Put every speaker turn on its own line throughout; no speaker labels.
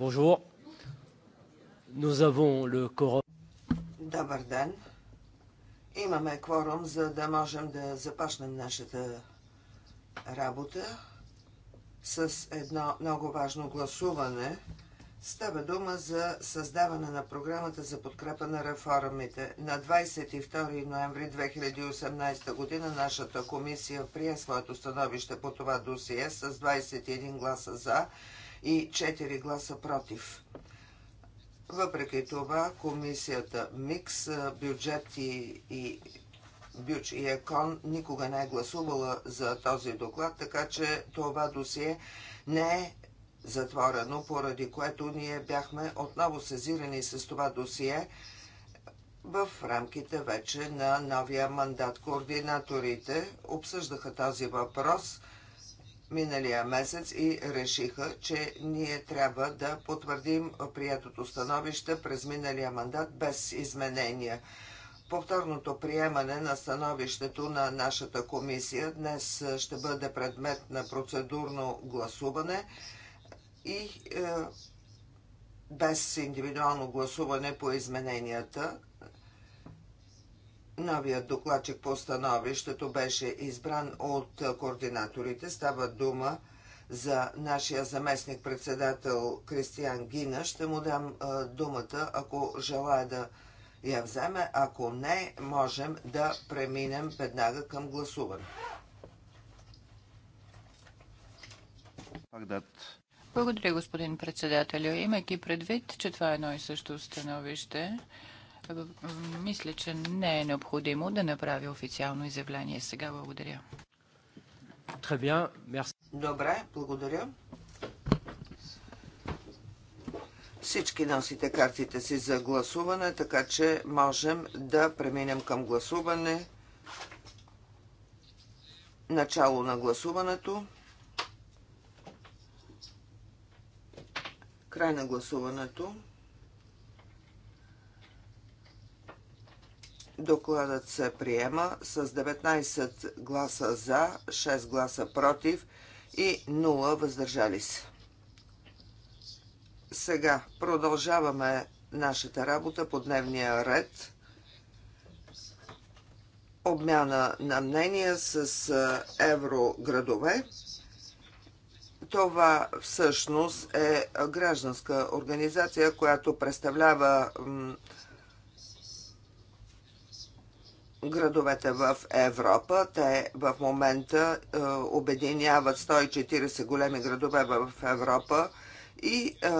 Bonjour. Nous avons le quorum.
Добър ден. Имаме кворум, за да можем да започнем нашата работа с едно много важно гласуване – Става дума за създаване на програмата за подкрепа на реформите. На 22 ноември 2018 година нашата комисия прие своето становище по това досие с 21 гласа за и 4 гласа против. Въпреки това, комисията МИКС, бюджет и, и Бюч и Екон никога не е гласувала за този доклад, така че това досие не е затворено, поради което ние бяхме отново сезирани с това досие в рамките вече на новия мандат. Координаторите обсъждаха този въпрос миналия месец и решиха, че ние трябва да потвърдим приятото становище през миналия мандат без изменения. Повторното приемане на становището на нашата комисия днес ще бъде предмет на процедурно гласуване – и е, без индивидуално гласуване по измененията. Новият докладчик по становището беше избран от координаторите. Става дума за нашия заместник-председател Кристиян Гина. Ще му дам е, думата, ако желая да я вземе. Ако не, можем да преминем веднага към гласуване. Пак дат
благодаря, господин председателю. Имайки предвид, че това е едно и също становище, мисля, че не е необходимо да направя официално изявление сега. Благодаря.
Добре, благодаря. Всички носите картите си за гласуване, така че можем да преминем към гласуване. Начало на гласуването. Край на гласуването. Докладът се приема с 19 гласа за, 6 гласа против и 0 въздържали се. Сега продължаваме нашата работа по дневния ред. Обмяна на мнения с евроградове. Това всъщност е гражданска организация, която представлява градовете в Европа. Те в момента е, обединяват 140 големи градове в Европа и е,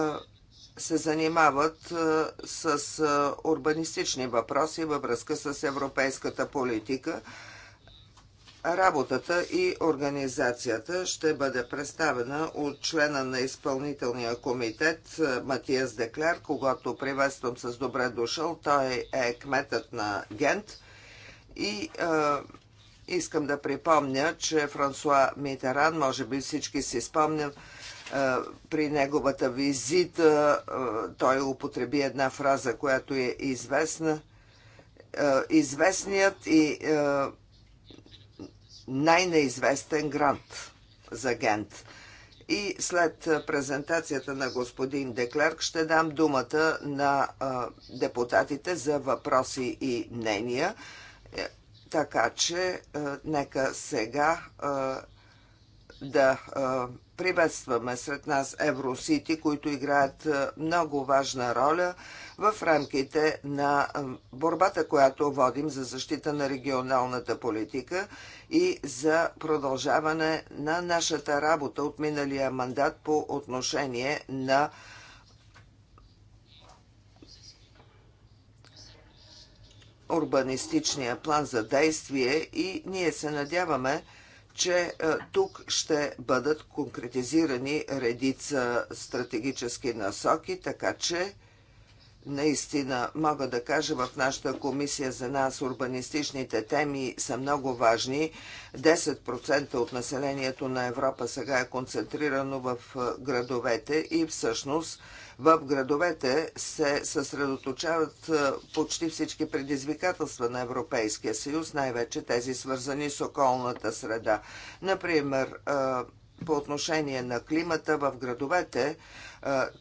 се занимават е, с урбанистични въпроси във връзка с европейската политика. Работата и организацията ще бъде представена от члена на изпълнителния комитет е, Матиас Деклер, когато приветствам с добре дошъл. Той е кметът на Гент и е, искам да припомня, че Франсуа Митеран, може би всички си спомнят, е, при неговата визита е, той употреби една фраза, която е известна. Известният и най-неизвестен грант за Гент. И след презентацията на господин Деклерк ще дам думата на депутатите за въпроси и мнения. Е, така че нека сега да приветстваме сред нас Евросити, които играят много важна роля в рамките на борбата, която водим за защита на регионалната политика и за продължаване на нашата работа от миналия мандат по отношение на урбанистичния план за действие и ние се надяваме, че тук ще бъдат конкретизирани редица стратегически насоки, така че наистина мога да кажа в нашата комисия за нас урбанистичните теми са много важни. 10% от населението на Европа сега е концентрирано в градовете и всъщност в градовете се съсредоточават почти всички предизвикателства на Европейския съюз, най-вече тези свързани с околната среда. Например, по отношение на климата в градовете, е,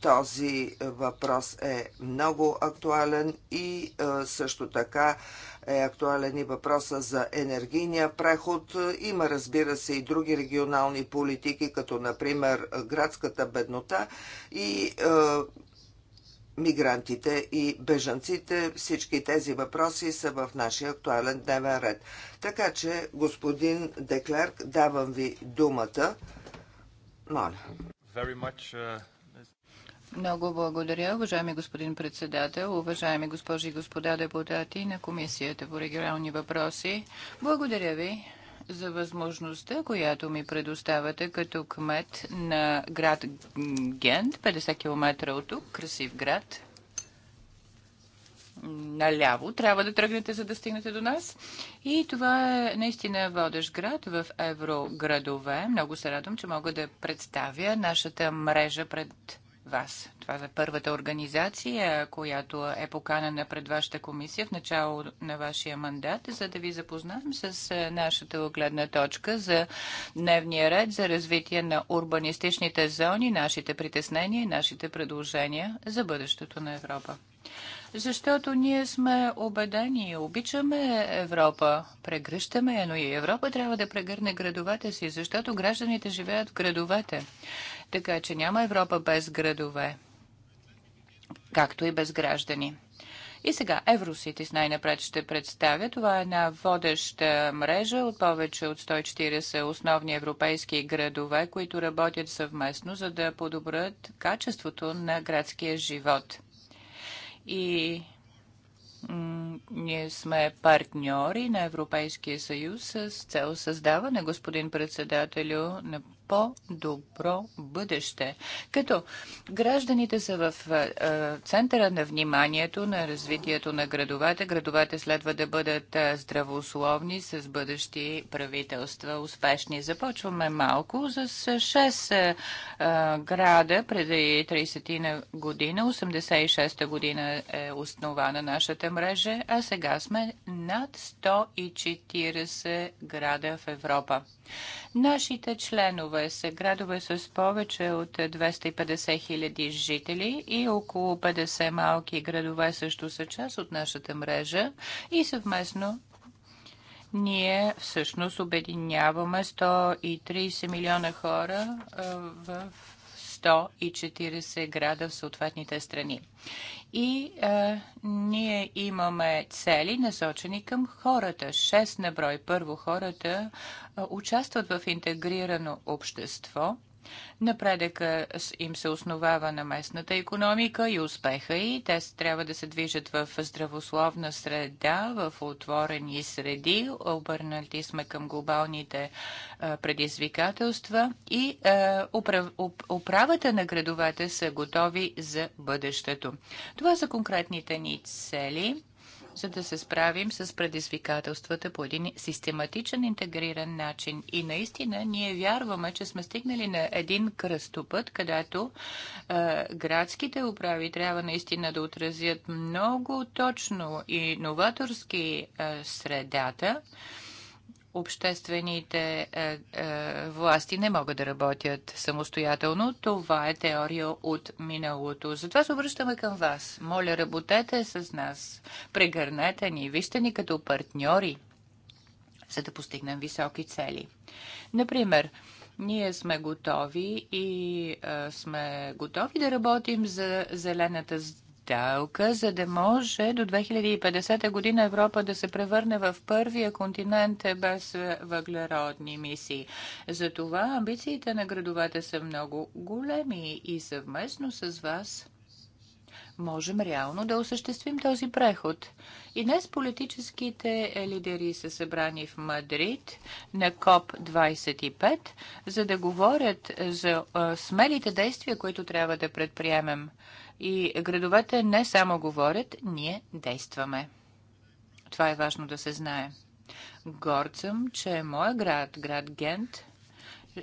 този въпрос е много актуален и е, също така е актуален и въпроса за енергийния преход. Има, разбира се, и други регионални политики, като например градската беднота и е, мигрантите и бежанците. Всички тези въпроси са в нашия актуален дневен ред. Така че, господин Деклерк, давам ви думата. Моля.
Uh,
Много благодаря, уважаеми господин председател, уважаеми госпожи и господа депутати на Комисията по регионални въпроси. Благодаря ви за възможността, която ми предоставяте като кмет на град Гент, 50 км от тук, красив град наляво, трябва да тръгнете, за да стигнете до нас. И това е наистина водещ град в евроградове. Много се радвам, че мога да представя нашата мрежа пред вас. Това е първата организация, която е поканена пред вашата комисия в начало на вашия мандат, за да ви запознаем с е, нашата гледна точка за дневния ред, за развитие на урбанистичните зони, нашите притеснения и нашите предложения за бъдещето на Европа защото ние сме убедени и обичаме Европа. Прегръщаме я, но и Европа трябва да прегърне градовете си, защото гражданите живеят в градовете. Така че няма Европа без градове, както и без граждани. И сега Евроситис най-напред ще представя. Това е една водеща мрежа от повече от 140 основни европейски градове, които работят съвместно, за да подобрят качеството на градския живот и ние сме партньори на Европейския съюз с цел създаване, господин председателю, на по-добро бъдеще. Като гражданите са в е, е, центъра на вниманието на развитието на градовете, градовете следва да бъдат е, здравословни с бъдещи правителства, успешни. Започваме малко с 6 града преди 30 на година. 86-та година е основана нашата мрежа, а сега сме над 140 града в Европа. Нашите членове са градове с повече от 250 хиляди жители и около 50 малки градове също са част от нашата мрежа и съвместно ние всъщност обединяваме 130 милиона хора в 140 града в съответните страни. И а, е, ние имаме цели, насочени към хората. Шест на брой. Първо, хората а, е, участват в интегрирано общество Напредъка им се основава на местната економика и успеха и те трябва да се движат в здравословна среда, в отворени среди. Обърнати сме към глобалните е, предизвикателства и е, управата на градовете са готови за бъдещето. Това са конкретните ни цели за да се справим с предизвикателствата по един систематичен интегриран начин. И наистина ние вярваме, че сме стигнали на един кръстопът, където е, градските управи трябва наистина да отразят много точно и новаторски е, средата, обществените е, е, власти не могат да работят самостоятелно. Това е теория от миналото. Затова се обръщаме към вас. Моля, работете с нас. Прегърнете ни. Вижте ни като партньори, за да постигнем високи цели. Например, ние сме готови и е, сме готови да работим за зелената сделка, за да може до 2050 година Европа да се превърне в първия континент без въглеродни мисии. Затова амбициите на градовете са много големи и съвместно с вас можем реално да осъществим този преход. И днес политическите лидери са събрани в Мадрид на КОП-25, за да говорят за смелите действия, които трябва да предприемем. И градовете не само говорят, ние действаме. Това е важно да се знае. Горд съм, че моя град, град Гент,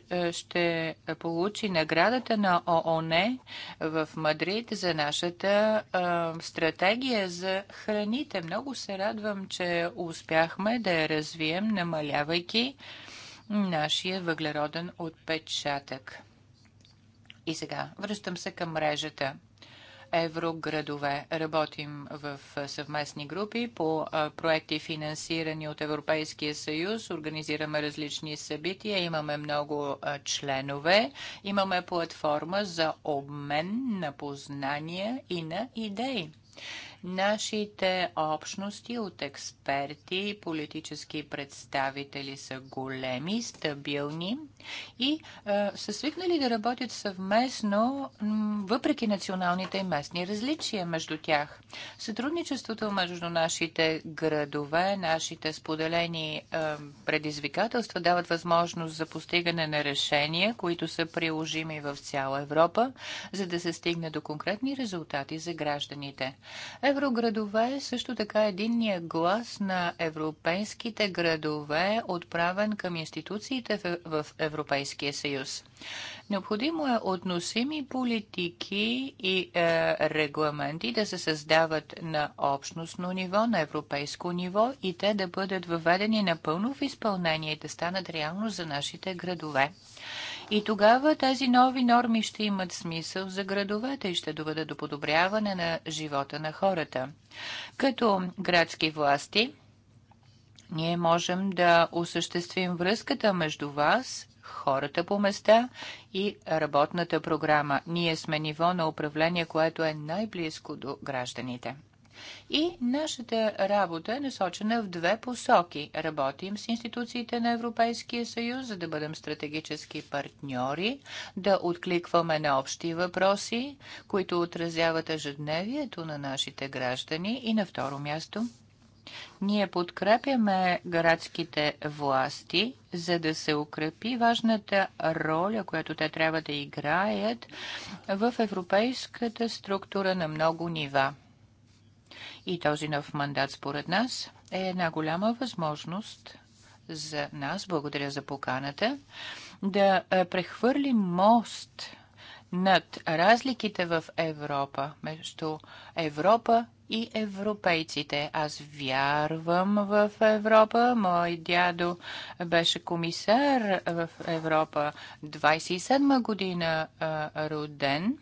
е, ще получи наградата на ООН в Мадрид за нашата а, е, стратегия за храните. Много се радвам, че успяхме да я развием, намалявайки нашия въглероден отпечатък. И сега връщам се към мрежата евроградове. Работим в съвместни групи по проекти финансирани от Европейския съюз. Организираме различни събития. Имаме много членове. Имаме платформа за обмен на познания и на идеи. Нашите общности от експерти и политически представители са големи, стабилни и а, са свикнали да работят съвместно, въпреки националните и местни различия между тях. Сътрудничеството между нашите градове, нашите споделени а, предизвикателства дават възможност за постигане на решения, които са приложими в цяла Европа, за да се стигне до конкретни резултати за гражданите. Евроградове също така единния глас на европейските градове, отправен към институциите в Европа Европейския съюз. Необходимо е относими политики и е, регламенти да се създават на общностно ниво, на европейско ниво и те да бъдат въведени напълно в изпълнение и да станат реално за нашите градове. И тогава тези нови норми ще имат смисъл за градовете и ще доведат до подобряване на живота на хората. Като градски власти, ние можем да осъществим връзката между вас хората по места и работната програма. Ние сме ниво на управление, което е най-близко до гражданите. И нашата работа е насочена в две посоки. Работим с институциите на Европейския съюз, за да бъдем стратегически партньори, да откликваме на общи въпроси, които отразяват ежедневието на нашите граждани. И на второ място – ние подкрепяме градските власти, за да се укрепи важната роля, която те трябва да играят в европейската структура на много нива. И този нов мандат, според нас, е една голяма възможност за нас, благодаря за поканата, да е, прехвърлим мост над разликите в Европа, между Европа и европейците. Аз вярвам в Европа. Мой дядо беше комисар в Европа 27 година роден.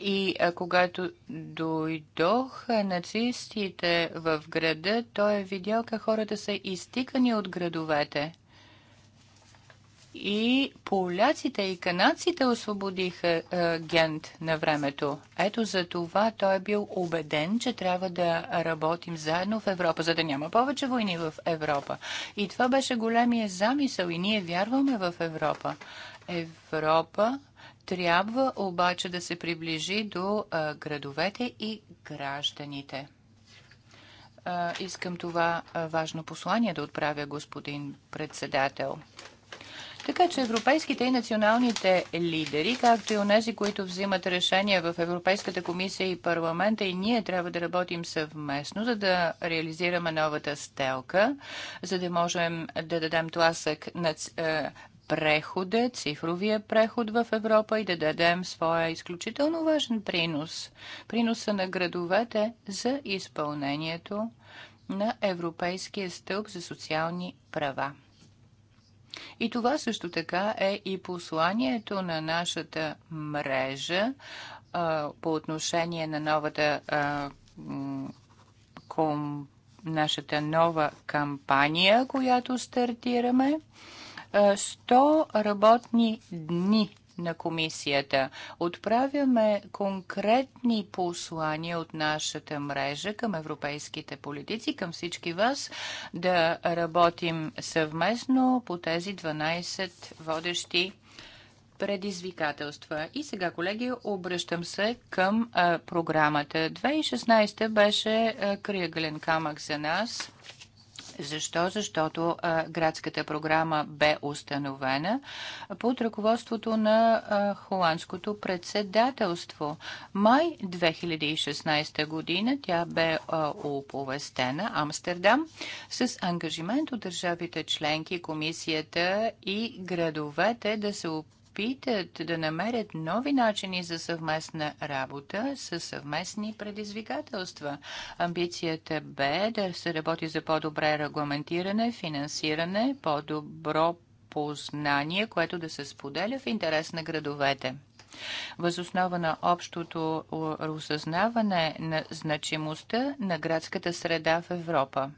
И а, когато дойдох нацистите в града, той е видял как хората са изтикани от градовете – и поляците и канадците освободиха е, Гент на времето. Ето за това той е бил убеден, че трябва да работим заедно в Европа, за да няма повече войни в Европа. И това беше големия замисъл и ние вярваме в Европа. Европа трябва обаче да се приближи до е, градовете и гражданите е, искам това е, важно послание да отправя, господин председател. Така че европейските и националните лидери, както и онези, които взимат решения в Европейската комисия и парламента, и ние трябва да работим съвместно, за да реализираме новата стелка, за да можем да дадем тласък на е, прехода, цифровия преход в Европа и да дадем своя изключително важен принос. Приноса на градовете за изпълнението на Европейския стълб за социални права. И това също така е и посланието на нашата мрежа а, по отношение на новата а, ком, нашата нова кампания, която стартираме. 100 работни дни на комисията. Отправяме конкретни послания от нашата мрежа към европейските политици, към всички вас, да работим съвместно по тези 12 водещи предизвикателства. И сега, колеги, обръщам се към а, програмата. 2016 беше а, кръгълен камък за нас – защо? Защото а, градската програма бе установена под ръководството на а, холандското председателство. Май 2016 година тя бе а, оповестена Амстердам с ангажимент от държавите членки, комисията и градовете да се опитат да намерят нови начини за съвместна работа с съвместни предизвикателства. Амбицията бе да се работи за по-добре регламентиране, финансиране, по-добро познание, което да се споделя в интерес на градовете. Възоснова на общото осъзнаване на значимостта на градската среда в Европа.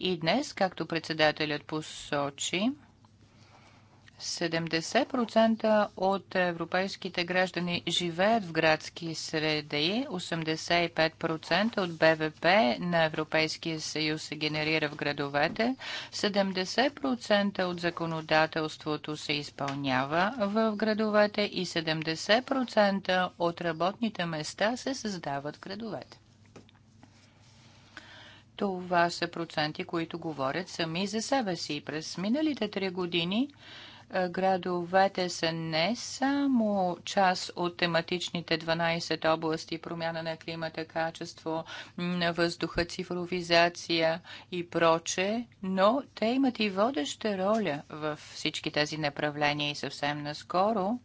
И днес, както председателят посочи, 70% от европейските граждани живеят в градски среди, 85% от БВП на Европейския съюз се генерира в градовете, 70% от законодателството се изпълнява в градовете и 70% от работните места се създават в градовете. Това са проценти, които говорят сами за себе си. През миналите три години е, градовете са не само част от тематичните 12 области, промяна на климата, качество на въздуха, цифровизация и проче, но те имат и водеща роля в всички тези направления и съвсем наскоро.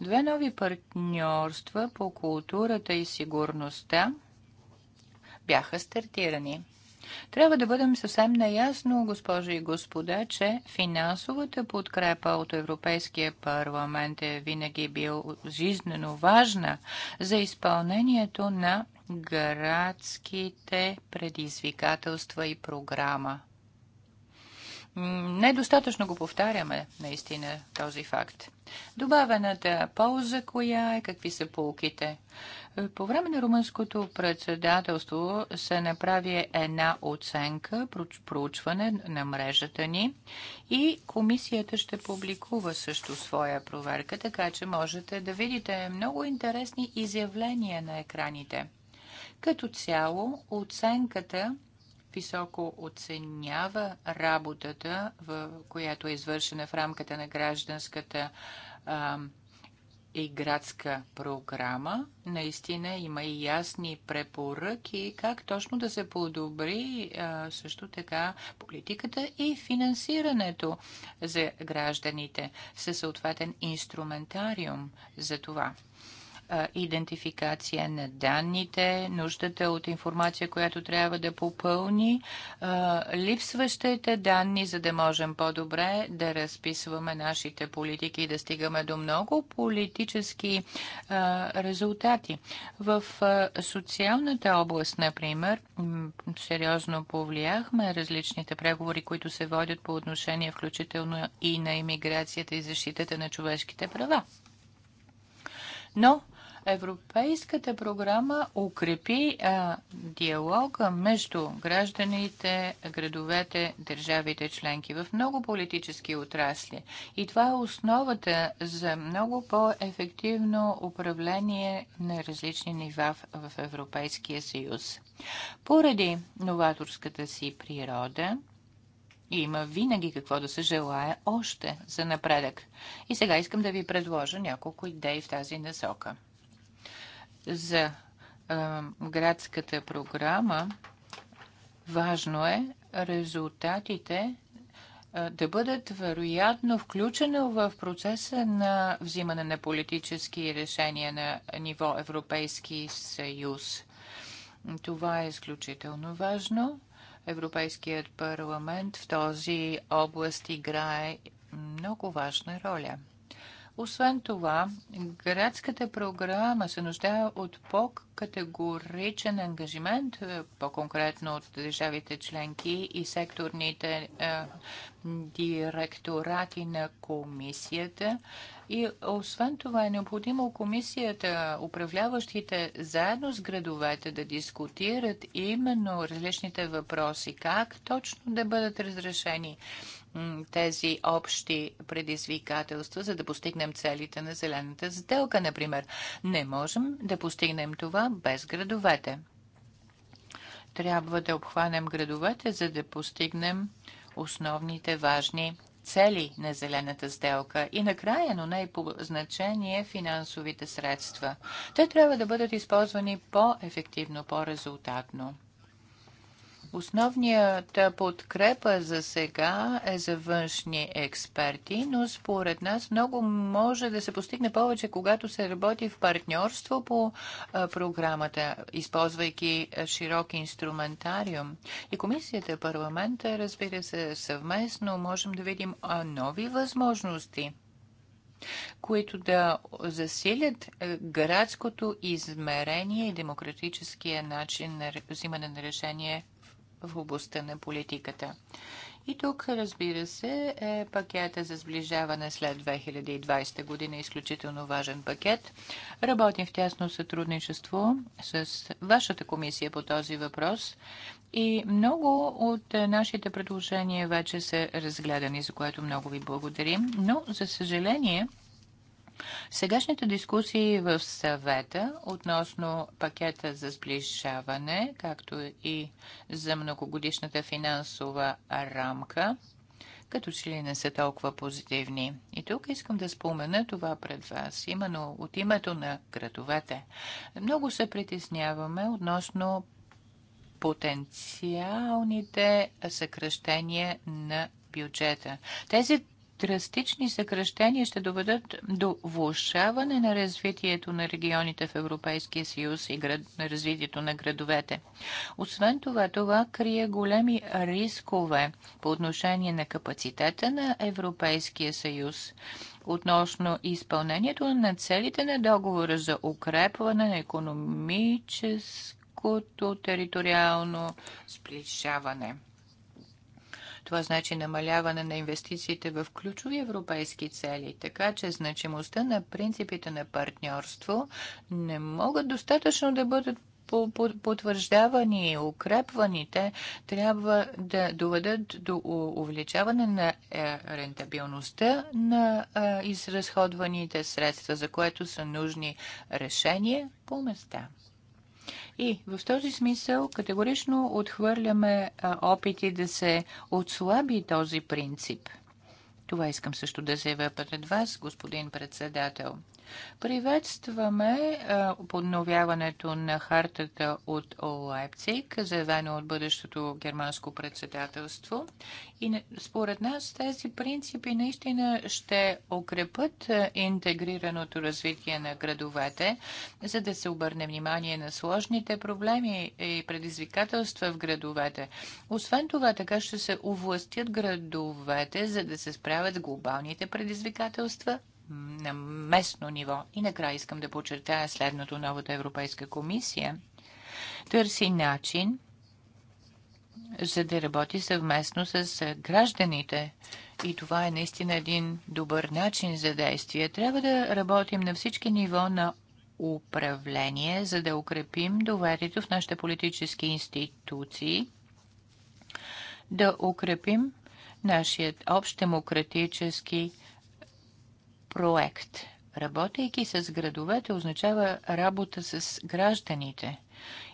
Две нови партньорства по културата и сигурността бяха стартирани. Трябва да бъдем съвсем наясно, госпожи и господа, че финансовата подкрепа от Европейския парламент е винаги бил жизненно важна за изпълнението на градските предизвикателства и програма. Недостатъчно го повтаряме, наистина, този факт. Добавената полза, коя е, какви са полките. По време на румънското председателство се направи една оценка, проучване на мрежата ни и комисията ще публикува също своя проверка, така че можете да видите много интересни изявления на екраните. Като цяло, оценката високо оценява работата, в която е извършена в рамката на гражданската а, и градска програма. Наистина има и ясни препоръки как точно да се подобри също така политиката и финансирането за гражданите със съответен инструментариум за това идентификация на данните, нуждата от информация, която трябва да попълни, липсващите данни, за да можем по-добре да разписваме нашите политики и да стигаме до много политически резултати. В социалната област, например, сериозно повлияхме различните преговори, които се водят по отношение включително и на иммиграцията и защитата на човешките права. Но Европейската програма укрепи а, диалога между гражданите, градовете, държавите членки в много политически отрасли. И това е основата за много по-ефективно управление на различни нива в, в Европейския съюз. Поради новаторската си природа, има винаги какво да се желая още за напредък. И сега искам да ви предложа няколко идеи в тази насока за а, градската програма, важно е резултатите а, да бъдат вероятно включени в процеса на взимане на политически решения на ниво Европейски съюз. Това е изключително важно. Европейският парламент в този област играе много важна роля. Освен това, градската програма се нуждае от по-категоричен ангажимент, е, по-конкретно от държавите членки и секторните е, директорати на комисията. И освен това е необходимо комисията, управляващите заедно с градовете да дискутират именно различните въпроси, как точно да бъдат разрешени тези общи предизвикателства, за да постигнем целите на зелената сделка, например. Не можем да постигнем това без градовете. Трябва да обхванем градовете, за да постигнем основните важни цели на зелената сделка и накрая, но не по значение, финансовите средства. Те трябва да бъдат използвани по-ефективно, по-резултатно. Основният подкрепа за сега е за външни експерти, но според нас много може да се постигне повече, когато се работи в партньорство по програмата, използвайки широк инструментариум. И комисията, парламента, разбира се, съвместно можем да видим нови възможности които да засилят градското измерение и демократическия начин на взимане на решение в областта на политиката. И тук, разбира се, е пакета за сближаване след 2020 година, изключително важен пакет. Работим в тясно сътрудничество с вашата комисия по този въпрос и много от нашите предложения вече са разгледани, за което много ви благодарим. Но, за съжаление, Сегашните дискусии в съвета относно пакета за сближаване, както и за многогодишната финансова рамка, като че ли не са толкова позитивни. И тук искам да спомена това пред вас, именно от името на градовете. Много се притесняваме относно потенциалните съкръщения на бюджета. Тези драстични съкръщения ще доведат до влушаване на развитието на регионите в Европейския съюз и град, на развитието на градовете. Освен това, това крие големи рискове по отношение на капацитета на Европейския съюз относно изпълнението на целите на договора за укрепване на економическото териториално сплишаване. Това значи намаляване на инвестициите в ключови европейски цели, така че значимостта на принципите на партньорство не могат достатъчно да бъдат потвърждавани и укрепваните трябва да доведат до увеличаване на е, рентабилността на е, изразходваните средства, за което са нужни решения по места. И в този смисъл категорично отхвърляме опити да се отслаби този принцип. Това искам също да заявя пред вас, господин председател. Приветстваме подновяването на хартата от Лайпциг, заявено от бъдещото германско председателство. И според нас тези принципи наистина ще укрепят интегрираното развитие на градовете, за да се обърне внимание на сложните проблеми и предизвикателства в градовете. Освен това, така ще се увластят градовете, за да се справят с глобалните предизвикателства на местно ниво. И накрая искам да подчертая следното. Новата Европейска комисия търси начин за да работи съвместно с гражданите. И това е наистина един добър начин за действие. Трябва да работим на всички ниво на управление, за да укрепим доверието в нашите политически институции, да укрепим нашият общ демократически проект. Работейки с градовете означава работа с гражданите.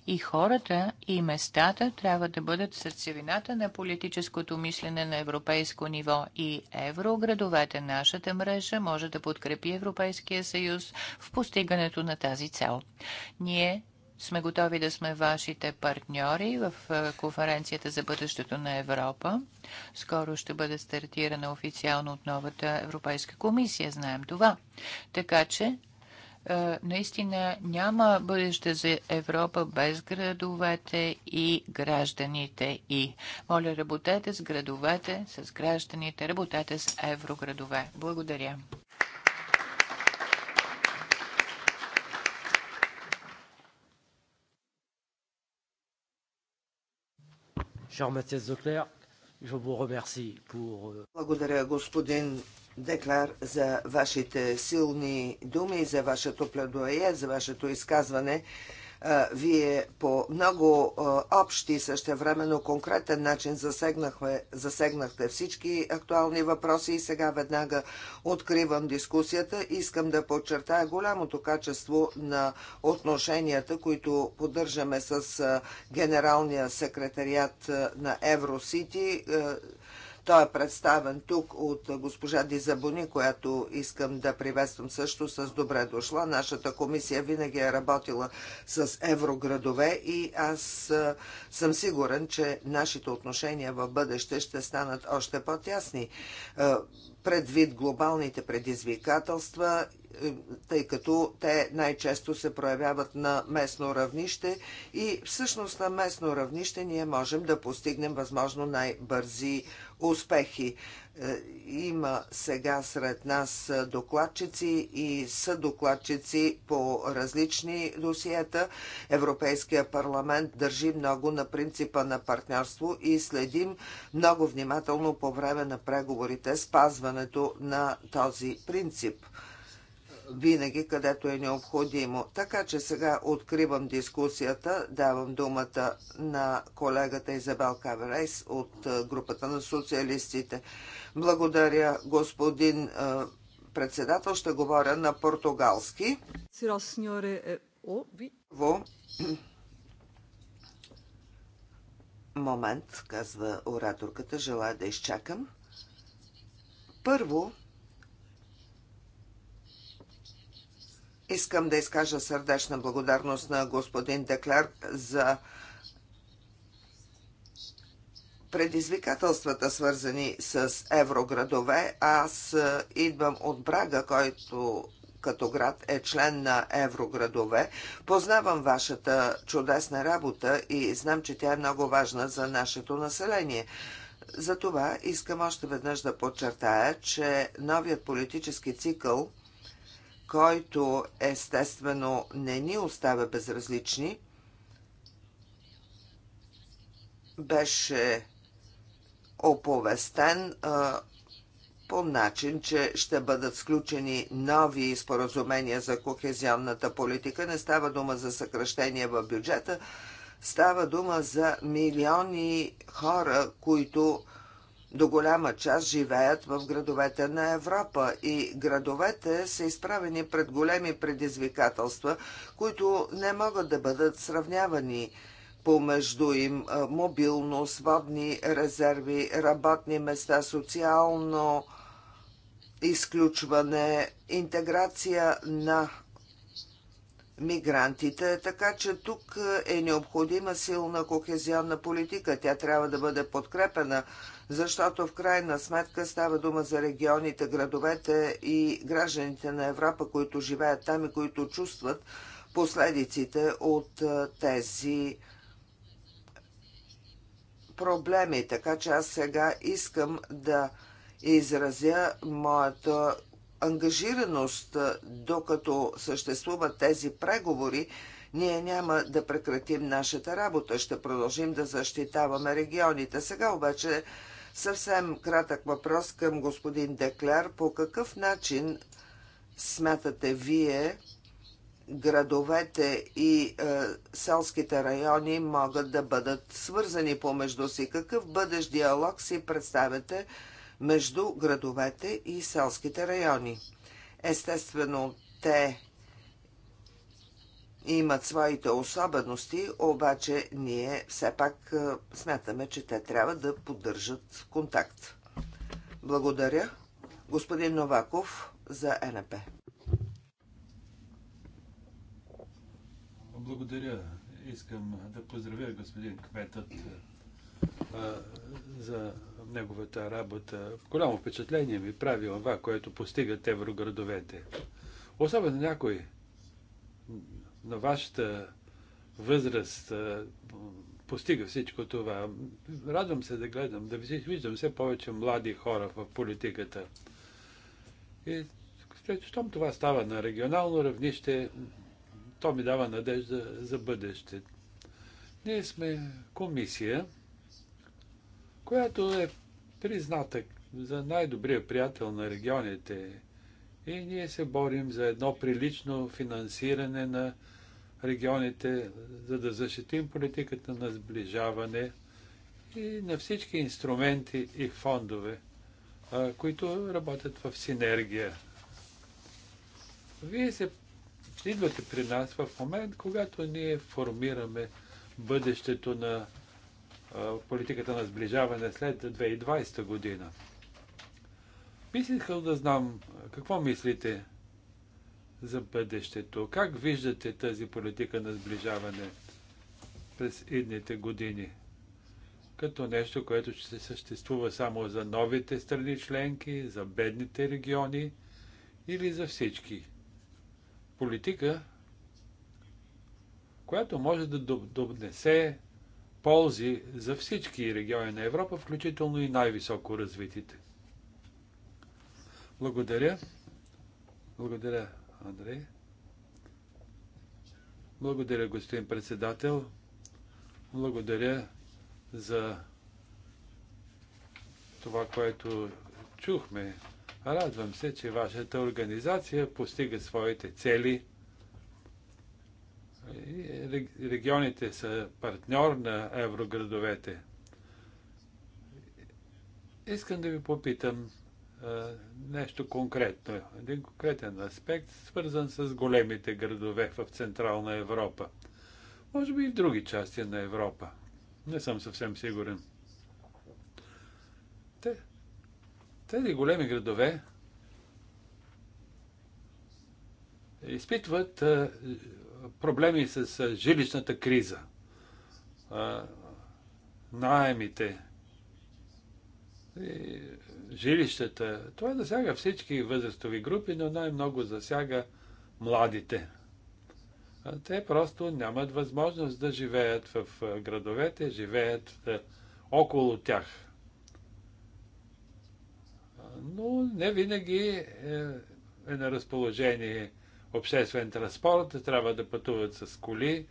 И хората, и местата трябва да бъдат сърцевината на политическото мислене на европейско ниво. И евроградовете, нашата мрежа, може да подкрепи Европейския съюз в постигането на тази цел. Ние сме готови да сме вашите партньори в е, конференцията за бъдещето на Европа. Скоро ще бъде стартирана официално от новата Европейска комисия, знаем това. Така че е, наистина няма бъдеще за Европа без градовете и гражданите и. Моля, работете с градовете, с гражданите, работете с евроградове. Благодаря.
Euh,
Благодаря, господин Деклер, за вашите силни думи, за вашето пледоея, за вашето изказване. Вие по много общи и същевременно конкретен начин засегнахме, засегнахте всички актуални въпроси и сега веднага откривам дискусията. Искам да подчертая голямото качество на отношенията, които поддържаме с Генералния секретариат на Евросити. Той е представен тук от госпожа Дизабони, която искам да приветствам също с добре дошла. Нашата комисия винаги е работила с евроградове и аз съм сигурен, че нашите отношения в бъдеще ще станат още по-тясни предвид глобалните предизвикателства тъй като те най-често се проявяват на местно равнище и всъщност на местно равнище ние можем да постигнем възможно най-бързи успехи. Е, има сега сред нас докладчици и съдокладчици по различни досиета. Европейския парламент държи много на принципа на партньорство и следим много внимателно по време на преговорите спазването на този принцип винаги, където е необходимо. Така че сега откривам дискусията, давам думата на колегата Изабел Каверейс от групата на социалистите. Благодаря, господин председател. Ще говоря на португалски. Е, Во. Момент, казва ораторката, желая да изчакам. Първо, Искам да изкажа сърдечна благодарност на господин Деклер за предизвикателствата, свързани с евроградове. Аз е, идвам от Брага, който като град е член на Евроградове. Познавам вашата чудесна работа и знам, че тя е много важна за нашето население. Затова искам още веднъж да подчертая, че новият политически цикъл който естествено не ни оставя безразлични, беше оповестен а, по начин, че ще бъдат сключени нови споразумения за кохезионната политика. Не става дума за съкръщение в бюджета, става дума за милиони хора, които до голяма част живеят в градовете на Европа и градовете са изправени пред големи предизвикателства, които не могат да бъдат сравнявани помежду им мобилност, водни резерви, работни места, социално изключване, интеграция на мигрантите, така че тук е необходима силна кохезионна политика. Тя трябва да бъде подкрепена защото в крайна сметка става дума за регионите, градовете и гражданите на Европа, които живеят там и които чувстват последиците от тези проблеми. Така че аз сега искам да изразя моята ангажираност, докато съществуват тези преговори, ние няма да прекратим нашата работа, ще продължим да защитаваме регионите. Сега обаче Съвсем кратък въпрос към господин Деклер. По какъв начин смятате вие градовете и е, селските райони могат да бъдат свързани помежду си? Какъв бъдещ диалог си представяте между градовете и селските райони? Естествено, те имат своите особености, обаче ние все пак е, смятаме, че те трябва да поддържат контакт. Благодаря. Господин Новаков за НП.
Благодаря. Искам да поздравя господин кметът е, за неговата работа. Голямо впечатление ми прави това, което постигат евроградовете. Особено някои на вашата възраст постига всичко това. Радвам се да гледам, да виждам все повече млади хора в политиката. И щом това става на регионално равнище, то ми дава надежда за бъдеще. Ние сме комисия, която е призната за най-добрия приятел на регионите и ние се борим за едно прилично финансиране на регионите, за да защитим политиката на сближаване и на всички инструменти и фондове, които работят в синергия. Вие се идвате при нас в момент, когато ние формираме бъдещето на политиката на сближаване след 2020 година. Бих искал да знам какво мислите за бъдещето. Как виждате тази политика на сближаване през идните години? Като нещо, което ще съществува само за новите страни членки, за бедните региони или за всички? Политика, която може да донесе ползи за всички региони на Европа, включително и най-високо развитите. Благодаря. Благодаря, Андрей. Благодаря, господин председател. Благодаря за това, което чухме. Радвам се, че вашата организация постига своите цели. Регионите са партньор на евроградовете. Искам да ви попитам е, нещо конкретно, един конкретен аспект, свързан с големите градове в Централна Европа. Може би и в други части на Европа. Не съм съвсем сигурен. Те, тези големи градове изпитват е, проблеми с е, жилищната криза, наемите, и жилищата. Това засяга всички възрастови групи, но най-много засяга младите. Те просто нямат възможност да живеят в градовете, живеят около тях. Но не винаги е, е на разположение обществен транспорт, трябва да пътуват с коли.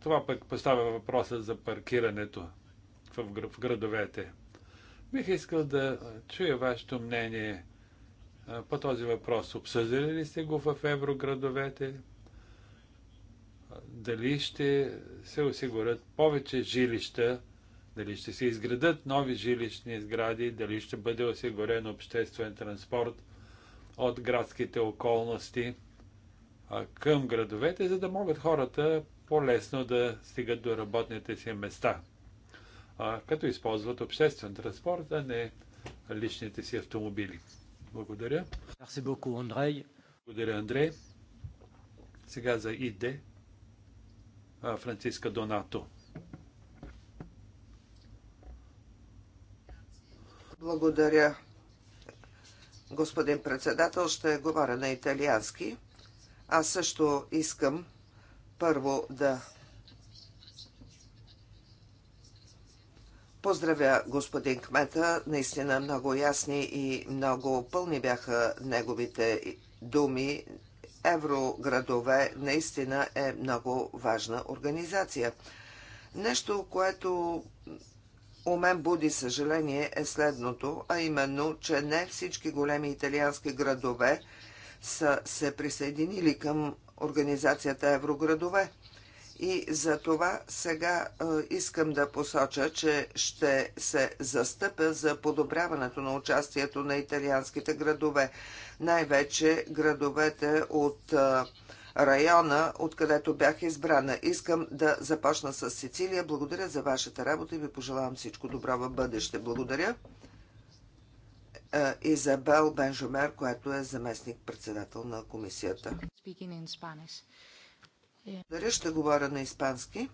Това пък поставя въпроса за паркирането в градовете. Бих искал да чуя вашето мнение по този въпрос. Обсъждали ли сте го в евроградовете? Дали ще се осигурят повече жилища? Дали ще се изградат нови жилищни сгради? Дали ще бъде осигурен обществен транспорт от градските околности към градовете, за да могат хората по-лесно да стигат до работните си места? а, като използват обществен транспорт, а не личните си автомобили. Благодаря. Благодаря, Андрей. Сега за ИД. Франциска Донато.
Благодаря, господин председател. Ще говоря на италиански. Аз също искам първо да Поздравя господин Кмета. Наистина много ясни и много пълни бяха неговите думи. Евроградове наистина е много важна организация. Нещо, което у мен буди съжаление е следното, а именно, че не всички големи италиански градове са се присъединили към организацията Евроградове. И за това сега е, искам да посоча, че ще се застъпя за подобряването на участието на италианските градове, най-вече градовете от е, района, откъдето бях избрана. Искам да започна с Сицилия. Благодаря за вашата работа и ви пожелавам всичко добро в бъдеще. Благодаря. Е, Изабел Бенжомер, която е заместник-председател на комисията.
Speaking in Spanish.
Дали ще говоря на испански.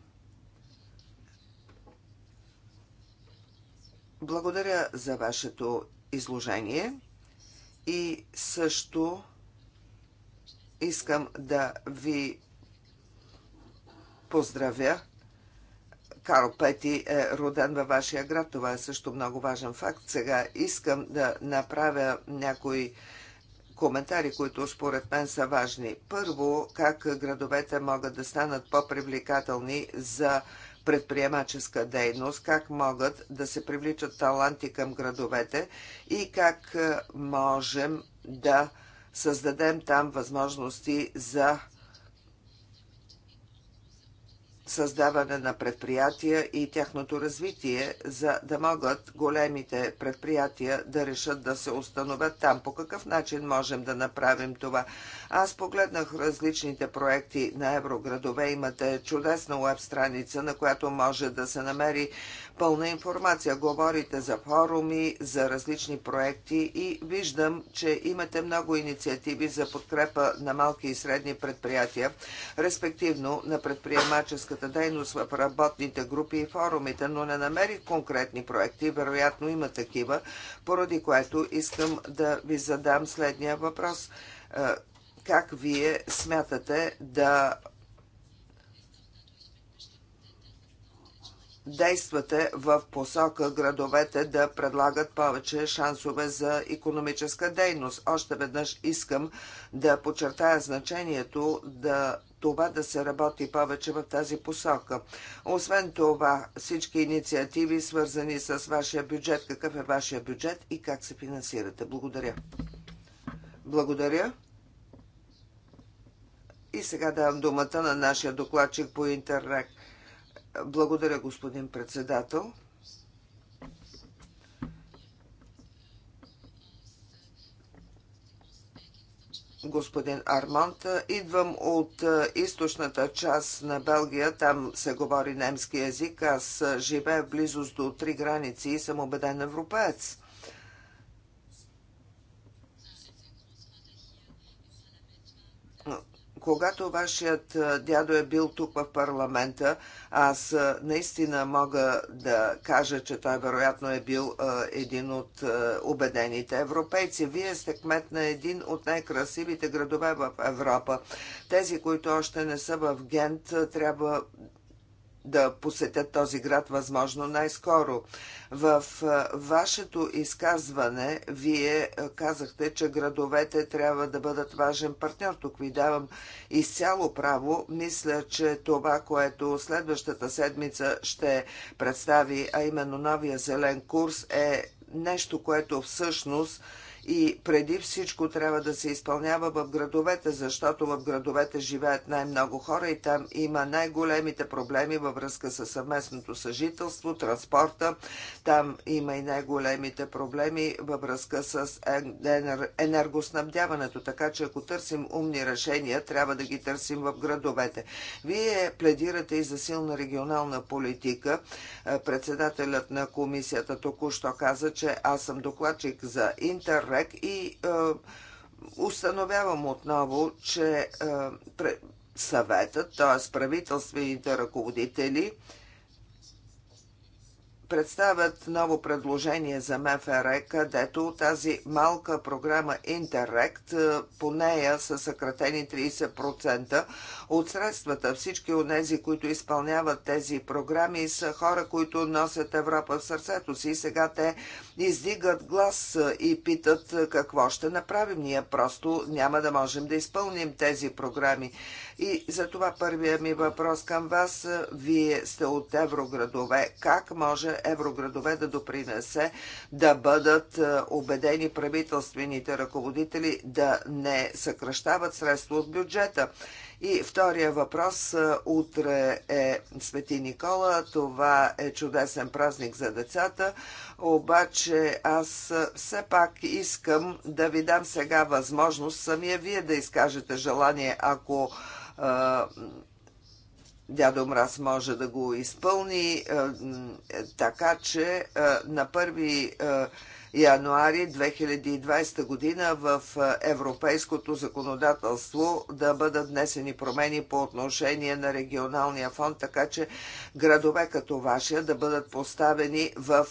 Благодаря за вашето изложение и също искам да ви поздравя. Карл Пети е роден във вашия град. Това е също много важен факт. Сега искам да направя някои коментари, които според мен са важни. Първо, как градовете могат да станат по-привлекателни за предприемаческа дейност, как могат да се привличат таланти към градовете и как е, можем да създадем там възможности за създаване на предприятия и тяхното развитие, за да могат големите предприятия да решат да се установят там. По какъв начин можем да направим това? Аз погледнах различните проекти на Евроградове. Имате чудесна уеб страница, на която може да се намери пълна информация. Говорите за форуми, за различни проекти и виждам, че имате много инициативи за подкрепа на малки и средни предприятия, респективно на предприемаческата дейност в работните групи и форумите, но не намерих конкретни проекти, вероятно има такива, поради което искам да ви задам следния въпрос. Е, как вие смятате да действате в посока градовете да предлагат повече шансове за економическа дейност. Още веднъж искам да подчертая значението да това да се работи повече в тази посока. Освен това, всички инициативи, свързани с вашия бюджет, какъв е вашия бюджет и как се финансирате. Благодаря. Благодаря. И сега давам думата на нашия докладчик по Интеррек. Благодаря, господин председател. господин Армонт. Идвам от е, източната част на Белгия, там се говори немски язик. Аз е, живея в близост до три граници и съм убеден европеец. Когато вашият дядо е бил тук в парламента, аз наистина мога да кажа, че той вероятно е бил един от убедените европейци. Вие сте кмет на един от най-красивите градове в Европа. Тези, които още не са в Гент, трябва да посетят този град възможно най-скоро. В вашето изказване вие казахте, че градовете трябва да бъдат важен партньор. Тук ви давам изцяло право. Мисля, че това, което следващата седмица ще представи, а именно новия зелен курс, е нещо, което всъщност и преди всичко трябва да се изпълнява в градовете, защото в градовете живеят най-много хора и там има най-големите проблеми във връзка с съвместното съжителство, транспорта. Там има и най-големите проблеми във връзка с енергоснабдяването. Така че ако търсим умни решения, трябва да ги търсим в градовете. Вие пледирате и за силна регионална политика. Председателят на комисията току-що каза, че аз съм докладчик за интер човек и е, установявам отново, че е, съветът, т.е. правителствените ръководители, представят ново предложение за МФР, където тази малка програма Интеррект, по нея са съкратени 30% от средствата. Всички от тези, които изпълняват тези програми, са хора, които носят Европа в сърцето си и сега те издигат глас и питат какво ще направим. Ние просто няма да можем да изпълним тези програми. И за това първия ми въпрос към вас. Вие сте от евроградове. Как може евроградове да допринесе да бъдат е, убедени правителствените ръководители да не съкръщават средства от бюджета? И втория въпрос. Е, утре е Свети Никола. Това е чудесен празник за децата. Обаче аз е, все пак искам да ви дам сега възможност самия вие да изкажете желание, ако е, Дядо Мраз може да го изпълни, така че на първи януари 2020 година в европейското законодателство да бъдат внесени промени по отношение на регионалния фонд, така че градове като вашия да бъдат поставени в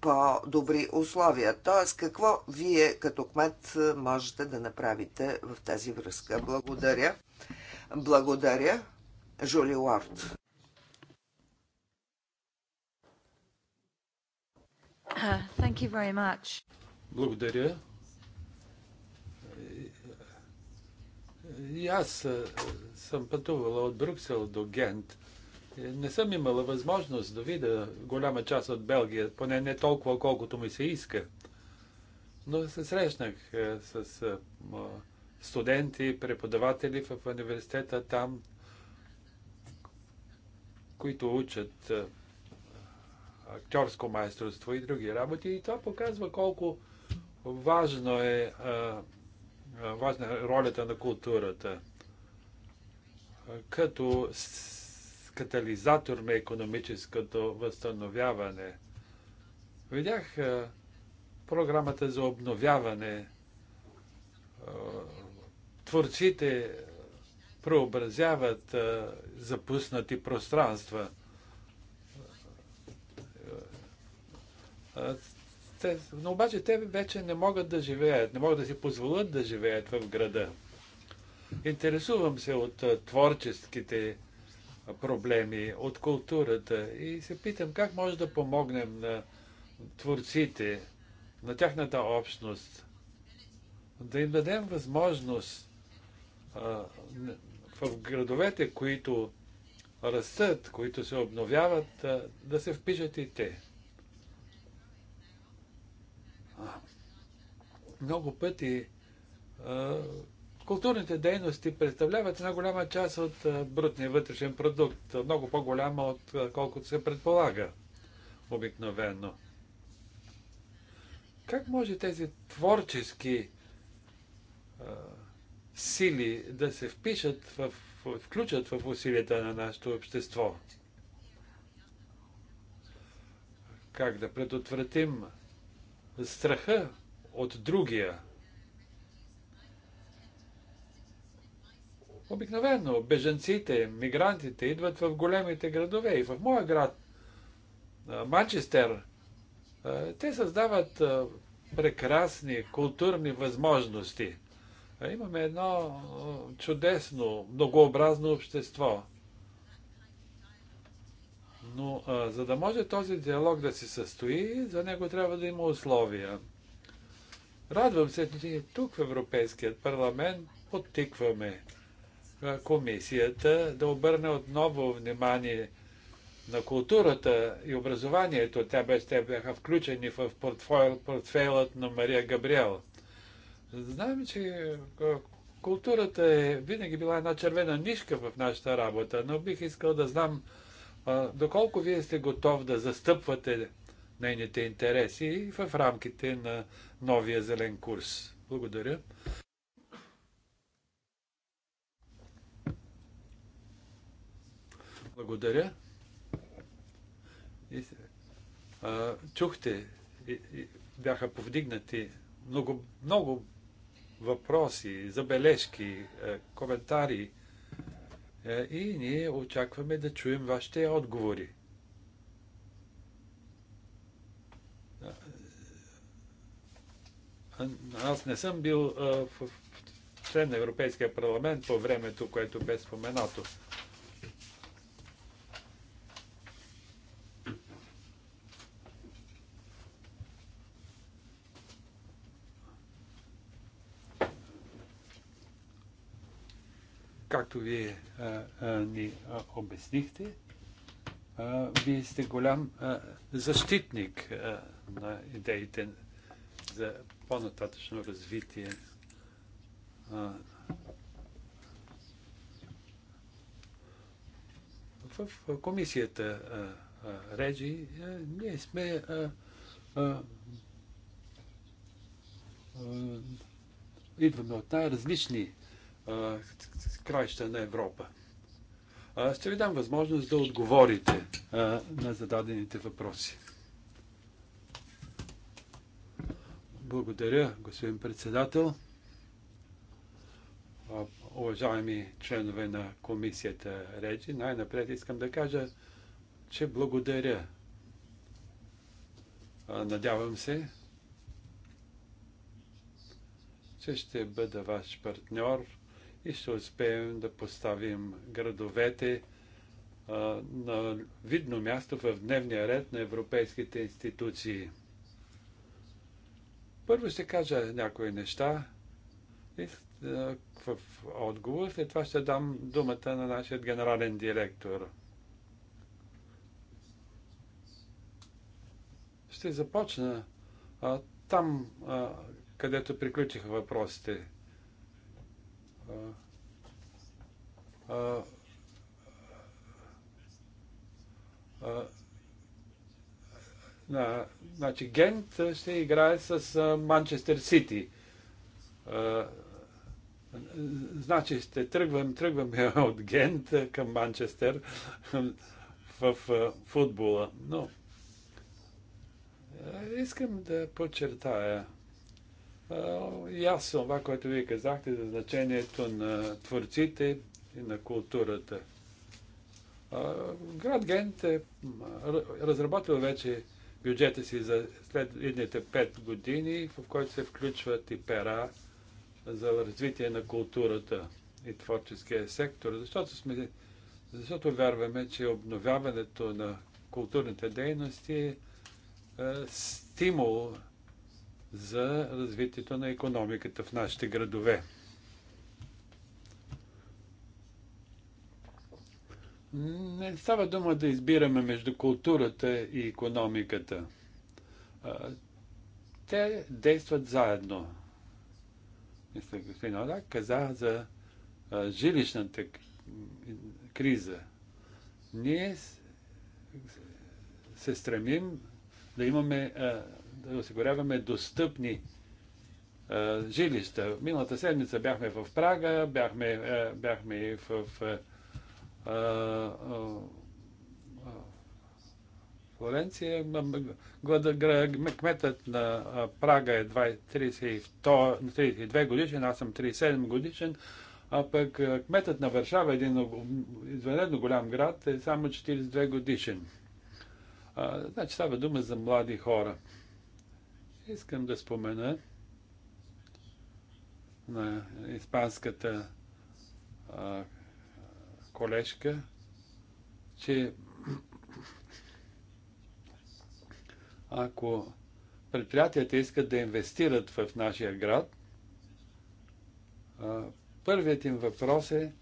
по-добри условия. Тоест, какво вие като кмет можете да направите в тази връзка? Благодаря. Благодаря. Жули Уорд.
Uh, thank you very much.
Благодаря. И аз съм пътувала от Брюксел до Гент. Е, не съм имала възможност да видя голяма част от Белгия, поне не толкова, колкото ми се иска. Но се срещнах е, с студенти, преподаватели в университета там, които учат актьорско майсторство и други работи. И това показва колко важно е, важна е ролята на културата като катализатор на економическото възстановяване. Видях програмата за обновяване. Творците преобразяват запуснати пространства. Те, но обаче те вече не могат да живеят, не могат да си позволят да живеят в града. Интересувам се от творческите проблеми, от културата и се питам как може да помогнем на творците, на тяхната общност, да им дадем възможност а, в градовете, които растат, които се обновяват, а, да се впишат и те. много пъти културните дейности представляват една голяма част от брутния вътрешен продукт, много по-голяма от колкото се предполага обикновено. Как може тези творчески сили да се впишат в, включат в усилията на нашето общество? Как да предотвратим страха от другия. Обикновено беженците, мигрантите идват в големите градове и в моя град, Манчестер, те създават прекрасни културни възможности. Имаме едно чудесно, многообразно общество. Но а, за да може този диалог да се състои, за него трябва да има условия. Радвам се, че тук в Европейският парламент подтикваме комисията да обърне отново внимание на културата и образованието. Тя беше, те бяха включени в портфейл, на Мария Габриел. Знаем, че културата е винаги била една червена нишка в нашата работа, но бих искал да знам доколко вие сте готов да застъпвате нейните интереси и в рамките на новия зелен курс. Благодаря. Благодаря. И, а, чухте, и, и бяха повдигнати много, много въпроси, забележки, е, коментари. Е, и ние очакваме да чуем вашите отговори. Аз не съм бил в член на Европейския парламент по времето, което бе споменато. както вие а, а, ни а, обяснихте, а, вие сте голям а, защитник а, на идеите за по-нататъчно развитие. В комисията Реджи е, ние сме идваме от най-различни краища на Европа. Ще ви дам възможност да отговорите на зададените въпроси. Благодаря, господин председател. Уважаеми членове на комисията Реджи, най-напред искам да кажа, че благодаря. Надявам се, че ще бъда ваш партньор и ще успеем да поставим градовете на видно място в дневния ред на европейските институции. Първо ще кажа някои неща и е, в отговор, след това ще дам думата на нашия генерален директор. Ще започна а, там, а, където приключиха въпросите. А, а, а, на, значи Гент ще играе с Манчестър Сити. Значи ще тръгвам, тръгваме от Гент към Манчестър в футбола. Но искам да подчертая ясно това, което вие казахте за значението на творците и на културата. Град Гент е разработил вече бюджета си за следните пет години, в който се включват и пера за развитие на културата и творческия сектор, защото, сме, защото вярваме, че обновяването на културните дейности е, е стимул за развитието на економиката в нашите градове. Не става дума да избираме между културата и економиката. Те действат заедно. Мисля, господин Ода каза за жилищната криза. Ние се стремим да имаме, да осигуряваме достъпни жилища. Миналата седмица бяхме в Прага, бяхме, бяхме и в, в Флоренция. Кметът на Прага е 32, годишен, аз съм 37 годишен, а пък кметът на Варшава, един извънредно голям град, е само 42 годишен. А, значи става дума за млади хора. Искам да спомена на испанската а, колежка, че ако предприятията искат да инвестират в нашия град, първият им въпрос е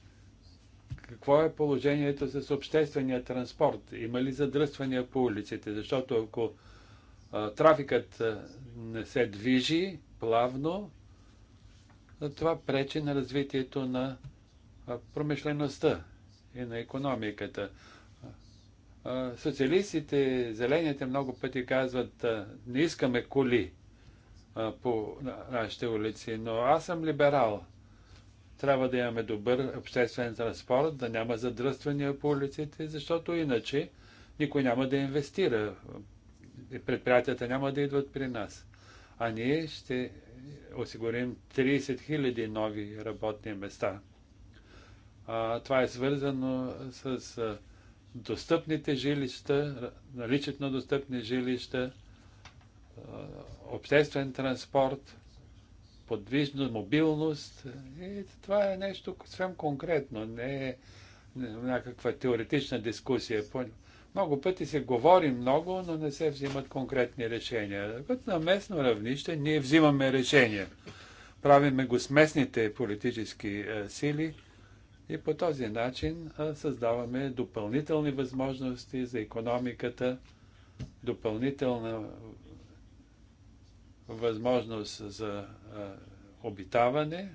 какво е положението с обществения транспорт? Има ли задръствания по улиците? Защото ако трафикът не се движи плавно, това пречи на развитието на промишлеността и на економиката. Социалистите, зелените много пъти казват, не искаме коли по нашите улици, но аз съм либерал. Трябва да имаме добър обществен транспорт, да няма задръствания по улиците, защото иначе никой няма да инвестира. Предприятията няма да идват при нас. А ние ще осигурим 30 000 нови работни места а, това е свързано с а, достъпните жилища, наличието на достъпни жилища, а, обществен транспорт, подвижност, мобилност. И това е нещо съвсем конкретно, не е някаква теоретична дискусия. Много пъти се говори много, но не се взимат конкретни решения. Като на местно равнище ние взимаме решения. Правиме го с местните политически сили – и по този начин създаваме допълнителни възможности за економиката, допълнителна възможност за обитаване,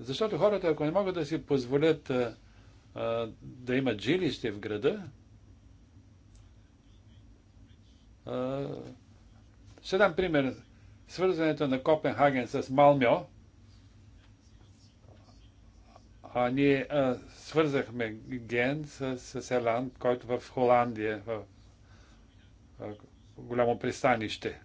защото хората, ако не могат да си позволят да имат жилище в града, ще дам пример. Свързването на Копенхаген с Малмио. А, ние а, свързахме ген с, с Елан, който в Холандия, в, в голямо пристанище.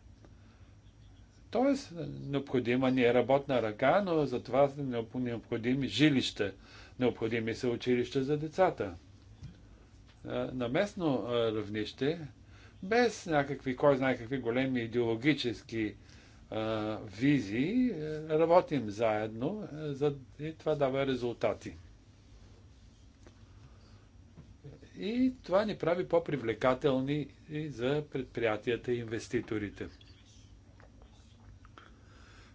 Тоест, необходима ни е работна ръка, но за това са необходими жилища, необходими са училища за децата. На местно равнище, без някакви, кой знае какви големи идеологически визии, е, работим заедно е, за, и това дава резултати. И това ни прави по-привлекателни и за предприятията и инвеститорите.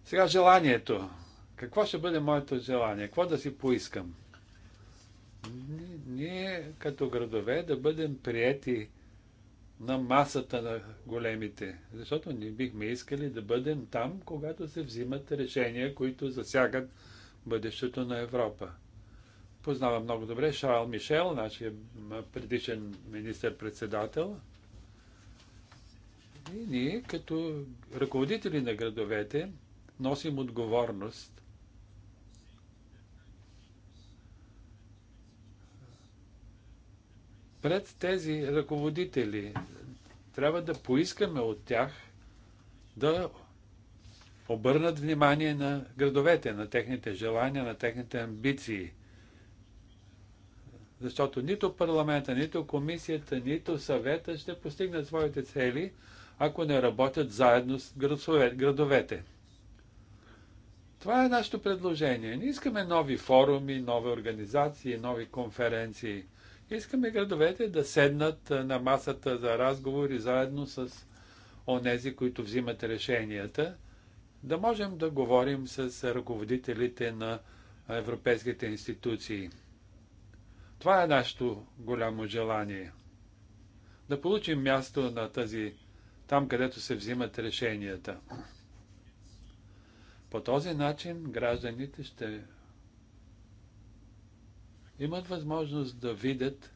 Сега желанието. Какво ще бъде моето желание? Какво да си поискам? Ние като градове да бъдем приети на масата на големите, защото не бихме искали да бъдем там, когато се взимат решения, които засягат бъдещето на Европа. Познавам много добре Шарл Мишел, нашия предишен министър-председател. И ние, като ръководители на градовете, носим отговорност пред тези ръководители. Трябва да поискаме от тях да обърнат внимание на градовете, на техните желания, на техните амбиции. Защото нито парламента, нито комисията, нито съвета ще постигнат своите цели, ако не работят заедно с градовете. Това е нашето предложение. Не искаме нови форуми, нови организации, нови конференции – Искаме градовете да седнат на масата за разговори заедно с онези, които взимат решенията, да можем да говорим с ръководителите на европейските институции. Това е нашето голямо желание. Да получим място на тази, там където се взимат решенията. По този начин гражданите ще имат възможност да видят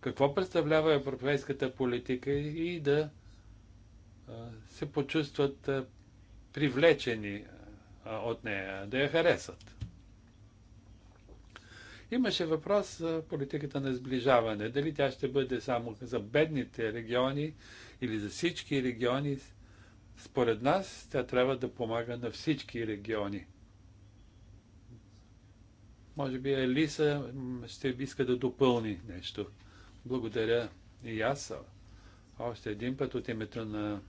какво представлява европейската политика и да се почувстват привлечени от нея, да я харесат. Имаше въпрос за политиката на сближаване. Дали тя ще бъде само за бедните региони или за всички региони. Според нас тя трябва да помага на всички региони. Може би Елиса ще иска да допълни нещо. Благодаря и аз. Още един път от името на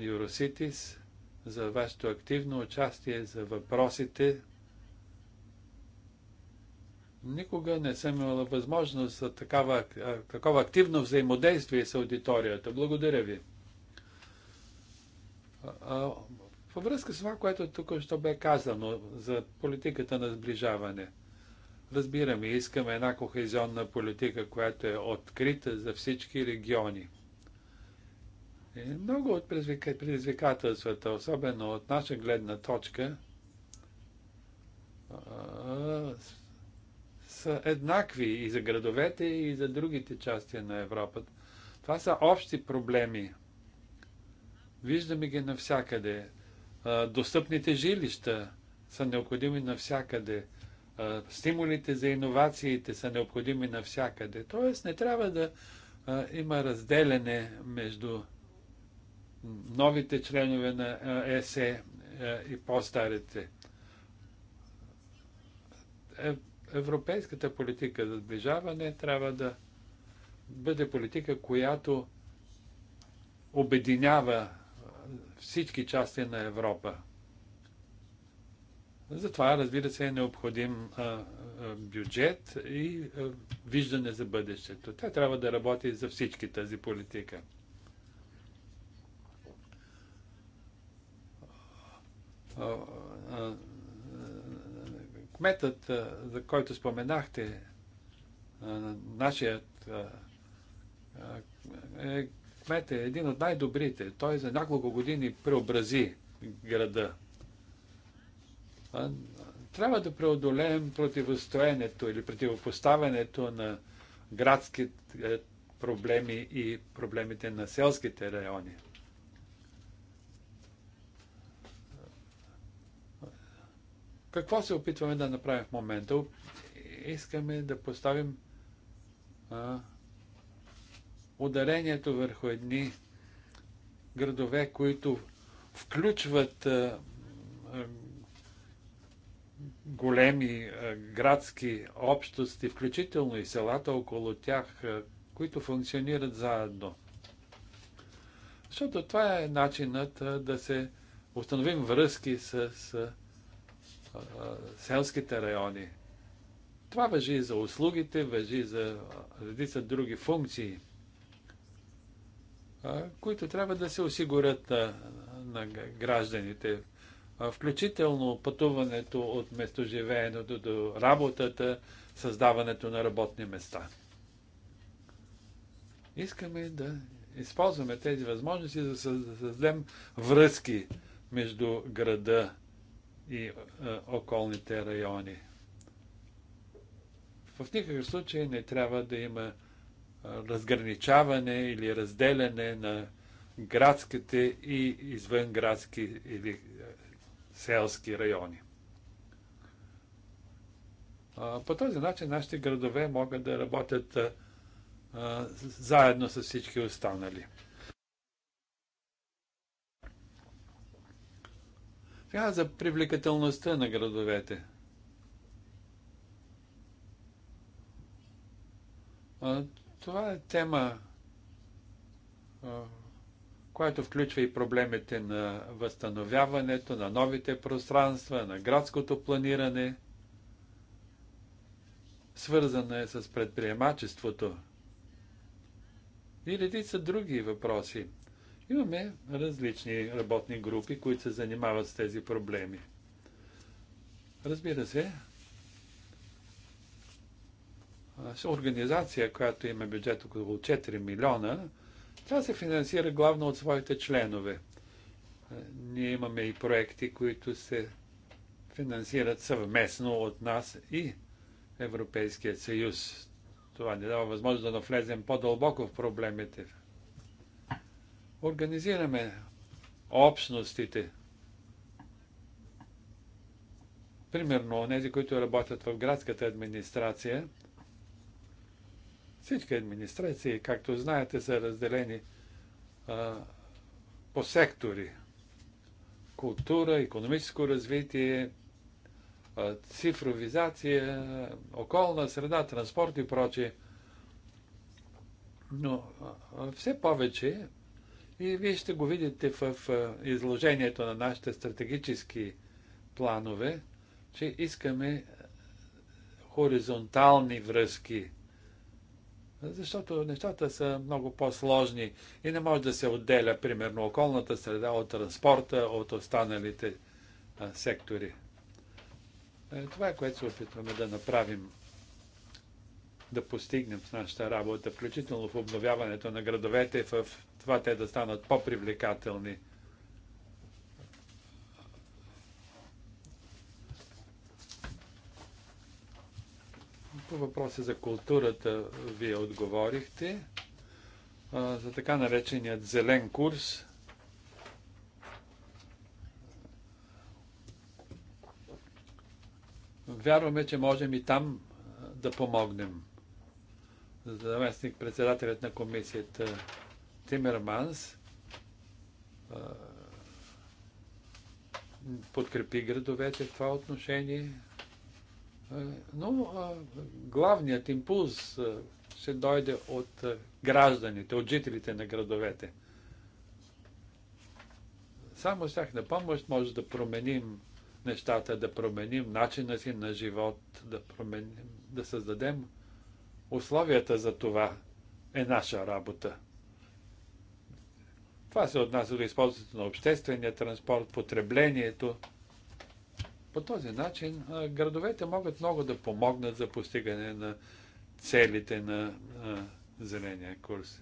Юроситис за вашето активно участие, за въпросите. Никога не съм имала възможност за такава, такова активно взаимодействие с аудиторията. Благодаря ви. Във връзка с това, което тук още бе казано за политиката на сближаване, разбираме, искаме една кохезионна политика, която е открита за всички региони. И много от предизвикателствата, особено от наша гледна точка, са еднакви и за градовете, и за другите части на Европа. Това са общи проблеми. Виждаме ги навсякъде достъпните жилища са необходими навсякъде. Стимулите за иновациите са необходими навсякъде. Тоест не трябва да има разделене между новите членове на ЕСЕ и по-старите. Е, европейската политика за сближаване трябва да бъде политика, която обединява всички части на Европа. Затова, разбира се, е необходим бюджет и виждане за бъдещето. Тя трябва да работи за всички тази политика. Кметът, за който споменахте, нашият е кмет е един от най-добрите. Той за няколко години преобрази града. Трябва да преодолеем противостоенето или противопоставянето на градските проблеми и проблемите на селските райони. Какво се опитваме да направим в момента? Искаме да поставим ударението върху едни градове, които включват големи градски общности, включително и селата около тях, които функционират заедно. Защото това е начинът да се установим връзки с селските райони. Това въжи и за услугите, въжи и за редица други функции – които трябва да се осигурят на гражданите. Включително пътуването от местоживеенето до работата, създаването на работни места. Искаме да използваме тези възможности да създадем връзки между града и околните райони. В никакъв случай не трябва да има разграничаване или разделяне на градските и извънградски или селски райони. По този начин нашите градове могат да работят заедно с всички останали. Сега за привлекателността на градовете. Това е тема, която включва и проблемите на възстановяването, на новите пространства, на градското планиране. Свързана е с предприемачеството и редица други въпроси. Имаме различни работни групи, които се занимават с тези проблеми. Разбира се, организация, която има бюджет около 4 милиона, тя се финансира главно от своите членове. Е, ние имаме и проекти, които се финансират съвместно от нас и Европейския съюз. Това ни дава възможност да навлезем по-дълбоко в проблемите. Организираме общностите. Примерно, тези, които работят в градската администрация – всички администрации, както знаете, са разделени а, по сектори. Култура, економическо развитие, а, цифровизация, околна среда, транспорт и прочее. Но а, все повече, и вие ще го видите в, в изложението на нашите стратегически планове, че искаме хоризонтални връзки защото нещата са много по-сложни и не може да се отделя, примерно, околната среда от транспорта, от останалите а, сектори. Е, това е което се опитваме да направим, да постигнем с нашата работа, включително в обновяването на градовете, в това те да станат по-привлекателни – въпроса за културата вие отговорихте, за така нареченият зелен курс. Вярваме, че можем и там да помогнем. Заместник председателят на комисията Тимерманс подкрепи градовете в това отношение. Е, но главният импулс ще дойде от гражданите, от жителите на градовете. Само с тях на помощ може да променим нещата, да променим начина си на живот, да, променим, да създадем условията за това е наша работа. Това се отнася до използването на обществения транспорт, потреблението, по този начин градовете могат много да помогнат за постигане на целите на зеления курс.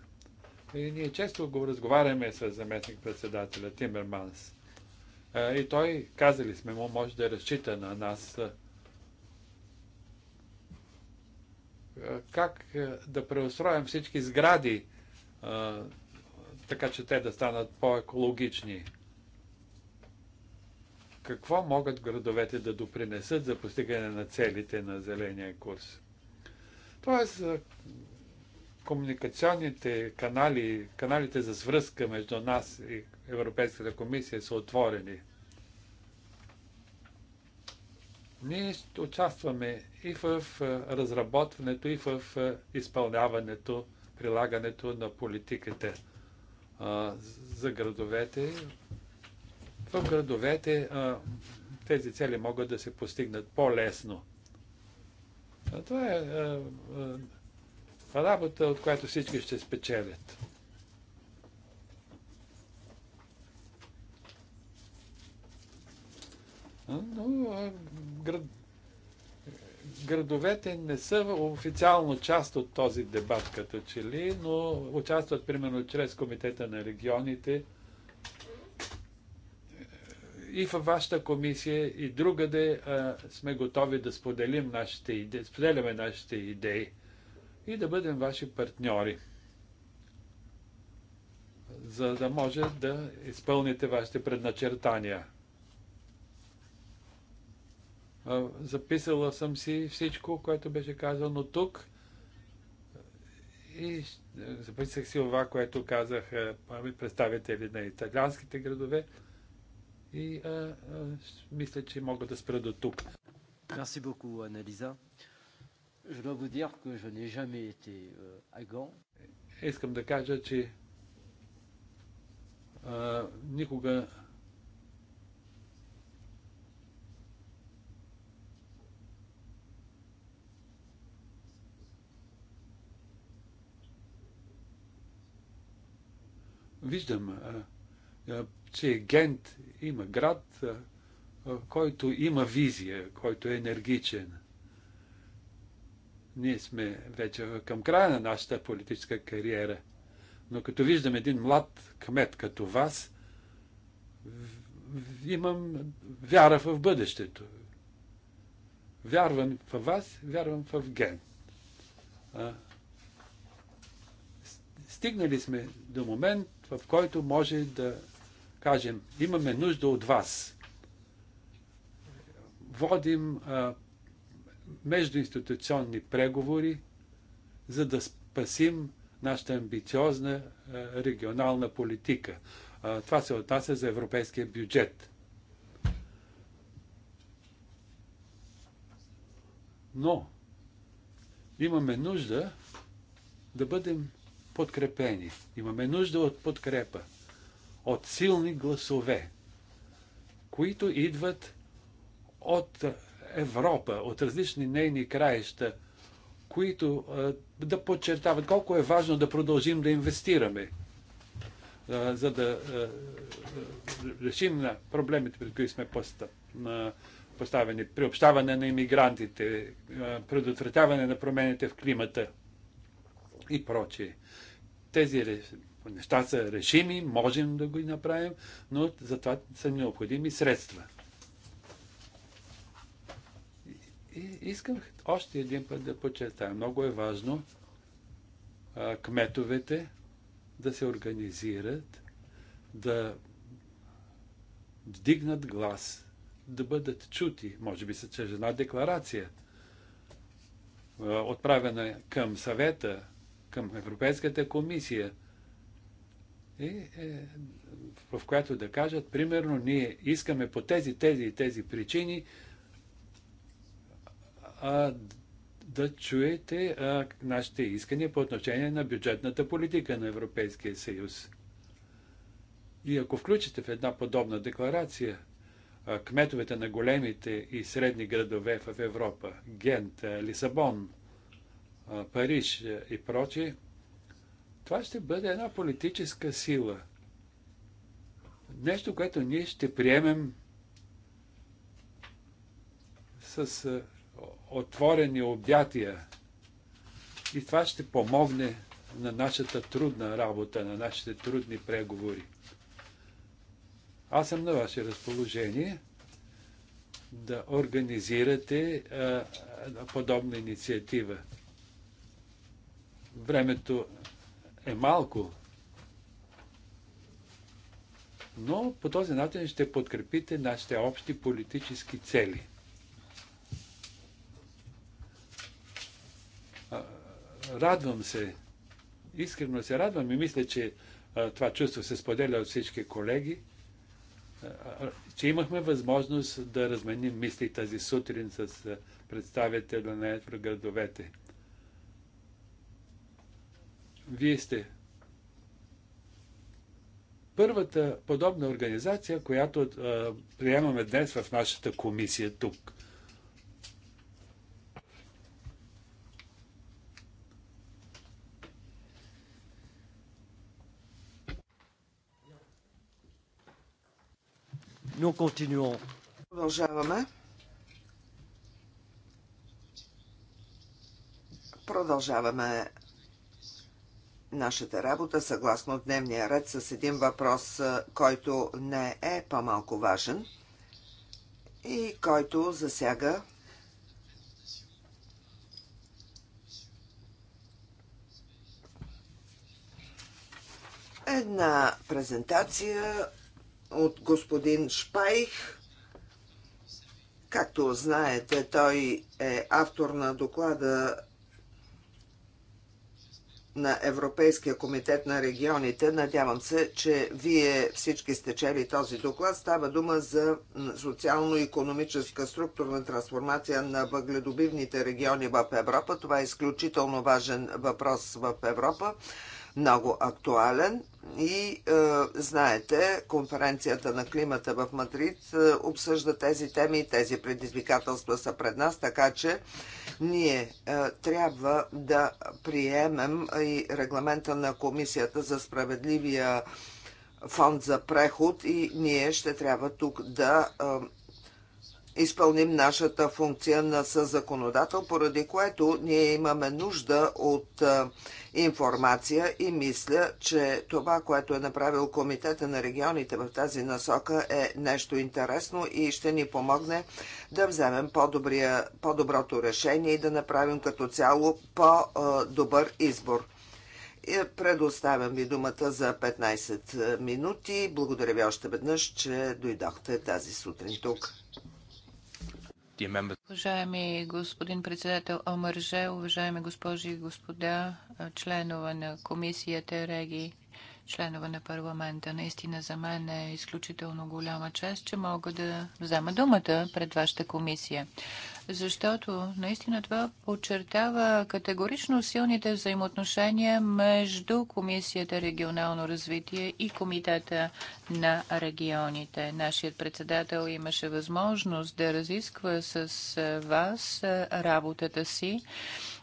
И ние често го разговаряме с заместник-председателя Тимерманс. И той, казали сме му, може да разчита на нас как да преустроим всички сгради, така че те да станат по-екологични. Какво могат градовете да допринесат за постигане на целите на зеления курс? Тоест, комуникационните канали, каналите за свръзка между нас и Европейската комисия са отворени. Ние участваме и в разработването, и в изпълняването, прилагането на политиките за градовете в градовете тези цели могат да се постигнат по-лесно. Това е работа, от която всички ще спечелят. Но град... градовете не са официално част от този дебат като че ли, но участват примерно чрез Комитета на регионите – и във вашата комисия, и другаде а, сме готови да споделим нашите идеи, споделяме нашите идеи и да бъдем ваши партньори, за да може да изпълните вашите предначертания. А, записала съм си всичко, което беше казано тук и записах си това, което казах представители на италианските градове. И а, а, мисля, че мога да спра до тук. Merci beaucoup, Анализа. Je dois vous dire que je n'ai jamais été euh, à Gand. Искам да кажа, че а, никога виждам а, че Гент има град, който има визия, който е енергичен. Ние сме вече към края на нашата политическа кариера. Но като виждам един млад кмет като вас, имам вяра в бъдещето. Вярвам в вас, вярвам в Ген. Стигнали сме до момент, в който може да кажем, имаме нужда от вас. Водим а, междуинституционни преговори, за да спасим нашата амбициозна а, регионална политика. А, това се отнася за европейския бюджет. Но имаме нужда да бъдем подкрепени. Имаме нужда от подкрепа от силни гласове, които идват от Европа, от различни нейни краища, които да подчертават колко е важно да продължим да инвестираме, за да решим на проблемите, пред които сме поставени. Приобщаване на иммигрантите, предотвратяване на промените в климата и прочие. Тези ако неща са решими, можем да го направим, но за това са необходими средства. И искам още един път да подчертая. Много е важно а, кметовете да се организират, да вдигнат глас, да бъдат чути, може би са чрез една декларация, а, отправена към съвета, към Европейската комисия – и, е, в която да кажат, примерно, ние искаме по тези, тези и тези причини а, да чуете а, нашите искания по отношение на бюджетната политика на Европейския съюз. И ако включите в една подобна декларация а, кметовете на големите и средни градове в Европа, Гент, Лисабон, а, Париж и прочие, това ще бъде една политическа сила. Нещо, което ние ще приемем с отворени обятия. И това ще помогне на нашата трудна работа, на нашите трудни преговори. Аз съм на ваше разположение да организирате а, подобна инициатива. Времето е малко. Но по този начин ще подкрепите нашите общи политически цели. Радвам се, искрено се радвам и мисля, че това чувство се споделя от всички колеги, че имахме възможност да разменим мисли тази сутрин с представителя на евроградовете. градовете. Вие сте първата подобна организация, която а, приемаме днес в нашата комисия тук. Но continuons.
Продължаваме. Продължаваме нашата работа съгласно дневния ред с един въпрос, който не е по-малко важен и който засяга една презентация от господин Шпайх. Както знаете, той е автор на доклада на Европейския комитет на регионите. Надявам се, че вие всички сте чели този доклад. Става дума за социално-економическа структурна трансформация на въгледобивните региони в Европа. Това е изключително важен въпрос в Европа, много актуален. И е, знаете, конференцията на климата в Мадрид е, обсъжда тези теми и тези предизвикателства са пред нас, така че ние е, трябва да приемем и регламента на Комисията за справедливия фонд за преход и ние ще трябва тук да е, изпълним нашата функция на съзаконодател, поради което ние имаме нужда от информация и мисля, че това, което е направил Комитета на регионите в тази насока е нещо интересно и ще ни помогне да вземем по-доброто по решение и да направим като цяло по-добър избор. Предоставям ви думата за 15 минути. Благодаря ви още веднъж, че дойдохте тази сутрин тук.
Уважаеми господин председател Омърже, уважаеми госпожи и господа, членове на комисията Реги, членове на парламента. Наистина за мен е изключително голяма чест, че мога да взема думата пред вашата комисия защото наистина това подчертава категорично силните взаимоотношения между Комисията регионално развитие и Комитета на регионите. Нашият председател имаше възможност да разисква с вас работата си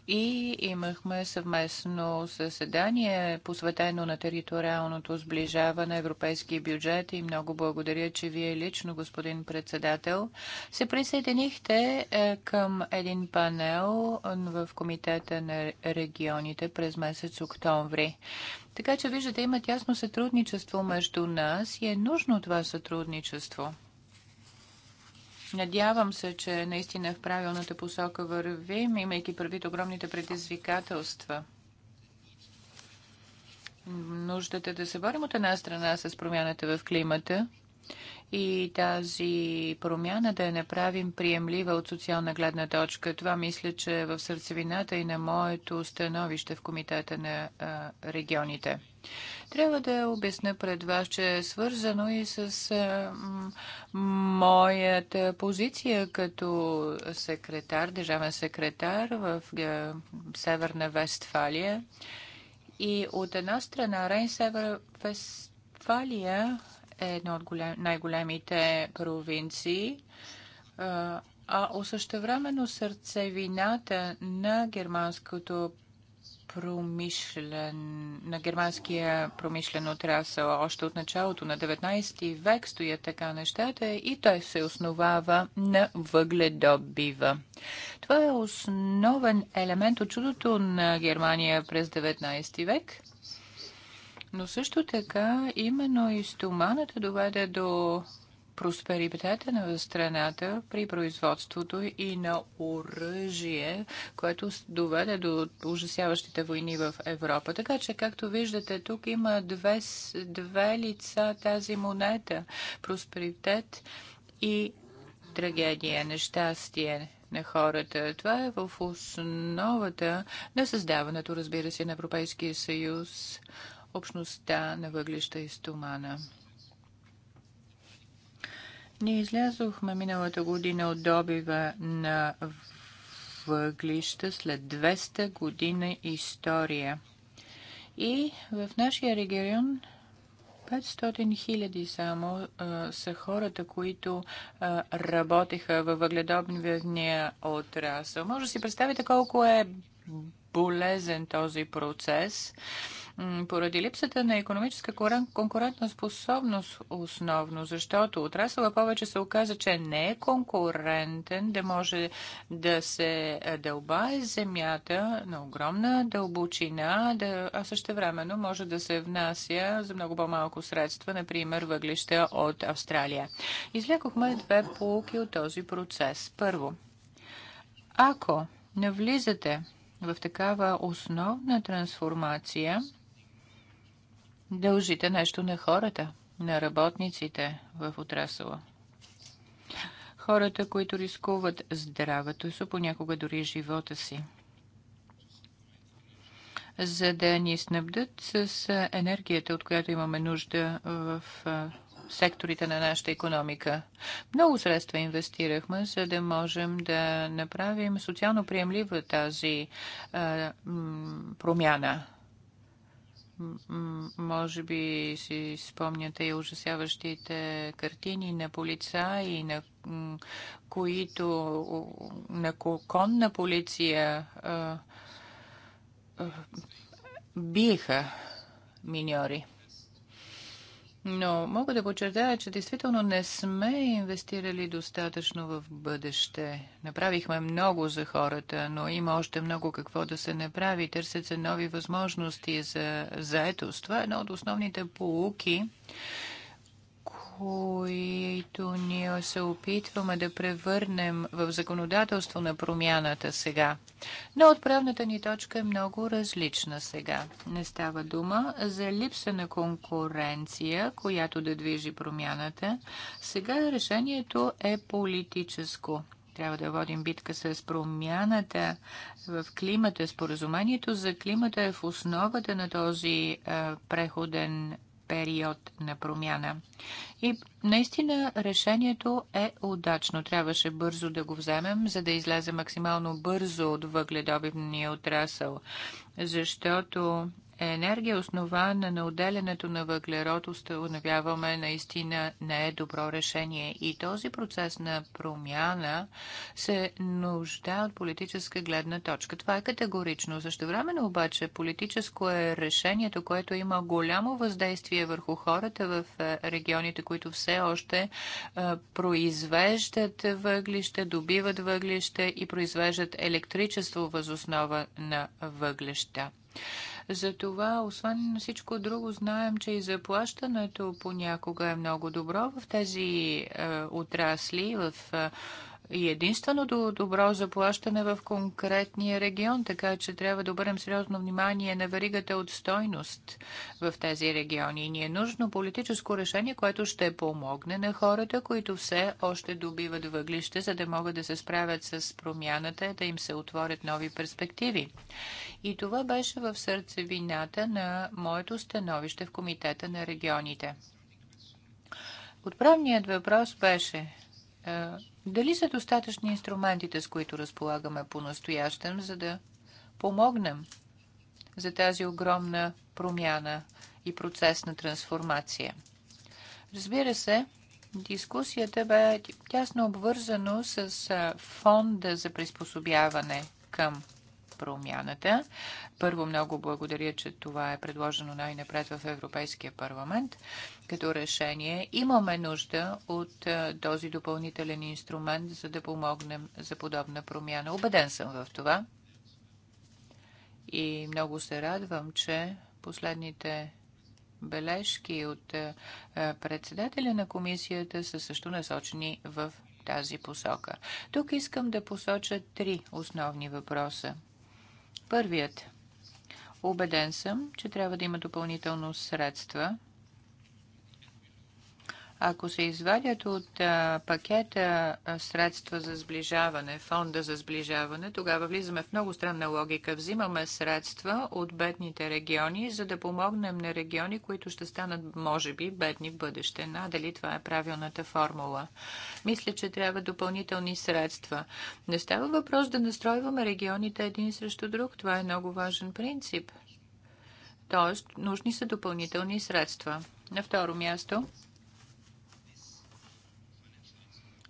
и имахме съвместно съседание, посветено на териториалното сближаване, европейски бюджет и много благодаря, че вие лично, господин председател, се присъединихте е, към един панел в Комитета на регионите през месец октомври. Така че, виждате, има тясно сътрудничество между нас и е нужно това сътрудничество. Надявам се, че наистина в правилната посока вървим, имайки предвид огромните предизвикателства. Нуждата да се борим от една страна с промяната в климата и тази промяна да я направим приемлива от социална гледна точка. Това мисля, че е в сърцевината и на моето становище в Комитета на регионите. Трябва да обясня пред вас, че е свързано и с е, моята позиция като секретар, държавен секретар в е, Северна Вестфалия. И от една страна Рейн-Север Вестфалия е една от голем, най-големите провинции, е, а, а сърцевината на германското промишлен, на германския промишлен отрасъл. Още от началото на 19 век стоят така нещата и той се основава на въгледобива. Това е основен елемент от чудото на Германия през 19 век. Но също така именно и стоманата доведе до просперитета на страната при производството и на оръжие, което доведе до ужасяващите войни в Европа. Така че, както виждате, тук има две, две лица тази монета. Просперитет и трагедия, нещастие на хората. Това е в основата на създаването, разбира се, на Европейския съюз, общността на въглища и стомана. Ние излязохме миналата година от добива на въглища след 200 година история. И в нашия регион 500 хиляди само а, са хората, които а, работеха във въгледобния отрасъл. Може да си представите колко е болезен този процес. А, поради липсата на економическа конкурентна способност основно, защото отрасъла повече се оказа, че не е конкурентен, да може да се е, дълбае земята на огромна дълбочина, да, а също времено може да се внася за много по-малко средства, например въглища от Австралия. Излякохме две полуки от този процес. Първо, ако навлизате в такава основна трансформация, дължите нещо на хората, на работниците в отрасъла. Хората, които рискуват здравето си, понякога дори живота си, за да ни снабдят с енергията, от която имаме нужда в секторите на нашата економика. Много средства инвестирахме, за да можем да направим социално приемлива тази а, промяна. Може би си спомняте и ужасяващите картини на полицаи, на които на конна полиция биеха миньори. Но мога да подчертая, че действително не сме инвестирали достатъчно в бъдеще. Направихме много за хората, но има още много какво да се направи. Търсят се нови възможности за заетост. Това е една от основните полуки които ние се опитваме да превърнем в законодателство на промяната сега. Но отправната ни точка е много различна сега. Не става дума за липса на конкуренция, която да движи промяната. Сега решението е политическо. Трябва да водим битка с промяната в климата. Споразумението за климата е в основата на този преходен период на промяна. И наистина решението е удачно. Трябваше бързо да го вземем, за да излезе максимално бързо от въгледобивния отрасъл, защото енергия, основана на отделянето на въглерод, установяваме наистина не е добро решение. И този процес на промяна се нужда от политическа гледна точка. Това е категорично. времено обаче политическо е решението, което има голямо въздействие върху хората в е, регионите, които все още е, произвеждат въглища, добиват въглища и произвеждат електричество възоснова на въглеща. Затова, освен всичко друго, знаем, че и заплащането понякога е много добро в тези е, отрасли, в е, и единственото добро заплащане в конкретния регион, така че трябва да обърнем сериозно внимание на веригата от стойност в тези региони. И ни е нужно политическо решение, което ще помогне на хората, които все още добиват въглище, за да могат да се справят с промяната, да им се отворят нови перспективи. И това беше в сърцевината на моето становище в Комитета на регионите. Отправният въпрос беше е, дали са достатъчни инструментите, с които разполагаме по-настоящем, за да помогнем за тази огромна промяна и процес на трансформация? Разбира се, дискусията бе тясно обвързано с фонда за приспособяване към промяната. Първо много благодаря, че това е предложено най-напред в Европейския парламент като решение. Имаме нужда от този допълнителен инструмент, за да помогнем за подобна промяна. Обеден съм в това. И много се радвам, че последните бележки от председателя на комисията са също насочени в тази посока. Тук искам да посоча три основни въпроса. Първият. Убеден съм, че трябва да има допълнително средства ако се извадят от а, пакета а, средства за сближаване, фонда за сближаване, тогава влизаме в много странна логика. Взимаме средства от бедните региони, за да помогнем на региони, които ще станат, може би, бедни в бъдеще. Надали това е правилната формула. Мисля, че трябва допълнителни средства. Не става въпрос да настройваме регионите един срещу друг. Това е много важен принцип. Тоест, нужни са допълнителни средства. На второ място,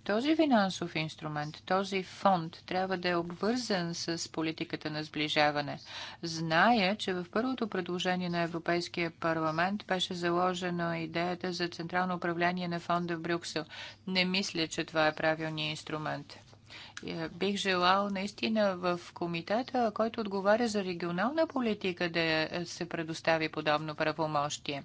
Този финансов инструмент, този фонд трябва да е обвързан с политиката на сближаване. Зная, че в първото предложение на Европейския парламент беше заложена идеята за централно управление на фонда в Брюксел. Не мисля, че това е правилният инструмент. Е, бих желал наистина в комитета, който отговаря за регионална политика, да се предостави подобно правомощие.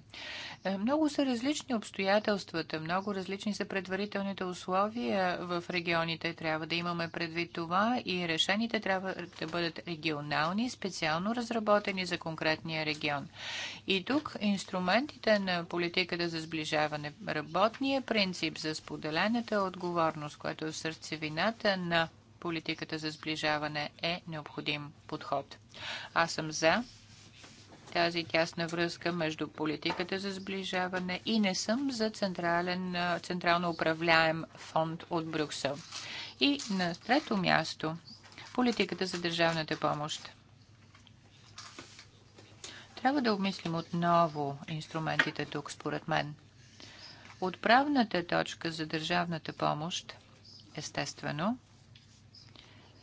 Е, много са различни обстоятелствата, много различни са предварителните условия в регионите. Трябва да имаме предвид това и решените трябва да бъдат регионални, специално разработени за конкретния регион. И тук инструментите на политиката за сближаване, работния принцип за споделената отговорност, което е в сърцевината на политиката за сближаване е необходим подход. Аз съм за тази тясна връзка между политиката за сближаване и не съм за централен, централно управляем фонд от Брюксел. И на трето място политиката за държавната помощ. Трябва да обмислим отново инструментите тук, според мен. Отправната точка за държавната помощ, естествено,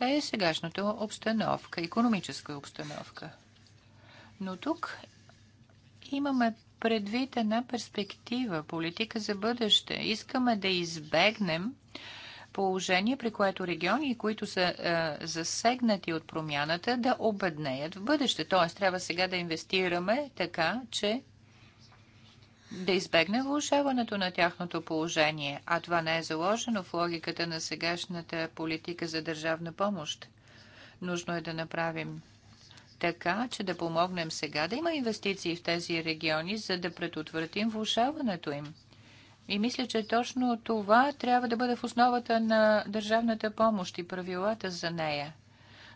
е сегашната обстановка, економическа обстановка. Но тук имаме предвид една перспектива, политика за бъдеще. Искаме да избегнем положение, при което региони, които са е, засегнати от промяната, да обеднеят в бъдеще. Тоест, трябва сега да инвестираме така, че да избегне влушаването на тяхното положение, а това не е заложено в логиката на сегашната политика за държавна помощ. Нужно е да направим така, че да помогнем сега да има инвестиции в тези региони, за да предотвратим влушаването им. И мисля, че точно това трябва да бъде в основата на държавната помощ и правилата за нея.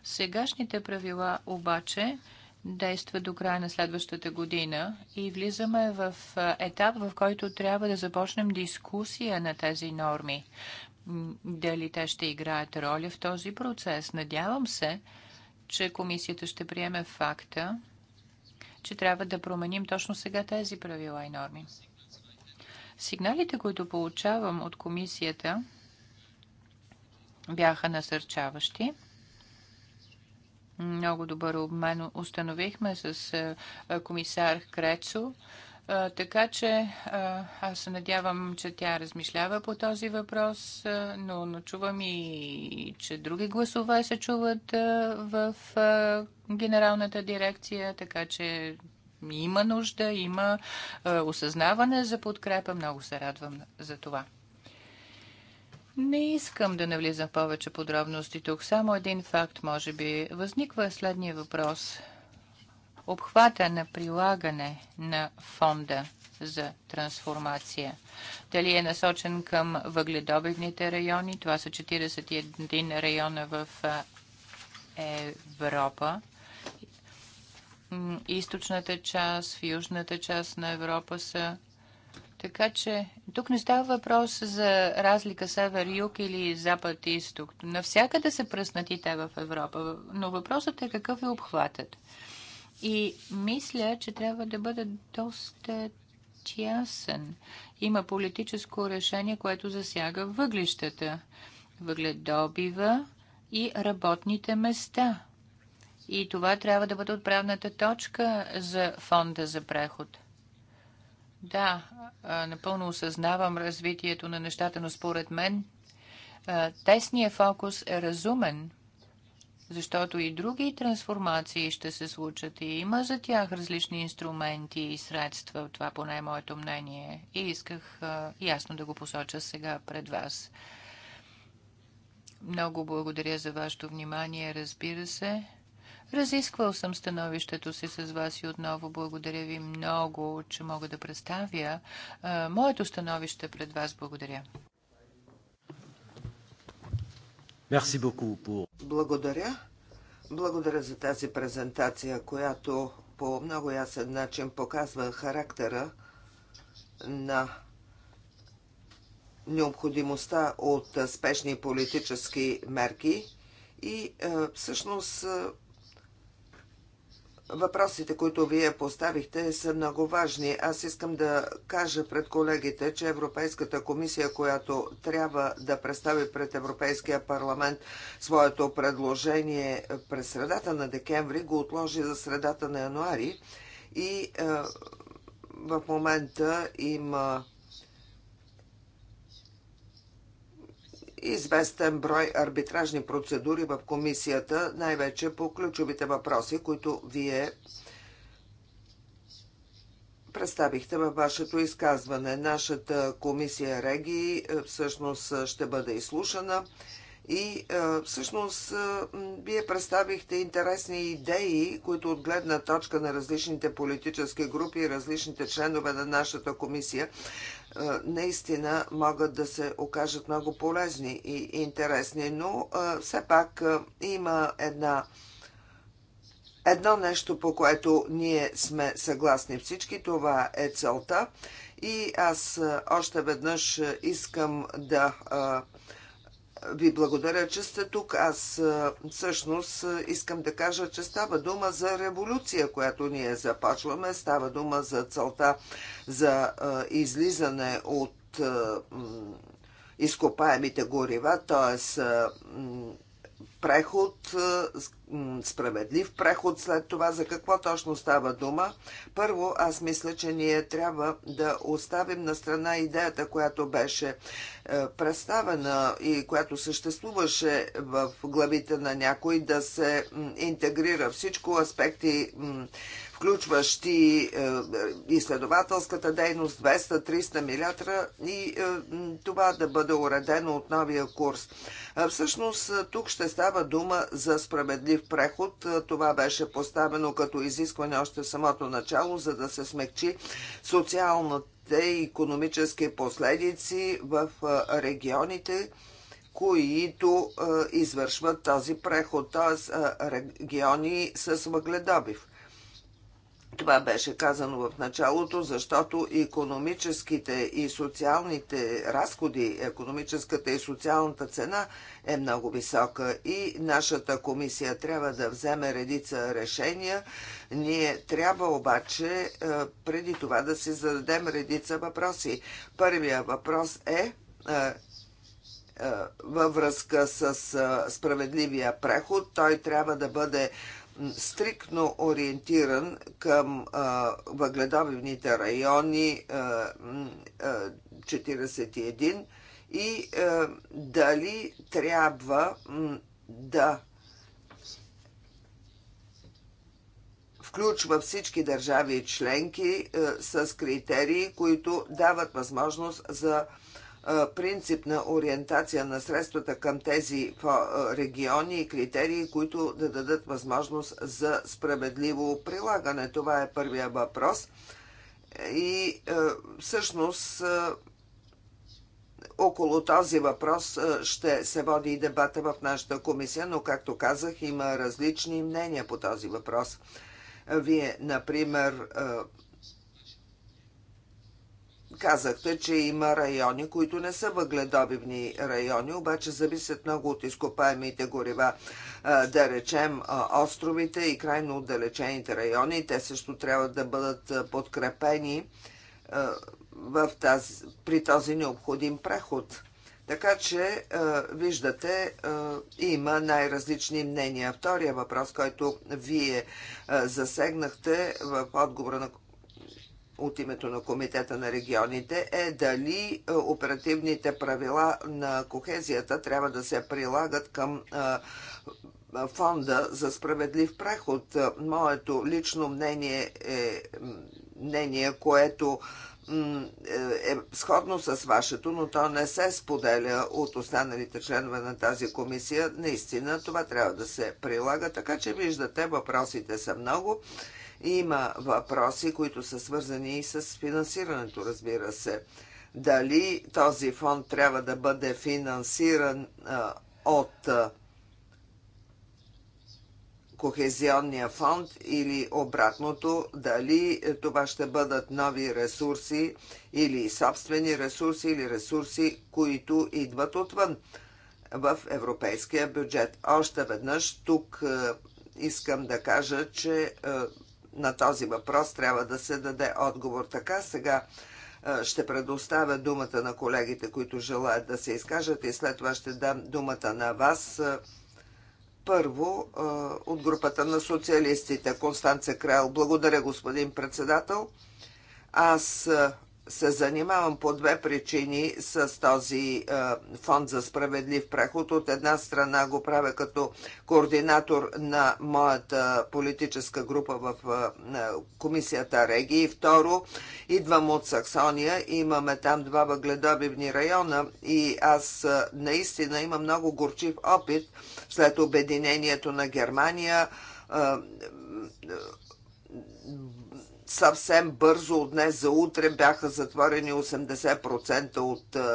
Сегашните правила обаче действа до края на следващата година и влизаме в етап, в който трябва да започнем дискусия на тези норми. Дали те ще играят роля в този процес? Надявам се, че комисията ще приеме факта, че трябва да променим точно сега тези правила и норми. Сигналите, които получавам от комисията, бяха насърчаващи много добър обмен установихме с е, е, комисар Крецо. Е, така че аз се надявам, че тя размишлява по този въпрос, но, но чувам и, че други гласове се чуват в генералната дирекция, така че има нужда, има осъзнаване за подкрепа. Много се радвам за това. Не искам да навлизам в повече подробности тук. Само един факт, може би. Възниква следния въпрос. Обхвата на прилагане на фонда за трансформация. Дали е насочен към въгледобивните райони? Това са 41 района в Европа. Източната част, в южната част на Европа са така че тук не става въпрос за разлика север-юг или запад-исток. Навсякъде са пръснати те в Европа, но въпросът е какъв е обхватът. И мисля, че трябва да бъде доста тясен. Има политическо решение, което засяга въглищата, въгледобива и работните места. И това трябва да бъде отправната точка за фонда за преход. Да, напълно осъзнавам развитието на нещата, но според мен тесният фокус е разумен, защото и други трансформации ще се случат и има за тях различни инструменти и средства, това поне е моето мнение. И исках ясно да го посоча сега пред вас. Много благодаря за вашето внимание, разбира се. Разисквал съм становището си с вас и отново благодаря ви много, че мога да представя моето становище пред вас. Благодаря.
Благодаря. Благодаря за тази презентация, която по много ясен начин показва характера на необходимостта от спешни политически мерки и е, всъщност е, Въпросите, които вие поставихте, са много важни. Аз искам да кажа пред колегите, че Европейската комисия, която трябва да представи пред Европейския парламент своето предложение през средата на декември, го отложи за средата на януари и е, в момента има известен брой арбитражни процедури в комисията, най-вече по ключовите въпроси, които вие представихте във вашето изказване. Нашата комисия Реги е, всъщност е, ще бъде изслушана и е, всъщност вие представихте интересни идеи, които от гледна точка на различните политически групи и различните членове на нашата комисия наистина могат да се окажат много полезни и интересни, но все пак има една Едно нещо, по което ние сме съгласни всички, това е целта. И аз още веднъж искам да ви благодаря, че сте тук. Аз всъщност искам да кажа, че става дума за революция, която ние започваме. Става дума за целта за излизане от изкопаемите горива, т.е преход, е, справедлив преход след това. За какво точно става дума? Първо, аз мисля, че ние трябва да оставим на страна идеята, която беше е, представена и която съществуваше в главите на някой, да се интегрира всичко аспекти включващи е, е, изследователската дейност 200-300 милиарда и е, това да бъде уредено от новия курс. Всъщност тук ще става дума за справедлив преход. Това беше поставено като изискване още в самото начало, за да се смекчи социалните и економически последици в регионите, които извършват този преход, т.е. региони с въгледобив. Това беше казано в началото, защото економическите и социалните разходи, економическата и социалната цена е много висока и нашата комисия трябва да вземе редица решения. Ние трябва обаче е, преди това да си зададем редица въпроси. Първия въпрос е, е, е във връзка с справедливия преход. Той трябва да бъде стриктно ориентиран към а, въгледобивните райони а, а, 41 и а, дали трябва м, да включва всички държави членки а, с критерии, които дават възможност за а, принципна ориентация на средствата към тези региони и критерии, които да дадат възможност за справедливо прилагане. Това е първия въпрос. И всъщност около този въпрос ще се води и дебата в нашата комисия, но както казах, има различни мнения по този въпрос. Вие, например, Казахте, че има райони, които не са въгледобивни райони, обаче зависят много от изкопаемите горива. Да речем, островите и крайно отдалечените райони, те също трябва да бъдат подкрепени в тази, при този необходим преход. Така че, виждате, има най-различни мнения. Втория въпрос, който вие засегнахте в отговора на от името на Комитета на регионите е дали е, оперативните правила на кохезията трябва да се прилагат към е, фонда за справедлив преход. Моето лично мнение е мнение, което е, е сходно с вашето, но то не се споделя от останалите членове на тази комисия. Наистина това трябва да се прилага, така че виждате, въпросите са много. Има въпроси, които са свързани и с финансирането, разбира се. Дали този фонд трябва да бъде финансиран а, от а, Кохезионния фонд или обратното, дали е, това ще бъдат нови ресурси или собствени ресурси или ресурси, които идват отвън в европейския бюджет. Още веднъж тук е, искам да кажа, че е, на този въпрос трябва да се даде отговор. Така сега ще предоставя думата на колегите, които желаят да се изкажат и след това ще дам думата на вас. Първо, от групата на социалистите, Констанция Крайл. Благодаря, господин председател. Аз се занимавам по две причини с този е, фонд за справедлив преход. От една страна го правя като координатор на моята политическа група в е, комисията Реги. И второ, идвам от Саксония, имаме там два въгледобивни района и аз е, наистина имам много горчив опит след обединението на Германия. Е, е, съвсем бързо от днес за утре бяха затворени 80% от е, е,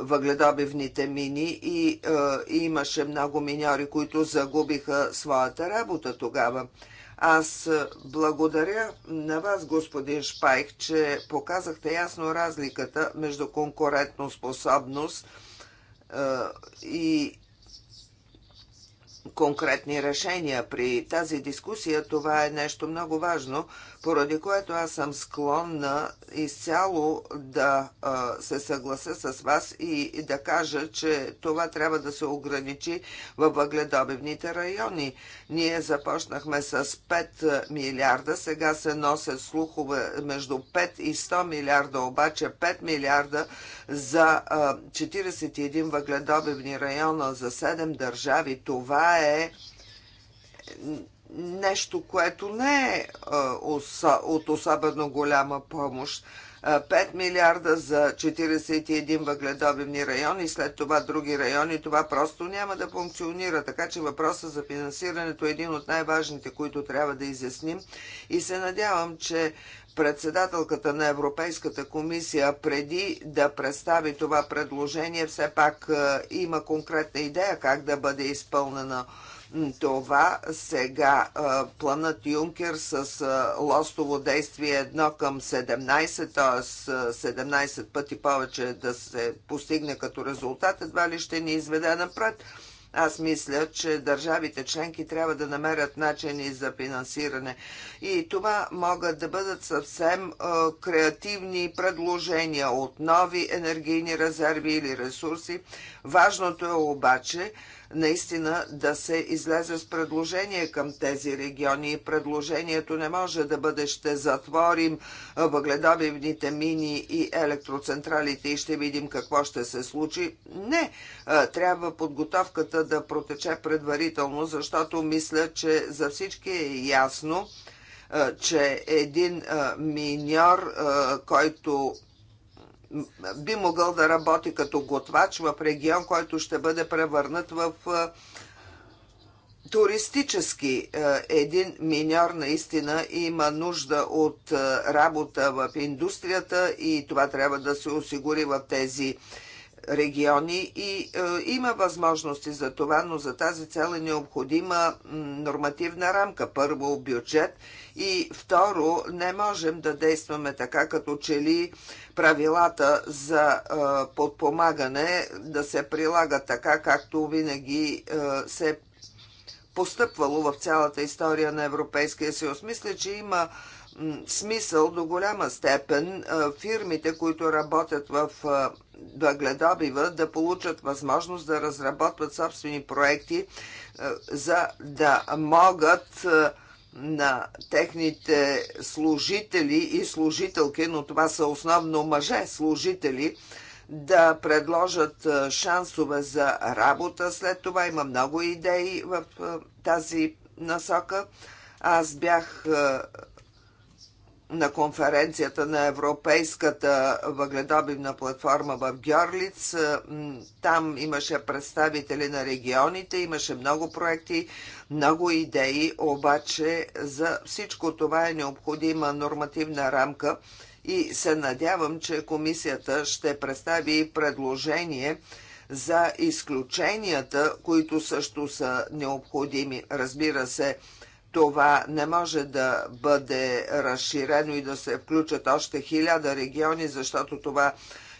въгледобивните мини е, и, имаше много миньори, които загубиха своята работа тогава. Аз благодаря на вас, господин Шпайх, че показахте ясно разликата между конкурентоспособност и конкретни решения. При тази дискусия това е нещо много важно, поради което аз съм склонна изцяло да се съглася с вас и да кажа, че това трябва да се ограничи във въгледобивните райони. Ние започнахме с 5 милиарда, сега се носят слухове между 5 и 100 милиарда, обаче 5 милиарда за 41 въгледобивни района за 7 държави. Това е нещо, което не е, е от особено голяма помощ. 5 е, милиарда за 41 въгледобивни райони, след това други райони, това просто няма да функционира. Така че въпросът за финансирането е един от най-важните, които трябва да изясним. И се надявам, че председателката на Европейската комисия преди да представи това предложение, все пак е, има конкретна идея как да бъде изпълнена това сега планът Юнкер с лостово действие 1 към 17, т.е. 17 пъти повече да се постигне като резултат, едва ли ще ни изведе напред. Аз мисля, че държавите членки трябва да намерят начини за финансиране. И това могат да бъдат съвсем е, креативни предложения от нови енергийни резерви или ресурси. Важното е обаче наистина да се излезе с предложение към тези региони. Предложението не може да бъде ще затворим въгледобивните мини и електроцентралите и ще видим какво ще се случи. Не, трябва подготовката да протече предварително, защото мисля, че за всички е ясно, че един миньор, който би могъл да работи като готвач в регион, който ще бъде превърнат в туристически. Един миньор наистина има нужда от работа в индустрията и това трябва да се осигури в тези региони и е, има възможности за това, но за тази цел е необходима нормативна рамка. Първо бюджет и второ не можем да действаме така, като че ли правилата за е, подпомагане да се прилагат така, както винаги е, се е постъпвало в цялата история на Европейския съюз. Мисля, че има смисъл до голяма степен е, фирмите, които работят в е, гледабиват, да получат възможност да разработват собствени проекти, е, за да могат е, на техните служители и служителки, но това са основно мъже служители, да предложат е, шансове за работа. След това има много идеи в тази насока. Аз бях на конференцията на Европейската въгледобивна платформа в Гьорлиц. Там имаше представители на регионите, имаше много проекти, много идеи, обаче за всичко това е необходима нормативна рамка и се надявам, че комисията ще представи предложение за изключенията, които също са необходими. Разбира се, това не може да бъде разширено и да се включат още хиляда региони, защото това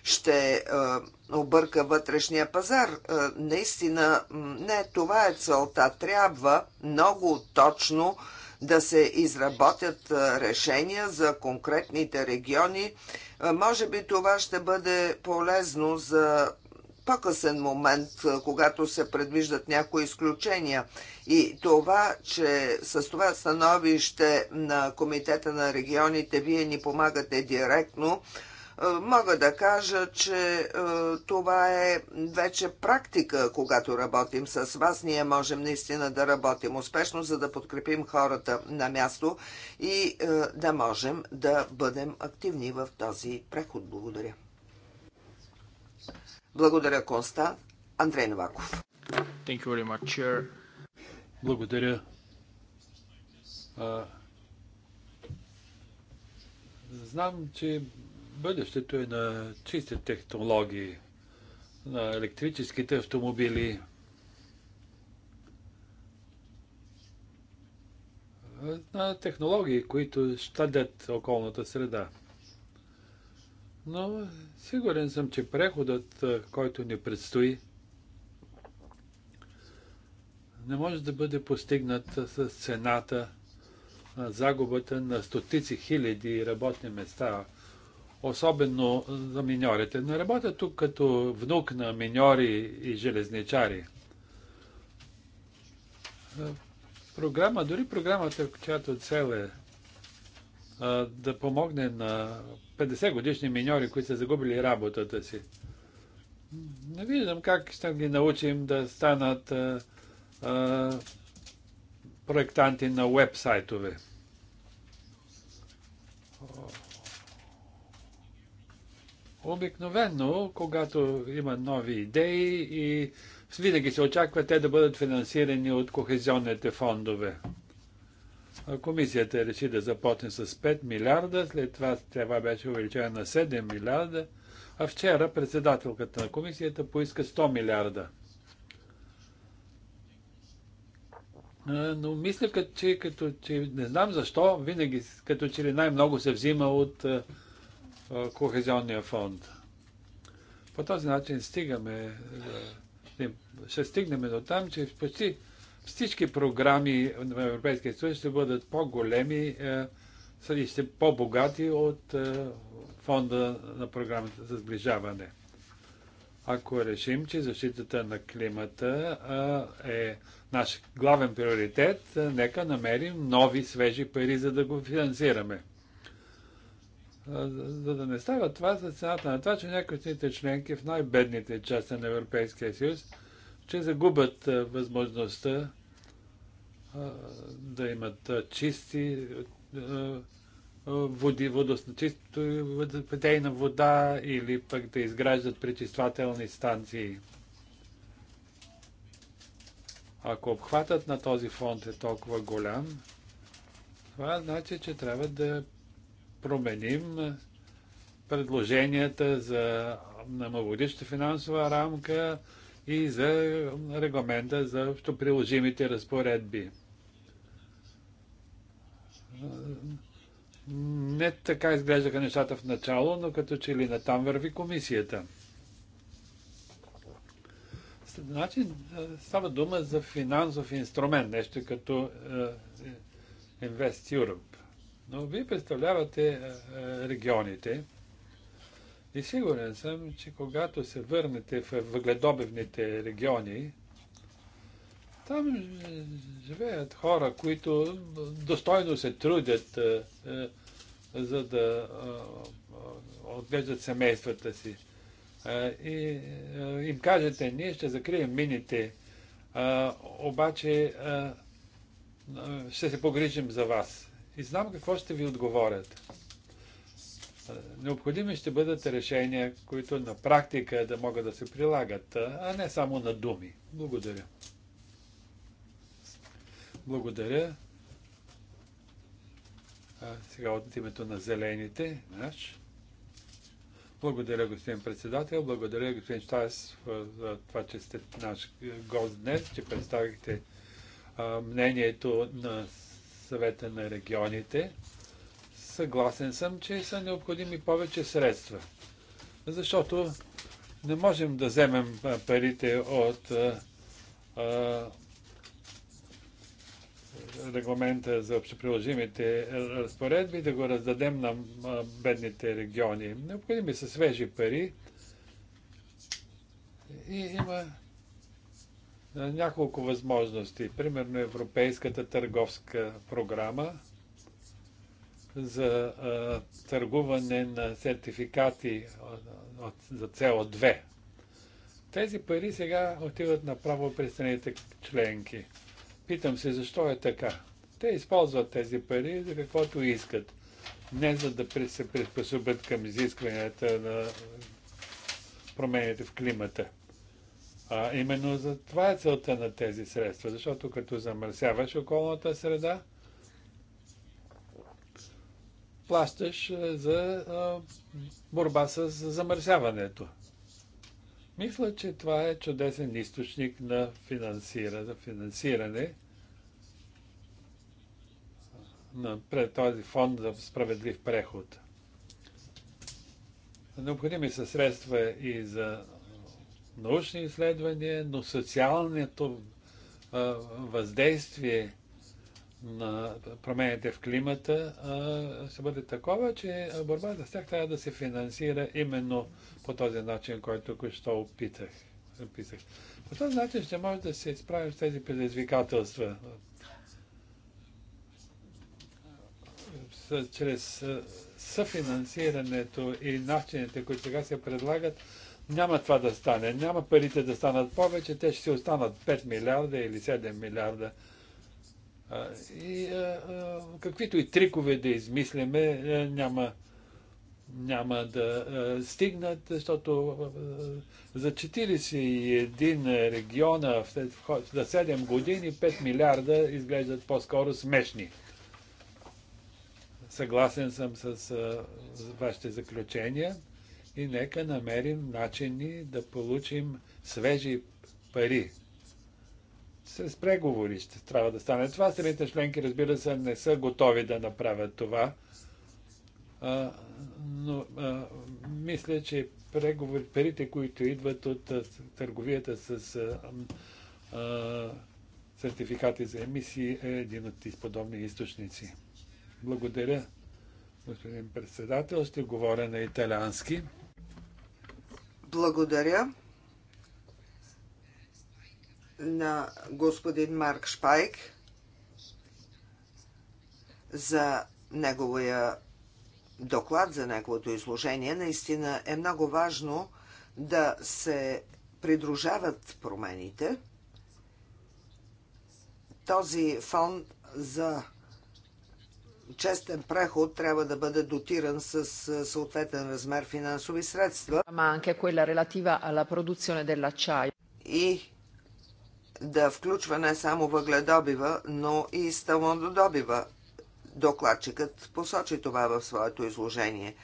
ще е, обърка вътрешния пазар. Е, наистина, не, това е целта. Трябва много точно да се изработят е, решения за конкретните региони. Може би това ще бъде полезно за по-късен момент, когато се предвиждат някои изключения. И това, че с това становище на Комитета на регионите вие ни помагате директно, мога да кажа, че това е вече практика, когато работим с вас. Ние можем наистина да работим успешно, за да подкрепим хората на място и да можем да бъдем активни в този преход. Благодаря. Благодаря, Коста. Андрей Новаков. Благодаря. А,
знам, че бъдещето е на чисти технологии, на електрическите автомобили. На технологии, които щадят околната среда. Но сигурен съм, че преходът, който ни предстои, не може да бъде постигнат с цената на загубата на стотици хиляди работни места, особено за миньорите. Не работя тук като внук на миньори и железничари. Програма, дори програмата, която цел е да помогне на 50 годишни миньори, които са загубили работата си. Не виждам как ще ги научим да станат а, а, проектанти на вебсайтове. Обикновено, когато има нови идеи и винаги се очаква те да бъдат финансирани от кохезионните фондове. Комисията реши да започне с 5 милиарда, след това това беше увеличена на 7 милиарда, а вчера председателката на комисията поиска 100 милиарда. Но мисля, като, че, като, че не знам защо, винаги като че ли най-много се взима от Кохезионния фонд. По този начин стигаме, ще стигнем до там, че почти всички програми на Европейския съюз ще бъдат по-големи и е, ще по-богати от е, фонда на програмата за сближаване. Ако решим, че защитата на климата е, е наш главен приоритет, нека намерим нови свежи пари, за да го финансираме. За да не става това за цената на това, че някои от членки в най-бедните части на Европейския съюз ще загубят възможността да имат чисти води, водосночисто питейна вода или пък да изграждат пречиствателни станции. Ако обхватът на този фонд е толкова голям, това значи, че трябва да променим предложенията за многогодишна финансова рамка, и за регламента за приложимите разпоредби. Не така изглеждаха нещата в начало, но като че ли натам върви комисията. Значи става дума за финансов инструмент, нещо като е, е, Invest Europe. Но вие представлявате е, регионите и сигурен съм, че когато се върнете в въгледобивните региони, там живеят хора, които достойно се трудят, е, е, за да е, отглеждат семействата си. и им кажете, ние ще закрием мините, обаче ще се погрижим за вас. И знам какво ще ви отговорят. Необходими ще бъдат решения, които на практика да могат да се прилагат, а не само на думи. Благодаря. Благодаря. А, сега от името на зелените, наш. Благодаря, господин председател. Благодаря, господин Штас, за това, че сте наш гост днес, че представихте а, мнението на съвета на регионите съгласен съм, че са необходими повече средства. Защото не можем да вземем парите от а, а, регламента за общоприложимите разпоредби, да го раздадем на бедните региони. Необходими са свежи пари. И има няколко възможности. Примерно Европейската търговска програма – за а, търгуване на сертификати от, за CO2. Тези пари сега отиват направо при страните членки. Питам се защо е така. Те използват тези пари за каквото искат. Не за да се приспособят към изискванията на промените в климата. А именно за това е целта на тези средства, защото като замърсяваш околната среда, плащаш е, за борба с замърсяването. Мисля, че това е чудесен източник на финансира, за финансиране на този фонд за справедлив преход. Необходими са средства и за научни изследвания, но социалното въздействие на промените в климата ще бъде такова, че борбата с тях трябва да се финансира именно по този начин, който току-що опитах. Описах. По този начин ще може да се справим с тези предизвикателства. С, чрез съфинансирането и начините, които сега се предлагат, няма това да стане. Няма парите да станат повече, те ще си останат 5 милиарда или 7 милиарда и каквито и трикове да измисляме, няма, няма да стигнат, защото за 41 региона за 7 години 5 милиарда изглеждат по-скоро смешни. Съгласен съм с вашите заключения и нека намерим начини да получим свежи пари с преговори ще трябва да стане това. Страните членки, разбира се, не са готови да направят това. А, но а, мисля, че преговори, парите, които идват от а, търговията с а, а, сертификати за емисии, е един от подобни източници. Благодаря, господин председател. Ще говоря на италиански.
Благодаря на господин Марк Шпайк за неговия доклад, за неговото изложение. Наистина е много важно да се придружават промените. Този фонд за честен преход трябва да бъде дотиран с съответен размер финансови средства. Е И да включва не само въгледобива, но и стълнодобива. Докладчикът посочи това в своето изложение.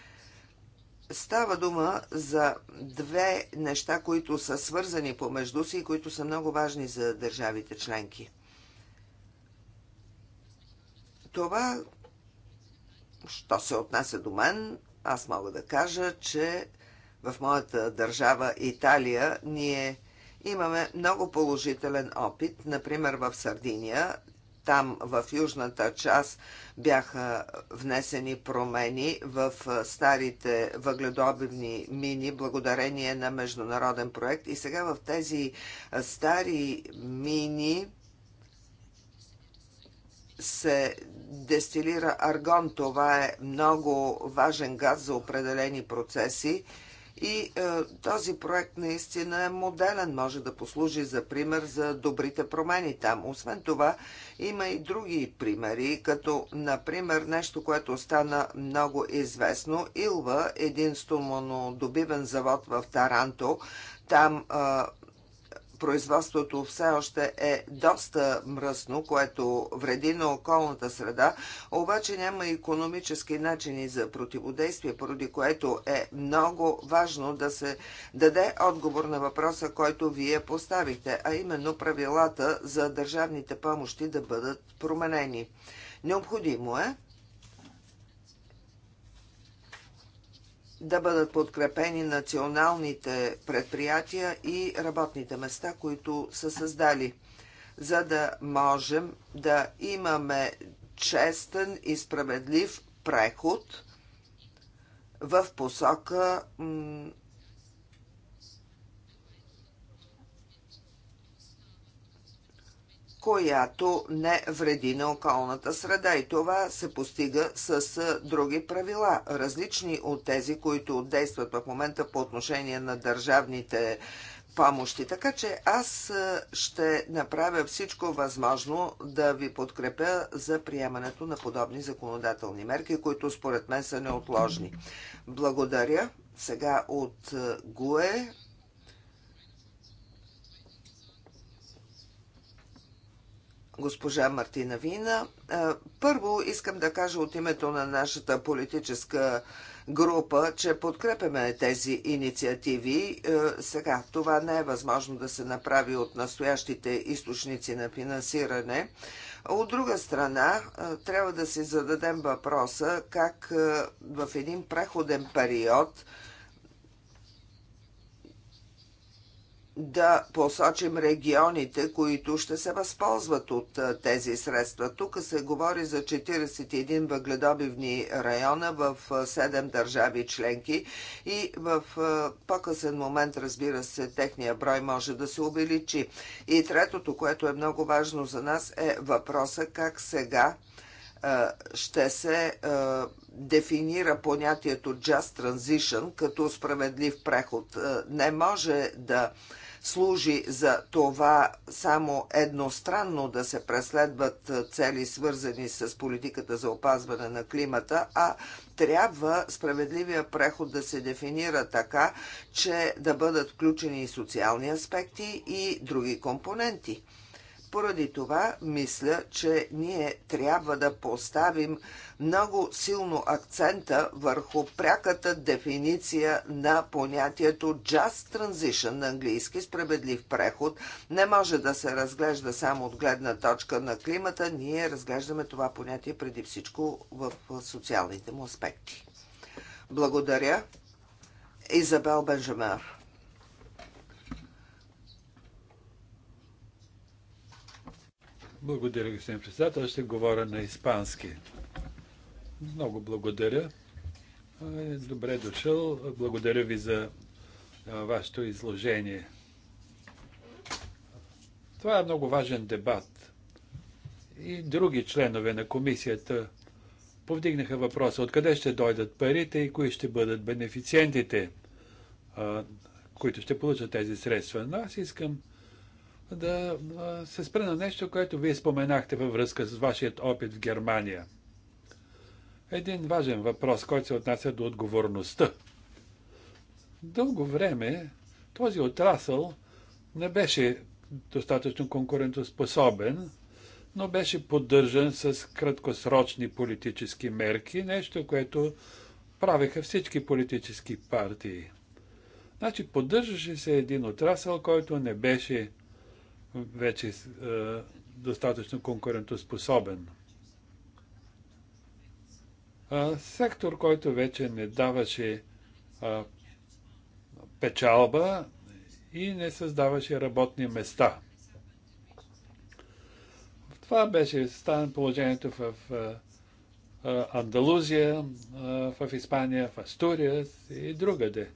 Става дума за две неща, които са свързани помежду си и които са много важни за държавите членки. Това, що се отнася до мен, аз мога да кажа, че в моята държава Италия ние Имаме много положителен опит, например в Сардиния. Там в южната част бяха внесени промени в старите въгледобивни мини благодарение на международен проект. И сега в тези стари мини се дестилира аргон. Това е много важен газ за определени процеси и е, този проект наистина е моделен, може да послужи за пример за добрите промени там. Освен това, има и други примери, като например нещо, което стана много известно. Илва, един стоманодобивен завод в Таранто, там е, производството все още е доста мръсно, което вреди на околната среда, обаче няма економически начини за противодействие, поради което е много важно да се даде отговор на въпроса, който вие поставихте, а именно правилата за държавните помощи да бъдат променени. Необходимо е да бъдат подкрепени националните предприятия и работните места, които са създали, за да можем да имаме честен и справедлив преход в посока която не вреди на околната среда. И това се постига с други правила, различни от тези, които действат в момента по отношение на държавните помощи. Така че аз ще направя всичко възможно да ви подкрепя за приемането на подобни законодателни мерки, които според мен са неотложни. Благодаря. Сега от ГУЕ госпожа Мартина Вина. Първо искам да кажа от името на нашата политическа група, че подкрепяме тези инициативи. Сега това не е възможно да се направи от настоящите източници на финансиране. От друга страна, трябва да си зададем въпроса как в един преходен период – да посочим регионите, които ще се възползват от тези средства. Тук се говори за 41 въгледобивни района в 7 държави членки и в по-късен момент, разбира се, техния брой може да се увеличи. И третото, което е много важно за нас е въпроса как сега ще се дефинира понятието just transition като справедлив преход. Не може да служи за това само едностранно да се преследват цели, свързани с политиката за опазване на климата, а трябва справедливия преход да се дефинира така, че да бъдат включени и социални аспекти и други компоненти. Поради това мисля, че ние трябва да поставим много силно акцента върху пряката дефиниция на понятието Just Transition на английски справедлив преход. Не може да се разглежда само от гледна точка на климата. Ние разглеждаме това понятие преди всичко в социалните му аспекти. Благодаря. Изабел Бенжамер.
Благодаря, господин председател. Ще говоря на испански. Много благодаря. Добре дошъл. Благодаря ви за вашето изложение. Това е много важен дебат. И други членове на комисията повдигнаха въпроса откъде ще дойдат парите и кои ще бъдат бенефициентите, които ще получат тези средства. Но аз искам да се спра на нещо, което вие споменахте във връзка с вашият опит в Германия. Един важен въпрос, който се отнася до отговорността. Дълго време този отрасъл не беше достатъчно конкурентоспособен, но беше поддържан с краткосрочни политически мерки, нещо, което правеха всички политически партии. Значи поддържаше се един отрасъл, който не беше вече е, достатъчно конкурентоспособен. Сектор, който вече не даваше е, печалба и не създаваше работни места. Това беше стан положението в е, Андалузия, в Испания, в Астурия и другаде.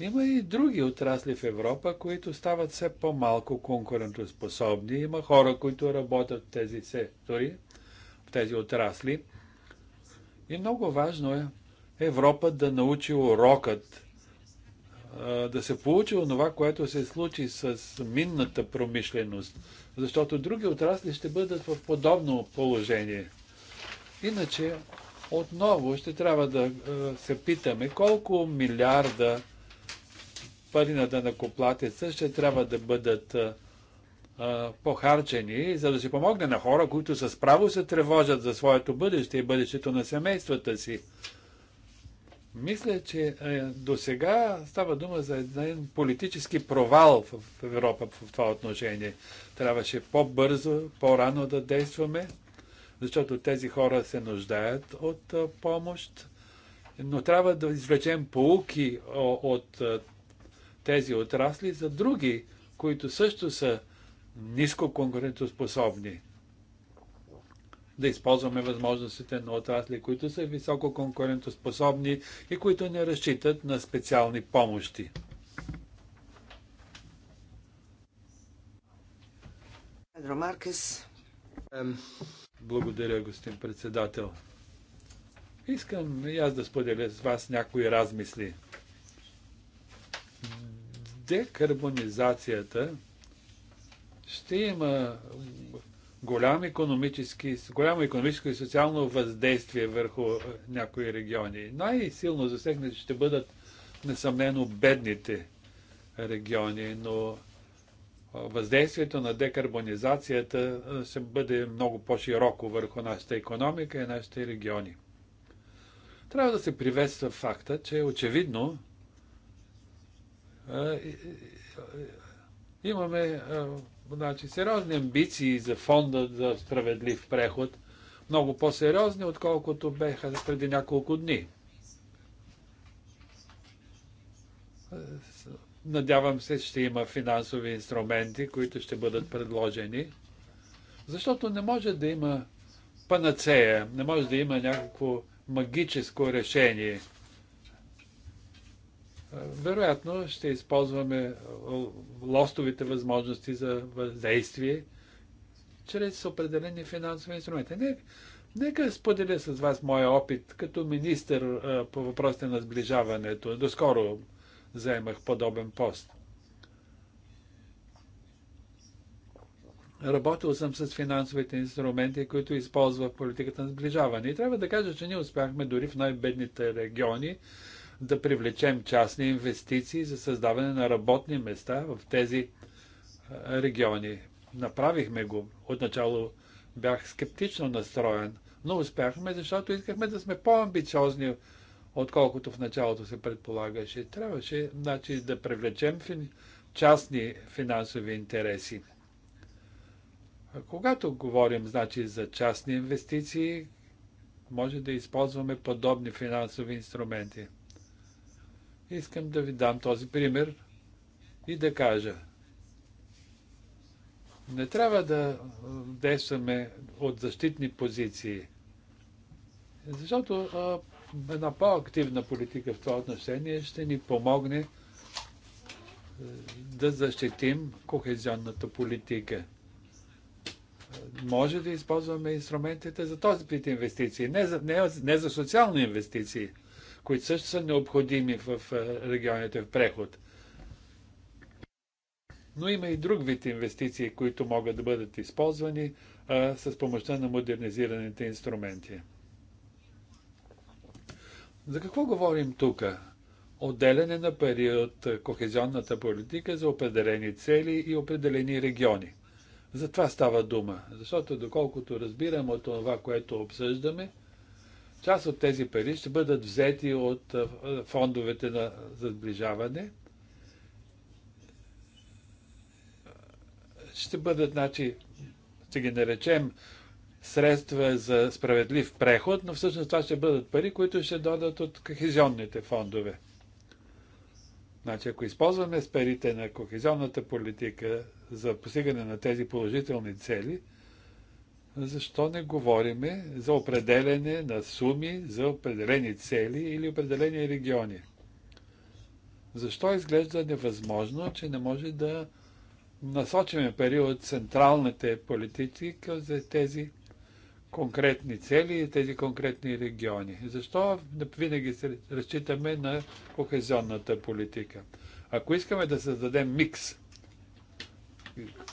Има и други отрасли в Европа, които стават все по-малко конкурентоспособни. Има хора, които работят в тези сектори, в тези отрасли. И много важно е Европа да научи урокът, да се получи онова, което се случи с минната промишленост, защото други отрасли ще бъдат в подобно положение. Иначе отново ще трябва да се питаме колко милиарда пари на данакоплатеца ще трябва да бъдат похарчени, за да се помогне на хора, които с право се тревожат за своето бъдеще и бъдещето на семействата си. Мисля, че до сега става дума за един политически провал в Европа в това отношение. Трябваше по-бързо, по-рано да действаме, защото тези хора се нуждаят от помощ, но трябва да извлечем поуки от тези отрасли за други, които също са ниско конкурентоспособни. Да използваме възможностите на отрасли, които са високо конкурентоспособни и които не разчитат на специални помощи.
Педро Маркес.
Благодаря, господин председател. Искам и аз да споделя с вас някои размисли декарбонизацията ще има голям економически, голямо економическо и социално въздействие върху някои региони. Най-силно засегнати ще бъдат несъмнено бедните региони, но въздействието на декарбонизацията ще бъде много по-широко върху нашата економика и нашите региони. Трябва да се приветства факта, че очевидно Имаме значи, сериозни амбиции за фонда за справедлив преход, много по-сериозни, отколкото беха преди няколко дни. Надявам се, ще има финансови инструменти, които ще бъдат предложени, защото не може да има панацея, не може да има някакво магическо решение – вероятно ще използваме лостовите възможности за въздействие чрез определени финансови инструменти. Не, нека споделя с вас моя опит като министър по въпросите на сближаването. Доскоро заемах подобен пост. Работил съм с финансовите инструменти, които използва политиката на сближаване. И трябва да кажа, че ние успяхме дори в най-бедните региони да привлечем частни инвестиции за създаване на работни места в тези региони. Направихме го. Отначало бях скептично настроен, но успяхме, защото искахме да сме по-амбициозни, отколкото в началото се предполагаше. Трябваше значи, да привлечем фин... частни финансови интереси. А когато говорим значи, за частни инвестиции, може да използваме подобни финансови инструменти. Искам да ви дам този пример и да кажа. Не трябва да действаме от защитни позиции, защото една по-активна политика в това отношение ще ни помогне да защитим кохезионната политика. Може да използваме инструментите за този вид инвестиции, не за, не, не за социални инвестиции – които също са необходими в е, регионите в преход. Но има и друг вид инвестиции, които могат да бъдат използвани а, е, с помощта на модернизираните инструменти. За какво говорим тук? Отделяне на пари от е, кохезионната политика за определени цели и определени региони. За това става дума. Защото, доколкото разбирам от това, което обсъждаме, Част от тези пари ще бъдат взети от фондовете на, за Ще бъдат, значи, ще ги наречем средства за справедлив преход, но всъщност това ще бъдат пари, които ще додат от кохезионните фондове. Значи, ако използваме с парите на кохезионната политика за постигане на тези положителни цели – защо не говориме за определене на суми за определени цели или определени региони? Защо изглежда невъзможно, че не може да насочиме пари от централните политики за тези конкретни цели и тези конкретни региони? Защо винаги се разчитаме на кохезионната политика? Ако искаме да създадем микс,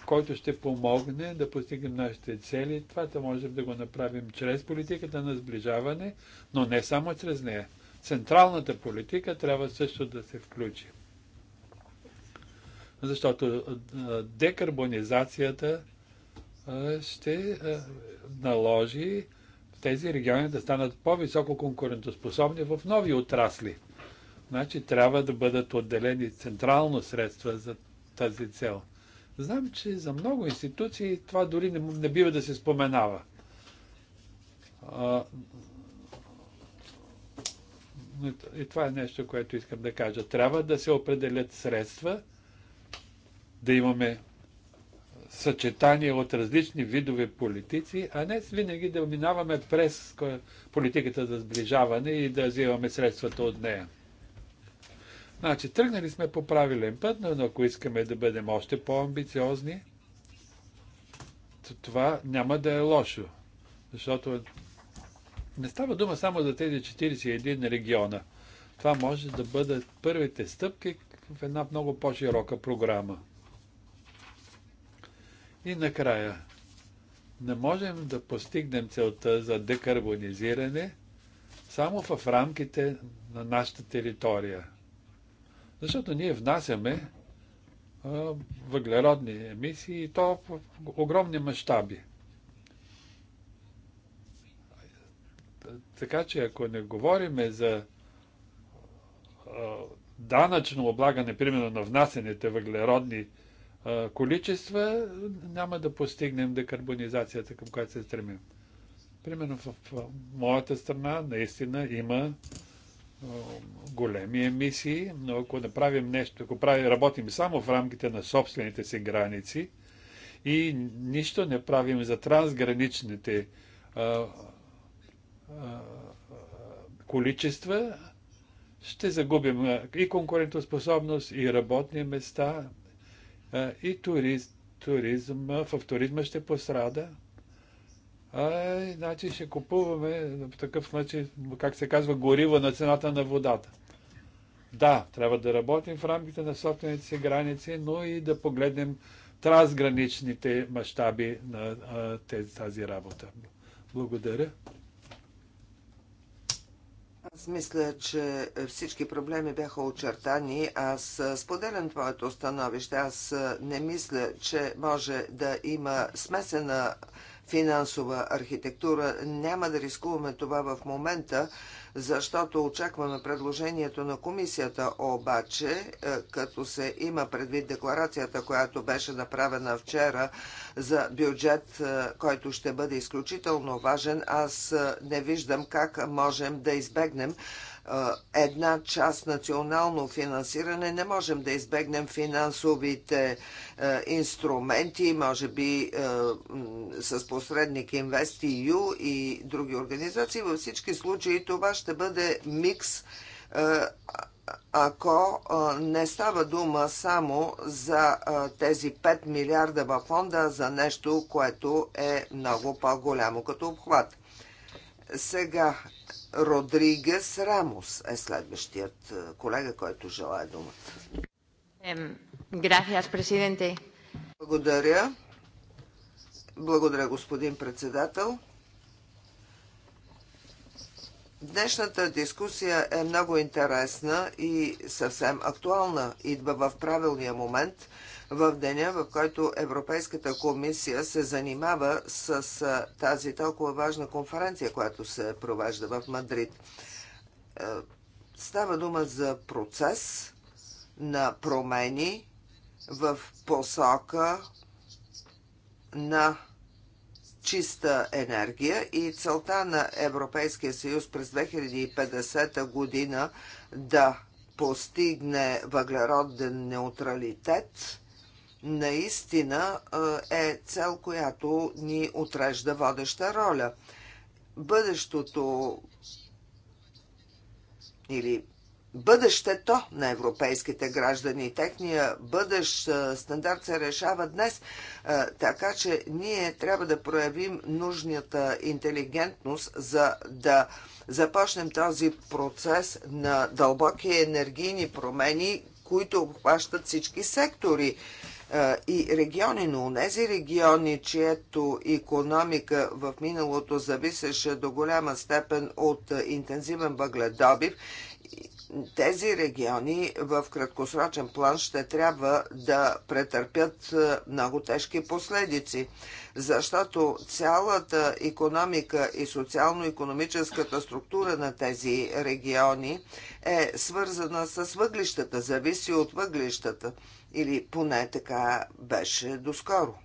който ще помогне да постигнем нашите цели. Това да можем да го направим чрез политиката на сближаване, но не само чрез нея. Централната политика трябва също да се включи. Защото декарбонизацията ще наложи тези региони да станат по-високо конкурентоспособни в нови отрасли. Значи трябва да бъдат отделени централно средства за тази цел. Знам, че за много институции това дори не, не бива да се споменава. А, и това е нещо, което искам да кажа. Трябва да се определят средства, да имаме съчетание от различни видове политици, а не винаги да минаваме през политиката за сближаване и да взимаме средствата от нея. Значи, тръгнали сме по правилен път, но ако искаме да бъдем още по-амбициозни, това няма да е лошо. Защото не става дума само за тези 41 региона. Това може да бъдат първите стъпки в една много по-широка програма. И накрая, не можем да постигнем целта за декарбонизиране само в рамките на нашата територия – защото ние внасяме въглеродни емисии и то в огромни мащаби. Така че ако не говориме за данъчно облагане, примерно на внасените въглеродни количества, няма да постигнем декарбонизацията, към която се стремим. Примерно в моята страна наистина има големи емисии, но ако направим нещо, ако правим, работим само в рамките на собствените си граници и нищо не правим за трансграничните а, а, количества, ще загубим и конкурентоспособност, и работни места, и туризм. туризм в туризма ще пострада а, значи ще купуваме по такъв начин, как се казва, горива на цената на водата. Да, трябва да работим в рамките на собствените си граници, но и да погледнем трансграничните мащаби на а, тази работа. Благодаря.
Аз мисля, че всички проблеми бяха очертани. Аз споделям твоето становище. Аз не мисля, че може да има смесена финансова архитектура. Няма да рискуваме това в момента, защото очакваме предложението на комисията, обаче, е, като се има предвид декларацията, която беше направена вчера за бюджет, е, който ще бъде изключително важен, аз е, не виждам как можем да избегнем една част национално финансиране, не можем да избегнем финансовите инструменти, може би с посредник InvestEU и други организации. Във всички случаи това ще бъде микс ако не става дума само за тези 5 милиарда във фонда, а за нещо, което е много по-голямо като обхват. Сега Родригес Рамос е следващият е, колега, който желая думата.
Грахиас, президенте.
Благодаря. Благодаря, господин председател. Днешната дискусия е много интересна и съвсем актуална. Идва в правилния момент – в деня, в който Европейската комисия се занимава с тази толкова важна конференция, която се провежда в Мадрид. Е, става дума за процес на промени в посока на чиста енергия и целта на Европейския съюз през 2050 година да постигне въглероден неутралитет наистина е цел, която ни отрежда водеща роля. Бъдещото или бъдещето на европейските граждани, техния бъдещ стандарт се решава днес, така че ние трябва да проявим нужната интелигентност, за да започнем този процес на дълбоки енергийни промени, които обхващат всички сектори и региони, но тези региони, чието економика в миналото зависеше до голяма степен от интензивен въгледобив, тези региони в краткосрочен план ще трябва да претърпят много тежки последици, защото цялата економика и социално-економическата структура на тези региони е свързана с въглищата, зависи от въглищата. Или поне така беше доскоро.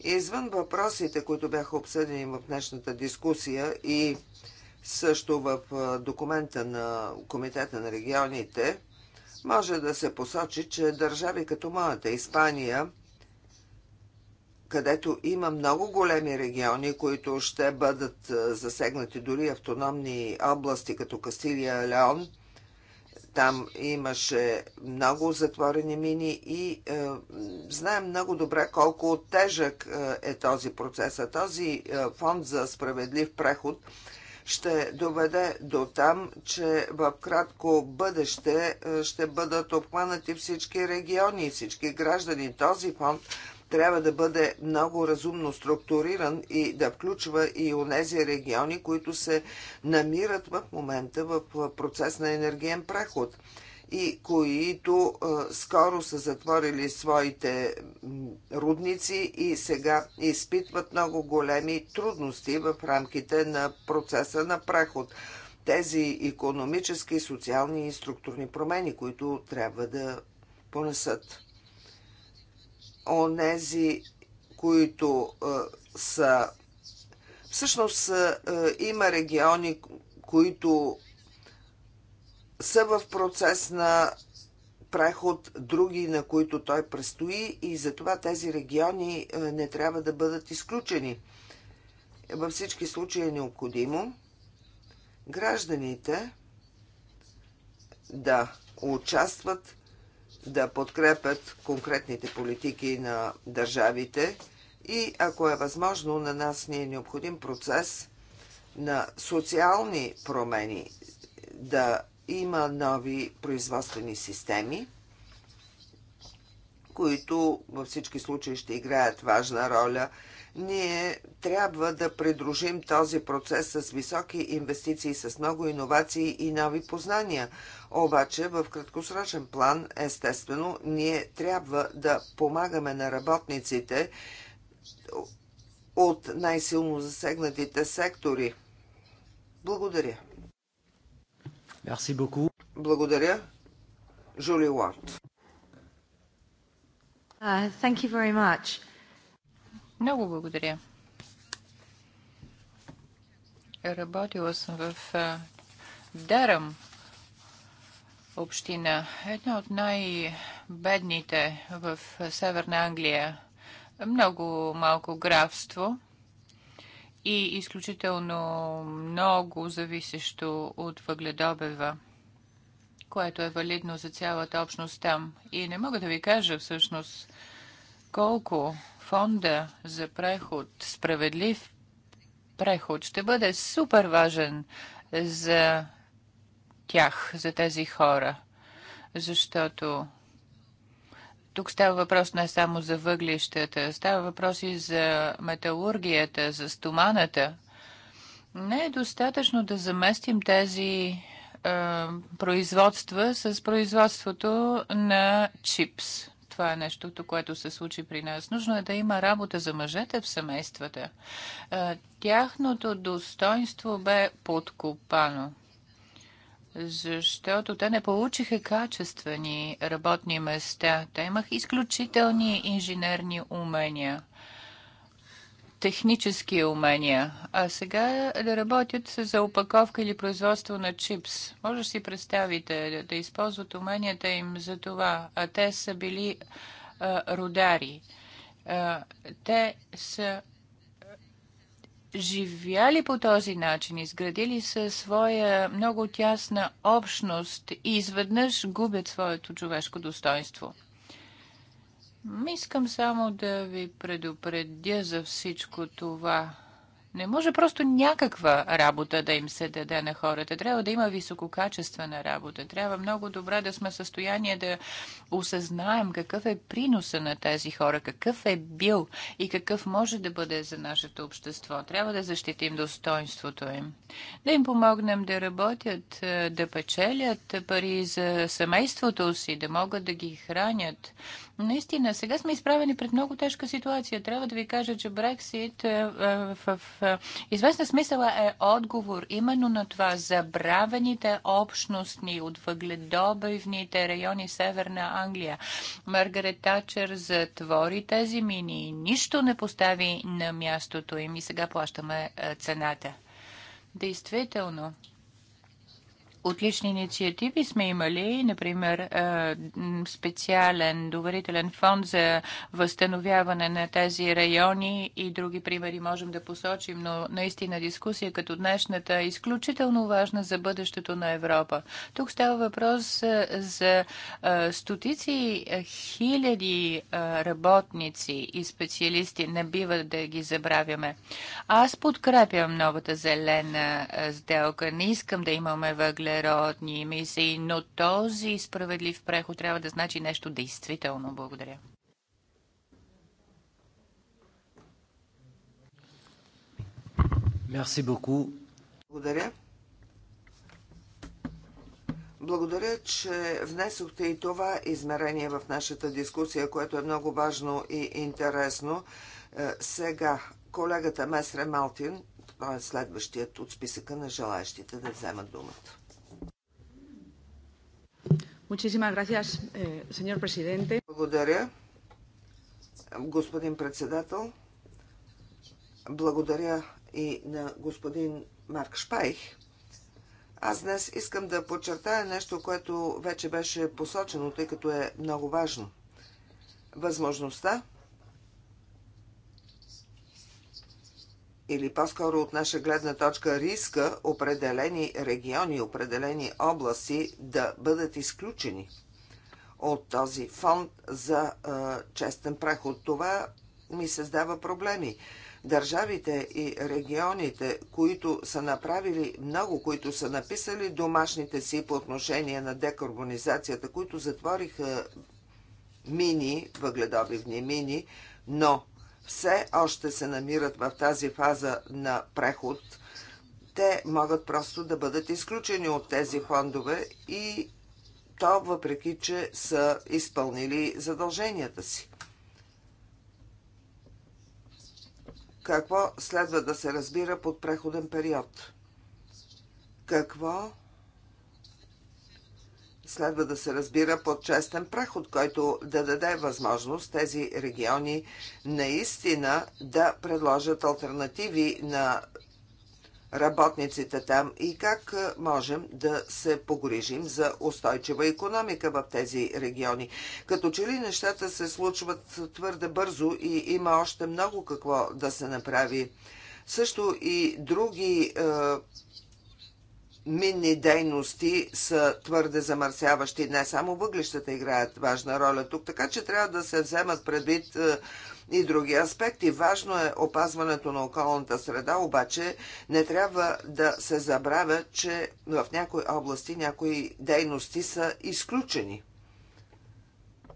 Извън въпросите, които бяха обсъдени в днешната дискусия и също в документа на Комитета на регионите, може да се посочи, че държави като моята Испания където има много големи региони, които ще бъдат засегнати дори автономни области, като Кастилия, Леон. Там имаше много затворени мини и е, знаем много добре колко тежък е този процес. А този фонд за справедлив преход ще доведе до там, че в кратко бъдеще ще бъдат обхванати всички региони, всички граждани. Този фонд трябва да бъде много разумно структуриран и да включва и онези региони, които се намират в момента в процес на енергиен преход и които скоро са затворили своите рудници и сега изпитват много големи трудности в рамките на процеса на преход. Тези економически, социални и структурни промени, които трябва да понесат онези, които е, са. Всъщност е, има региони, които са в процес на преход, други, на които той престои и затова тези региони е, не трябва да бъдат изключени. Във всички случаи е необходимо гражданите да участват да подкрепят конкретните политики на държавите и, ако е възможно, на нас ни е необходим процес на социални промени, да има нови производствени системи, които във всички случаи ще играят важна роля. Ние трябва да придружим този процес с високи инвестиции, с много иновации и нови познания – обаче в краткосрочен план, естествено, ние трябва да помагаме на работниците от най-силно засегнатите сектори. Благодаря. Merci beaucoup. Благодаря. Жули Уорд. Uh, thank you very much.
Много благодаря. Работила съм в uh, Дарам община. Една от най-бедните в Северна Англия. Много малко графство и изключително много зависещо от въгледобива, което е валидно за цялата общност там. И не мога да ви кажа всъщност колко фонда за преход, справедлив преход, ще бъде супер важен за тях, за тези хора. Защото тук става въпрос не само за въглищата, става въпрос и за металургията, за стоманата. Не е достатъчно да заместим тези производства с производството на чипс. Това е нещото, което се случи при нас. Нужно е да има работа за мъжете в семействата. Тяхното достоинство бе подкопано защото те не получиха качествени работни места. Те имаха изключителни инженерни умения, технически умения, а сега да работят за опаковка или производство на чипс. Може да си представите да, да използват уменията им за това, а те са били а, родари. А, те са живяли по този начин, изградили са своя много тясна общност и изведнъж губят своето човешко достоинство. Искам само да ви предупредя за всичко това не може просто някаква работа да им се даде на хората. Трябва да има висококачествена работа. Трябва много добре да сме в състояние да осъзнаем какъв е приноса на тези хора, какъв е бил и какъв може да бъде за нашето общество. Трябва да защитим достоинството им. Да им помогнем да работят, е, да печелят пари за семейството си, да могат да ги хранят Наистина, сега сме изправени пред много тежка ситуация. Трябва да ви кажа, че Брексит е, е, в, в, в е, известна смисъл е отговор именно на това забравените общностни от въгледобивните райони Северна Англия. Маргарет Тачер затвори тези мини и нищо не постави на мястото им и сега плащаме цената. Действително, отлични инициативи сме имали, например е, специален доверителен фонд за възстановяване на тези райони и други примери можем да посочим, но наистина дискусия като днешната е изключително важна за бъдещето на Европа. Тук става въпрос е, за е, стотици хиляди работници и специалисти. Не бива да ги забравяме. Аз подкрепям новата зелена сделка. Не искам да имаме въглед въглеродни емисии, но този справедлив преход трябва да значи нещо действително. Благодаря.
Мерси Боку.
Благодаря. Благодаря, че внесохте и това измерение в нашата дискусия, което е много важно и интересно. Е, сега колегата Месре Малтин, това е следващият от списъка на желаящите да вземат думата.
Gracias,
eh, Благодаря, господин председател. Благодаря и на господин Марк Шпайх. Аз днес искам да подчертая нещо, което вече беше посочено, тъй като е много важно. Възможността или по-скоро от наша гледна точка риска определени региони, определени области да бъдат изключени от този фонд за а, честен преход. Това ми създава проблеми. Държавите и регионите, които са направили много, които са написали домашните си по отношение на декарбонизацията, които затвориха мини, въгледобивни мини, но все още се намират в тази фаза на преход, те могат просто да бъдат изключени от тези фондове и то въпреки, че са изпълнили задълженията си. Какво следва да се разбира под преходен период? Какво следва да се разбира под честен преход, който да даде възможност тези региони наистина да предложат альтернативи на работниците там и как можем да се погрижим за устойчива економика в тези региони. Като че ли нещата се случват твърде бързо и има още много какво да се направи. Също и други е, минни дейности са твърде замърсяващи. Не само въглищата играят важна роля тук, така че трябва да се вземат предвид е, и други аспекти. Важно е опазването на околната среда, обаче не трябва да се забравя, че в някои области някои дейности са изключени.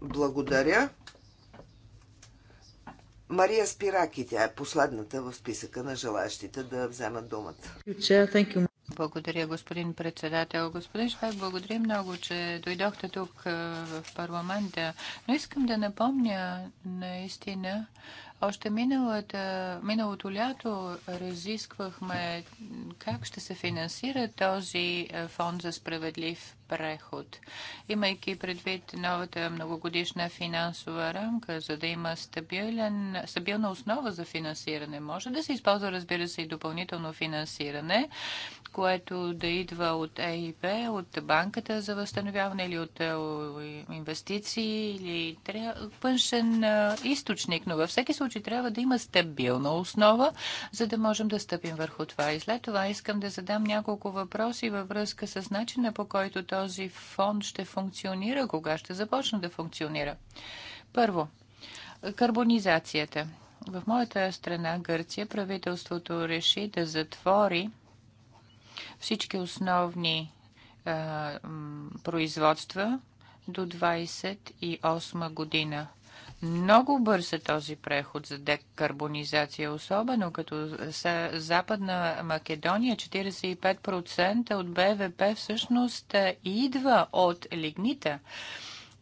Благодаря. Мария Спираки, тя е последната в списъка на желаящите да вземат думата. Благодаря,
господин председател. Господин Швайк, благодаря много, че дойдохте тук в парламента, но искам да напомня наистина още миналата, миналото лято разисквахме как ще се финансира този е, фонд за справедлив преход, имайки предвид новата многогодишна финансова рамка, за да има стабилен, стабилна основа за финансиране. Може да се използва, разбира се, и допълнително финансиране, което да идва от ЕИБ, от Банката за възстановяване или от е, инвестиции или външен е, източник. Но във всеки случай че трябва да има стабилна основа, за да можем да стъпим върху това. И след това искам да задам няколко въпроси във връзка с начина по който този фонд ще функционира, кога ще започне да функционира. Първо, карбонизацията. В моята страна, Гърция, правителството реши да затвори всички основни а, производства до 28 година. Много бърз е този преход за декарбонизация, особено като Западна Македония 45% от БВП всъщност е, идва от лигнита.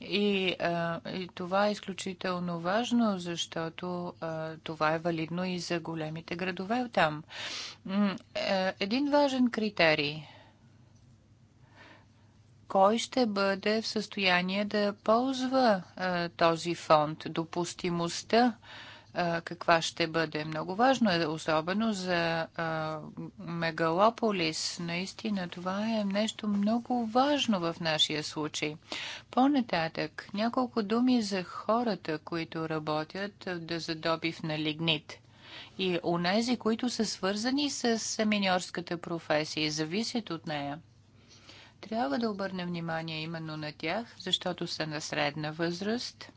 И, а, е, и това е изключително важно, защото а, е, това е валидно и за големите градове там. Един важен критерий – кой ще бъде в състояние да ползва а, този фонд, допустимостта а, каква ще бъде. Много важно е, особено за а, мегалополис. Наистина това е нещо много важно в нашия случай. По-нататък, няколко думи за хората, които работят да задобив на лигнит и нези, които са свързани с семиньорската професия и зависят от нея. Трябва да обърнем внимание именно на тях, защото са на средна възраст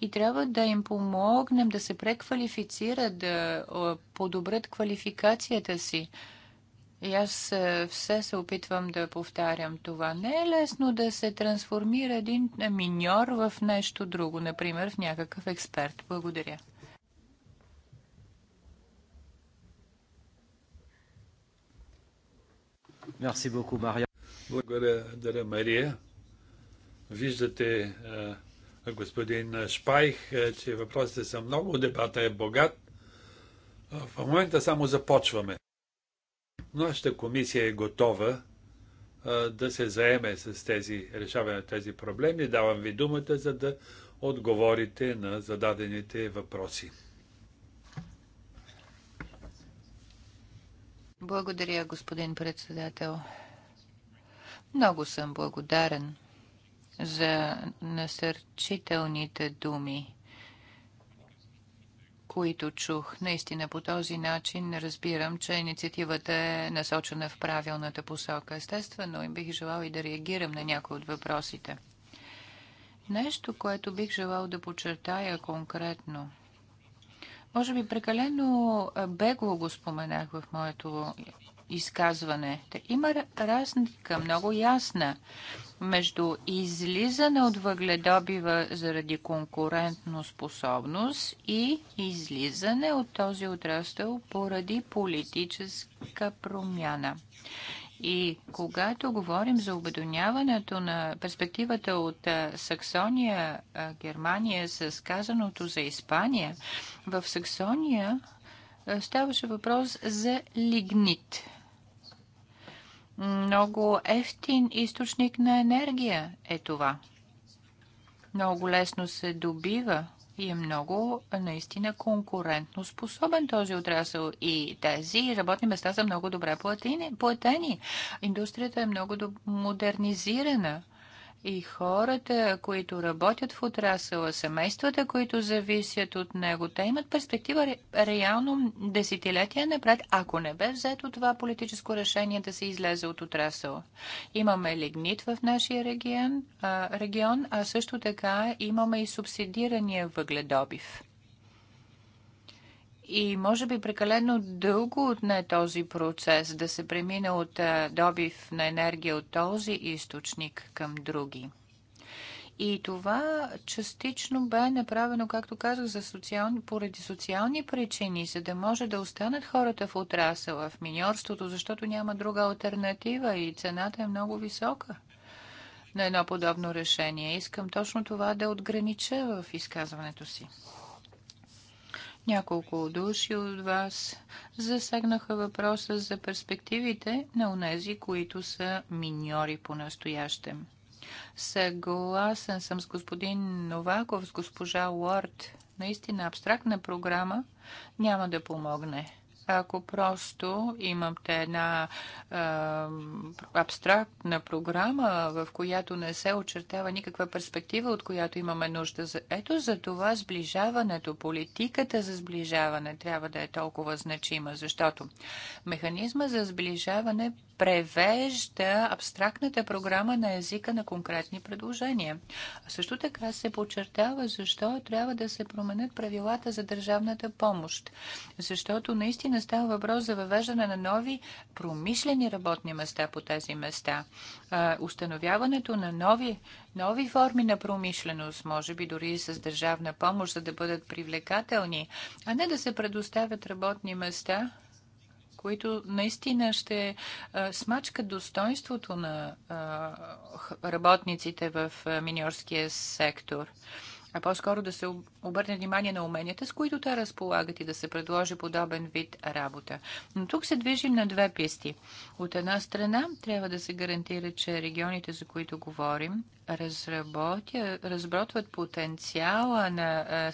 и трябва да им помогнем да се преквалифицират, да подобрят квалификацията си. И аз все се опитвам да повтарям това. Не е лесно да се трансформира един миньор в нещо друго, например в някакъв експерт. Благодаря.
Merci Мария. Благодаря, Мария. Виждате, господин Шпайх, че въпросите са много, дебата е богат. В момента само започваме. Нашата комисия е готова да се заеме с тези, решаване на тези проблеми. Давам ви думата, за да отговорите на зададените въпроси.
Благодаря, господин председател. Много съм благодарен за насърчителните думи, които чух. Наистина по този начин разбирам, че инициативата е насочена в правилната посока. Естествено, им бих желал и да реагирам на някои от въпросите. Нещо, което бих желал да подчертая конкретно. Може би прекалено бегло го споменах в моето изказване. Има разлика много ясна между излизане от въгледобива заради конкурентно способност и излизане от този отрастъл поради политическа промяна. И когато говорим за обедоняването на перспективата от Саксония, Германия, с казаното за Испания, в Саксония ставаше въпрос за лигнит. Много ефтин източник на енергия е това. Много лесно се добива и е много наистина конкурентно способен този отрасъл и тези работни места са много добре платени. Индустрията е много модернизирана и хората, които работят в отрасъла, семействата, които зависят от него, те имат перспектива реално десетилетия напред, ако не бе взето това политическо решение да се излезе от отрасъла. Имаме лигнит в нашия регион, а, регион, а също така имаме и субсидирания въгледобив. И може би прекалено дълго отне този процес да се премине от добив на енергия от този източник към други. И това частично бе направено, както казах, за социални, поради социални причини, за да може да останат хората в отрасъла, в миньорството, защото няма друга альтернатива и цената е много висока на едно подобно решение. Искам точно това да отгранича в изказването си. Няколко души от вас засегнаха въпроса за перспективите на унези, които са миньори по-настоящем. Съгласен съм с господин Новаков, с госпожа Уорд. Наистина абстрактна програма няма да помогне ако просто имате една е, абстрактна програма, в която не се очертава никаква перспектива, от която имаме нужда. Ето за това сближаването, политиката за сближаване трябва да е толкова значима, защото механизма за сближаване превежда абстрактната програма на езика на конкретни предложения. А също така се подчертава защо трябва да се променят правилата за държавната помощ. Защото наистина става въпрос за въвеждане на нови промишлени работни места по тези места. А, установяването на нови, нови форми на промишленост, може би дори и с държавна помощ, за да бъдат привлекателни, а не да се предоставят работни места които наистина ще смачкат достоинството на работниците в миньорския сектор а по-скоро да се обърне внимание на уменията, с които те разполагат и да се предложи подобен вид работа. Но тук се движим на две писти. От една страна трябва да се гарантира, че регионите, за които говорим, разработват потенциала на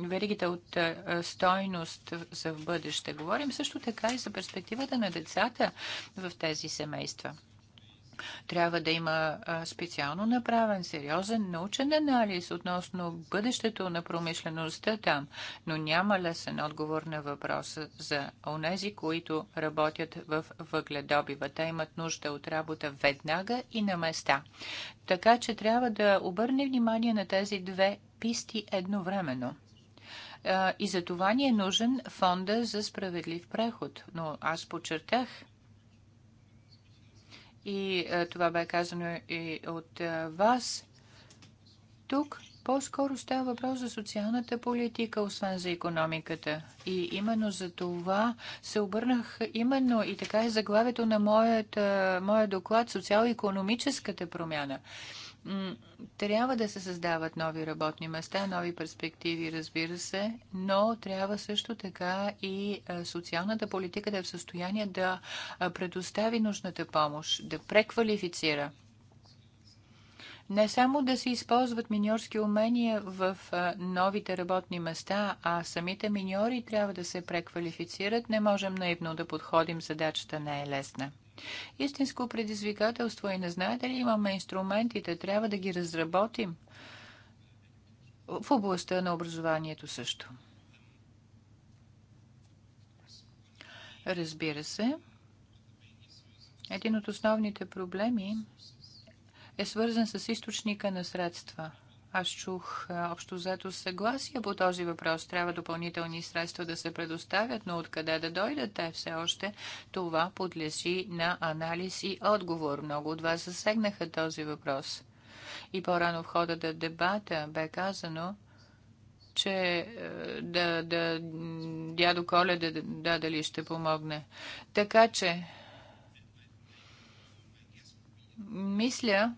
веригите от стойност за в бъдеще. Говорим също така и за перспективата на децата в тези семейства. Трябва да има специално направен сериозен научен анализ относно бъдещето на промишлеността там, но няма лесен отговор на въпроса за онези, които работят в въгледобива. Те имат нужда от работа веднага и на места. Така че трябва да обърне внимание на тези две писти едновременно и за това ни е нужен фонда за справедлив преход. Но аз подчертах, и е, това бе казано и от е, вас. Тук по-скоро става въпрос за социалната политика, освен за економиката. И именно за това се обърнах именно и така е заглавието на моят, моят доклад социал-економическата промяна трябва да се създават нови работни места, нови перспективи, разбира се, но трябва също така и социалната политика да е в състояние да предостави нужната помощ, да преквалифицира не само да се използват миньорски умения в новите работни места, а самите миньори трябва да се преквалифицират. Не можем наивно да подходим, задачата не е лесна. Истинско предизвикателство и е, не знаете ли, имаме инструментите, трябва да ги разработим в областта на образованието също. Разбира се, един от основните проблеми е свързан с източника на средства – аз чух общо взето съгласие по този въпрос. Трябва допълнителни средства да се предоставят, но откъде да дойдат те все още? Това подлежи на анализ и отговор. Много от вас засегнаха този въпрос. И по-рано в хода на дебата бе казано, че е, да, да, дядо Коле, да, да, дали ще помогне. Така че, мисля,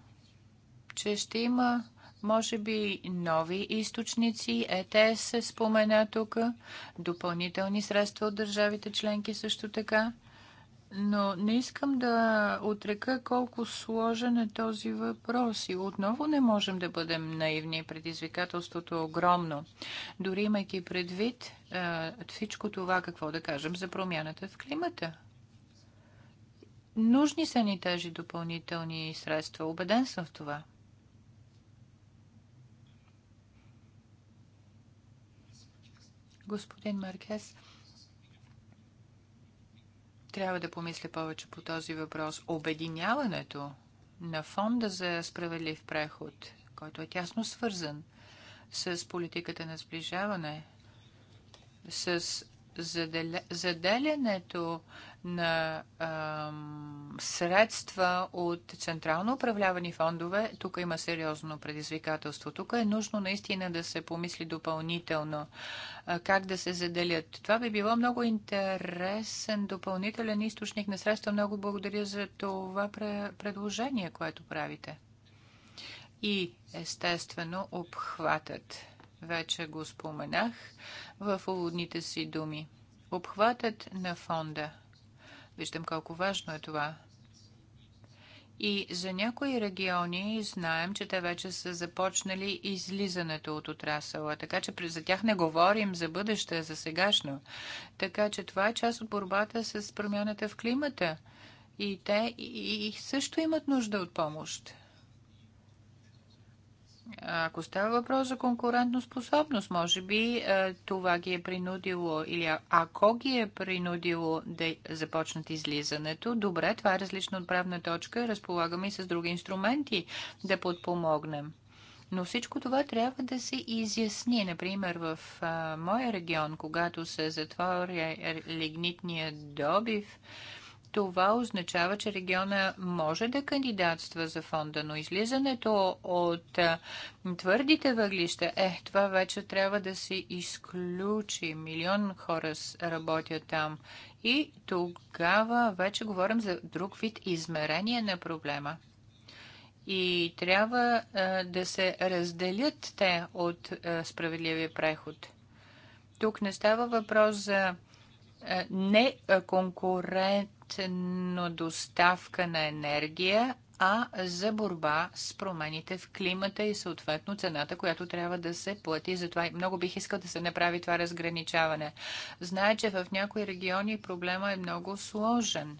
че ще има може би нови източници, ЕТС се спомена тук, допълнителни средства от държавите членки също така. Но не искам да отрека колко сложен е този въпрос и отново не можем да бъдем наивни. Предизвикателството е огромно. Дори имайки предвид е, всичко това, какво да кажем за промяната в климата. Нужни са ни тези допълнителни средства. Обеден съм в това. Господин Маркес, трябва да помисля повече по този въпрос. Обединяването на Фонда за справедлив преход, който е тясно свързан с политиката на сближаване, с заделянето на ам, средства от централно управлявани фондове, тук има сериозно предизвикателство. Тук е нужно наистина да се помисли допълнително а, как да се заделят. Това би било много интересен допълнителен източник на средства. Много благодаря за това предложение, което правите. И естествено обхватът вече го споменах в уводните си думи. Обхватът на фонда. Виждам колко важно е това. И за някои региони знаем, че те вече са започнали излизането от отрасъла, така че за тях не говорим за бъдеще, за сегашно. Така че това е част от борбата с промяната в климата. И те и също имат нужда от помощ. Ако става въпрос за способност, може би е, това ги е принудило или ако ги е принудило да започнат излизането, добре, това е различно от правна точка, разполагаме и с други инструменти да подпомогнем. Но всичко това трябва да се изясни. Например, в а, моя регион, когато се затвори лигнитния добив, а, това означава, че региона може да кандидатства за фонда, но излизането от твърдите въглища, е, това вече трябва да се изключи. Милион хора работят там. И тогава вече говорим за друг вид измерение на проблема. И трябва а, да се разделят те от а, справедливия преход. Тук не става въпрос за неконкурентно конкурентно доставка на енергия, а за борба с промените в климата и съответно цената, която трябва да се плати. Затова много бих искал да се направи това разграничаване. Знае, че в някои региони проблема е много сложен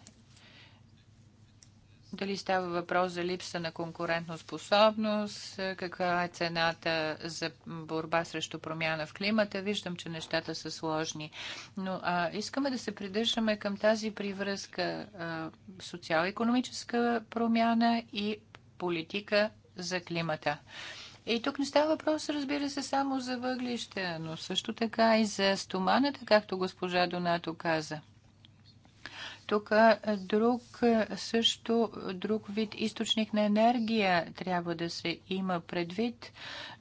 дали става въпрос за липса на конкурентоспособност, каква е цената за борба срещу промяна в климата. Виждам, че нещата са сложни. Но а, искаме да се придържаме към тази привръзка социал-економическа промяна и политика за климата. И тук не става въпрос, разбира се, само за въглища, но също така и за стоманата, както госпожа Донато каза. Тук друг също, друг вид източник на енергия трябва да се има предвид.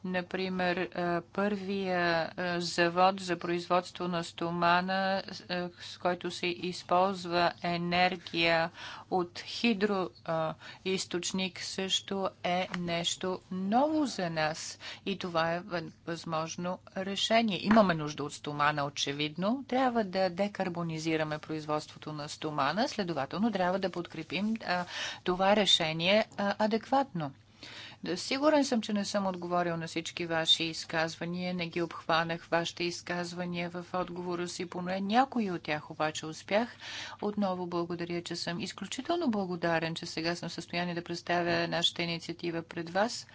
Например, първия завод за производство на стомана, с който се използва енергия от хидроизточник също е нещо ново за нас и това е възможно решение. Имаме нужда от стомана, очевидно. Трябва да декарбонизираме производството на стомана, следователно трябва да подкрепим това решение адекватно. Да, сигурен съм, че не съм отговорил на всички ваши изказвания, не ги обхванах вашите изказвания в отговора си, поне някои от тях обаче успях. Отново благодаря, че съм изключително благодарен, че сега съм в състояние да представя нашата инициатива пред вас.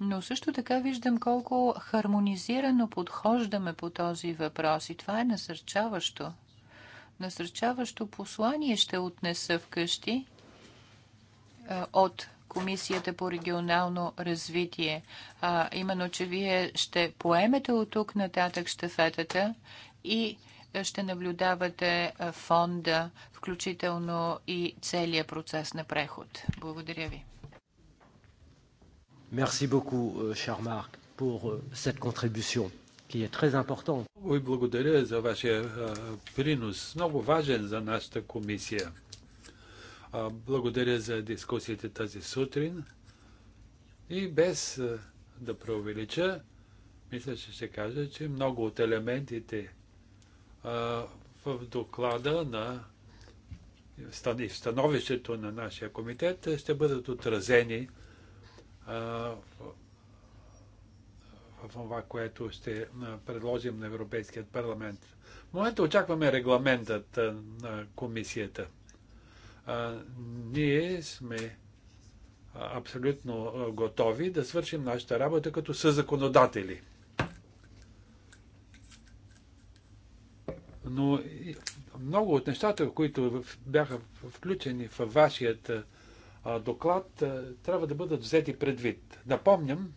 Но също така виждам колко хармонизирано подхождаме по този въпрос и това е насърчаващо. Насърчаващо послание ще отнеса вкъщи от Комисията по регионално развитие. А, именно, че вие ще поемете от тук нататък щафетата и ще наблюдавате фонда, включително и целият процес на преход. Благодаря ви.
Merci beaucoup, euh, cher Marc, pour euh, cette contribution qui est très importante. Oui, Благодаря за вашия принос, много важен за нашата комисия. Благодаря за дискусиите тази сутрин. И без да преувелича, мисля, че ще кажа, че много от елементите в доклада на в становището на нашия комитет ще бъдат отразени в това, което ще предложим на Европейският парламент. В момента очакваме регламентът на комисията ние сме абсолютно готови да свършим нашата работа като съзаконодатели. Но много от нещата, които бяха включени в вашият доклад, трябва да бъдат взети предвид. Напомням,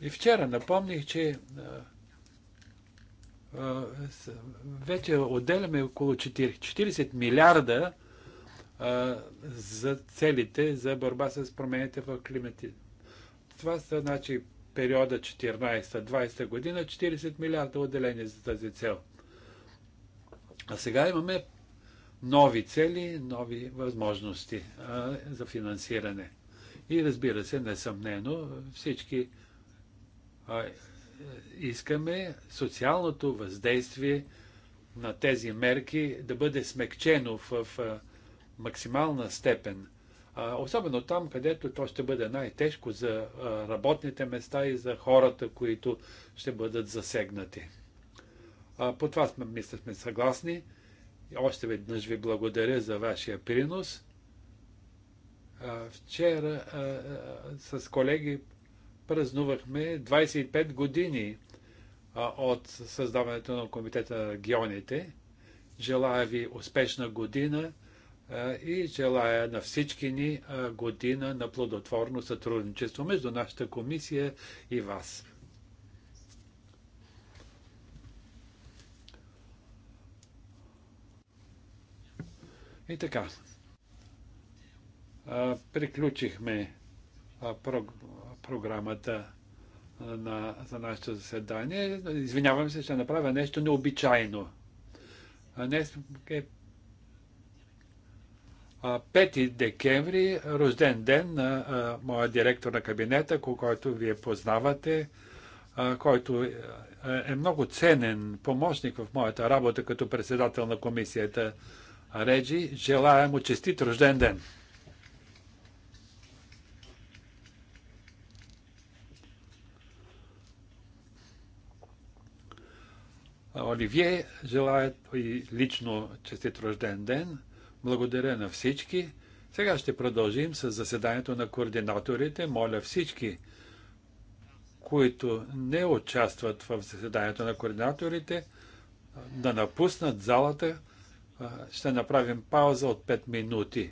и вчера напомних, че вече отделяме около 40 милиарда за целите за борба с промените в климати. Това са значи периода 14-20 година 40 милиарда отделени за тази цел. А сега имаме нови цели, нови възможности а, за финансиране. И разбира се, несъмнено, всички а, искаме социалното въздействие на тези мерки да бъде смекчено в а, максимална степен. Особено там, където то ще бъде най-тежко за работните места и за хората, които ще бъдат засегнати. По това сме, мисля, сме съгласни. Още веднъж ви благодаря за вашия принос. Вчера с колеги празнувахме 25 години от създаването на Комитета на регионите. Желая ви успешна година и желая на всички ни година на плодотворно сътрудничество между нашата комисия и вас. И така. Приключихме програмата на, за нашето заседание. Извинявам се, ще направя нещо необичайно. Днес е 5 декември, рожден ден на моя директор на кабинета, който вие познавате, който е, е, е много ценен помощник в моята работа като председател на комисията Реджи. Желая му честит рожден ден! Оливие желая и лично честит рожден ден – благодаря на всички. Сега ще продължим с заседанието на координаторите. Моля всички, които не участват в заседанието на координаторите, да напуснат залата. Ще направим пауза от 5 минути.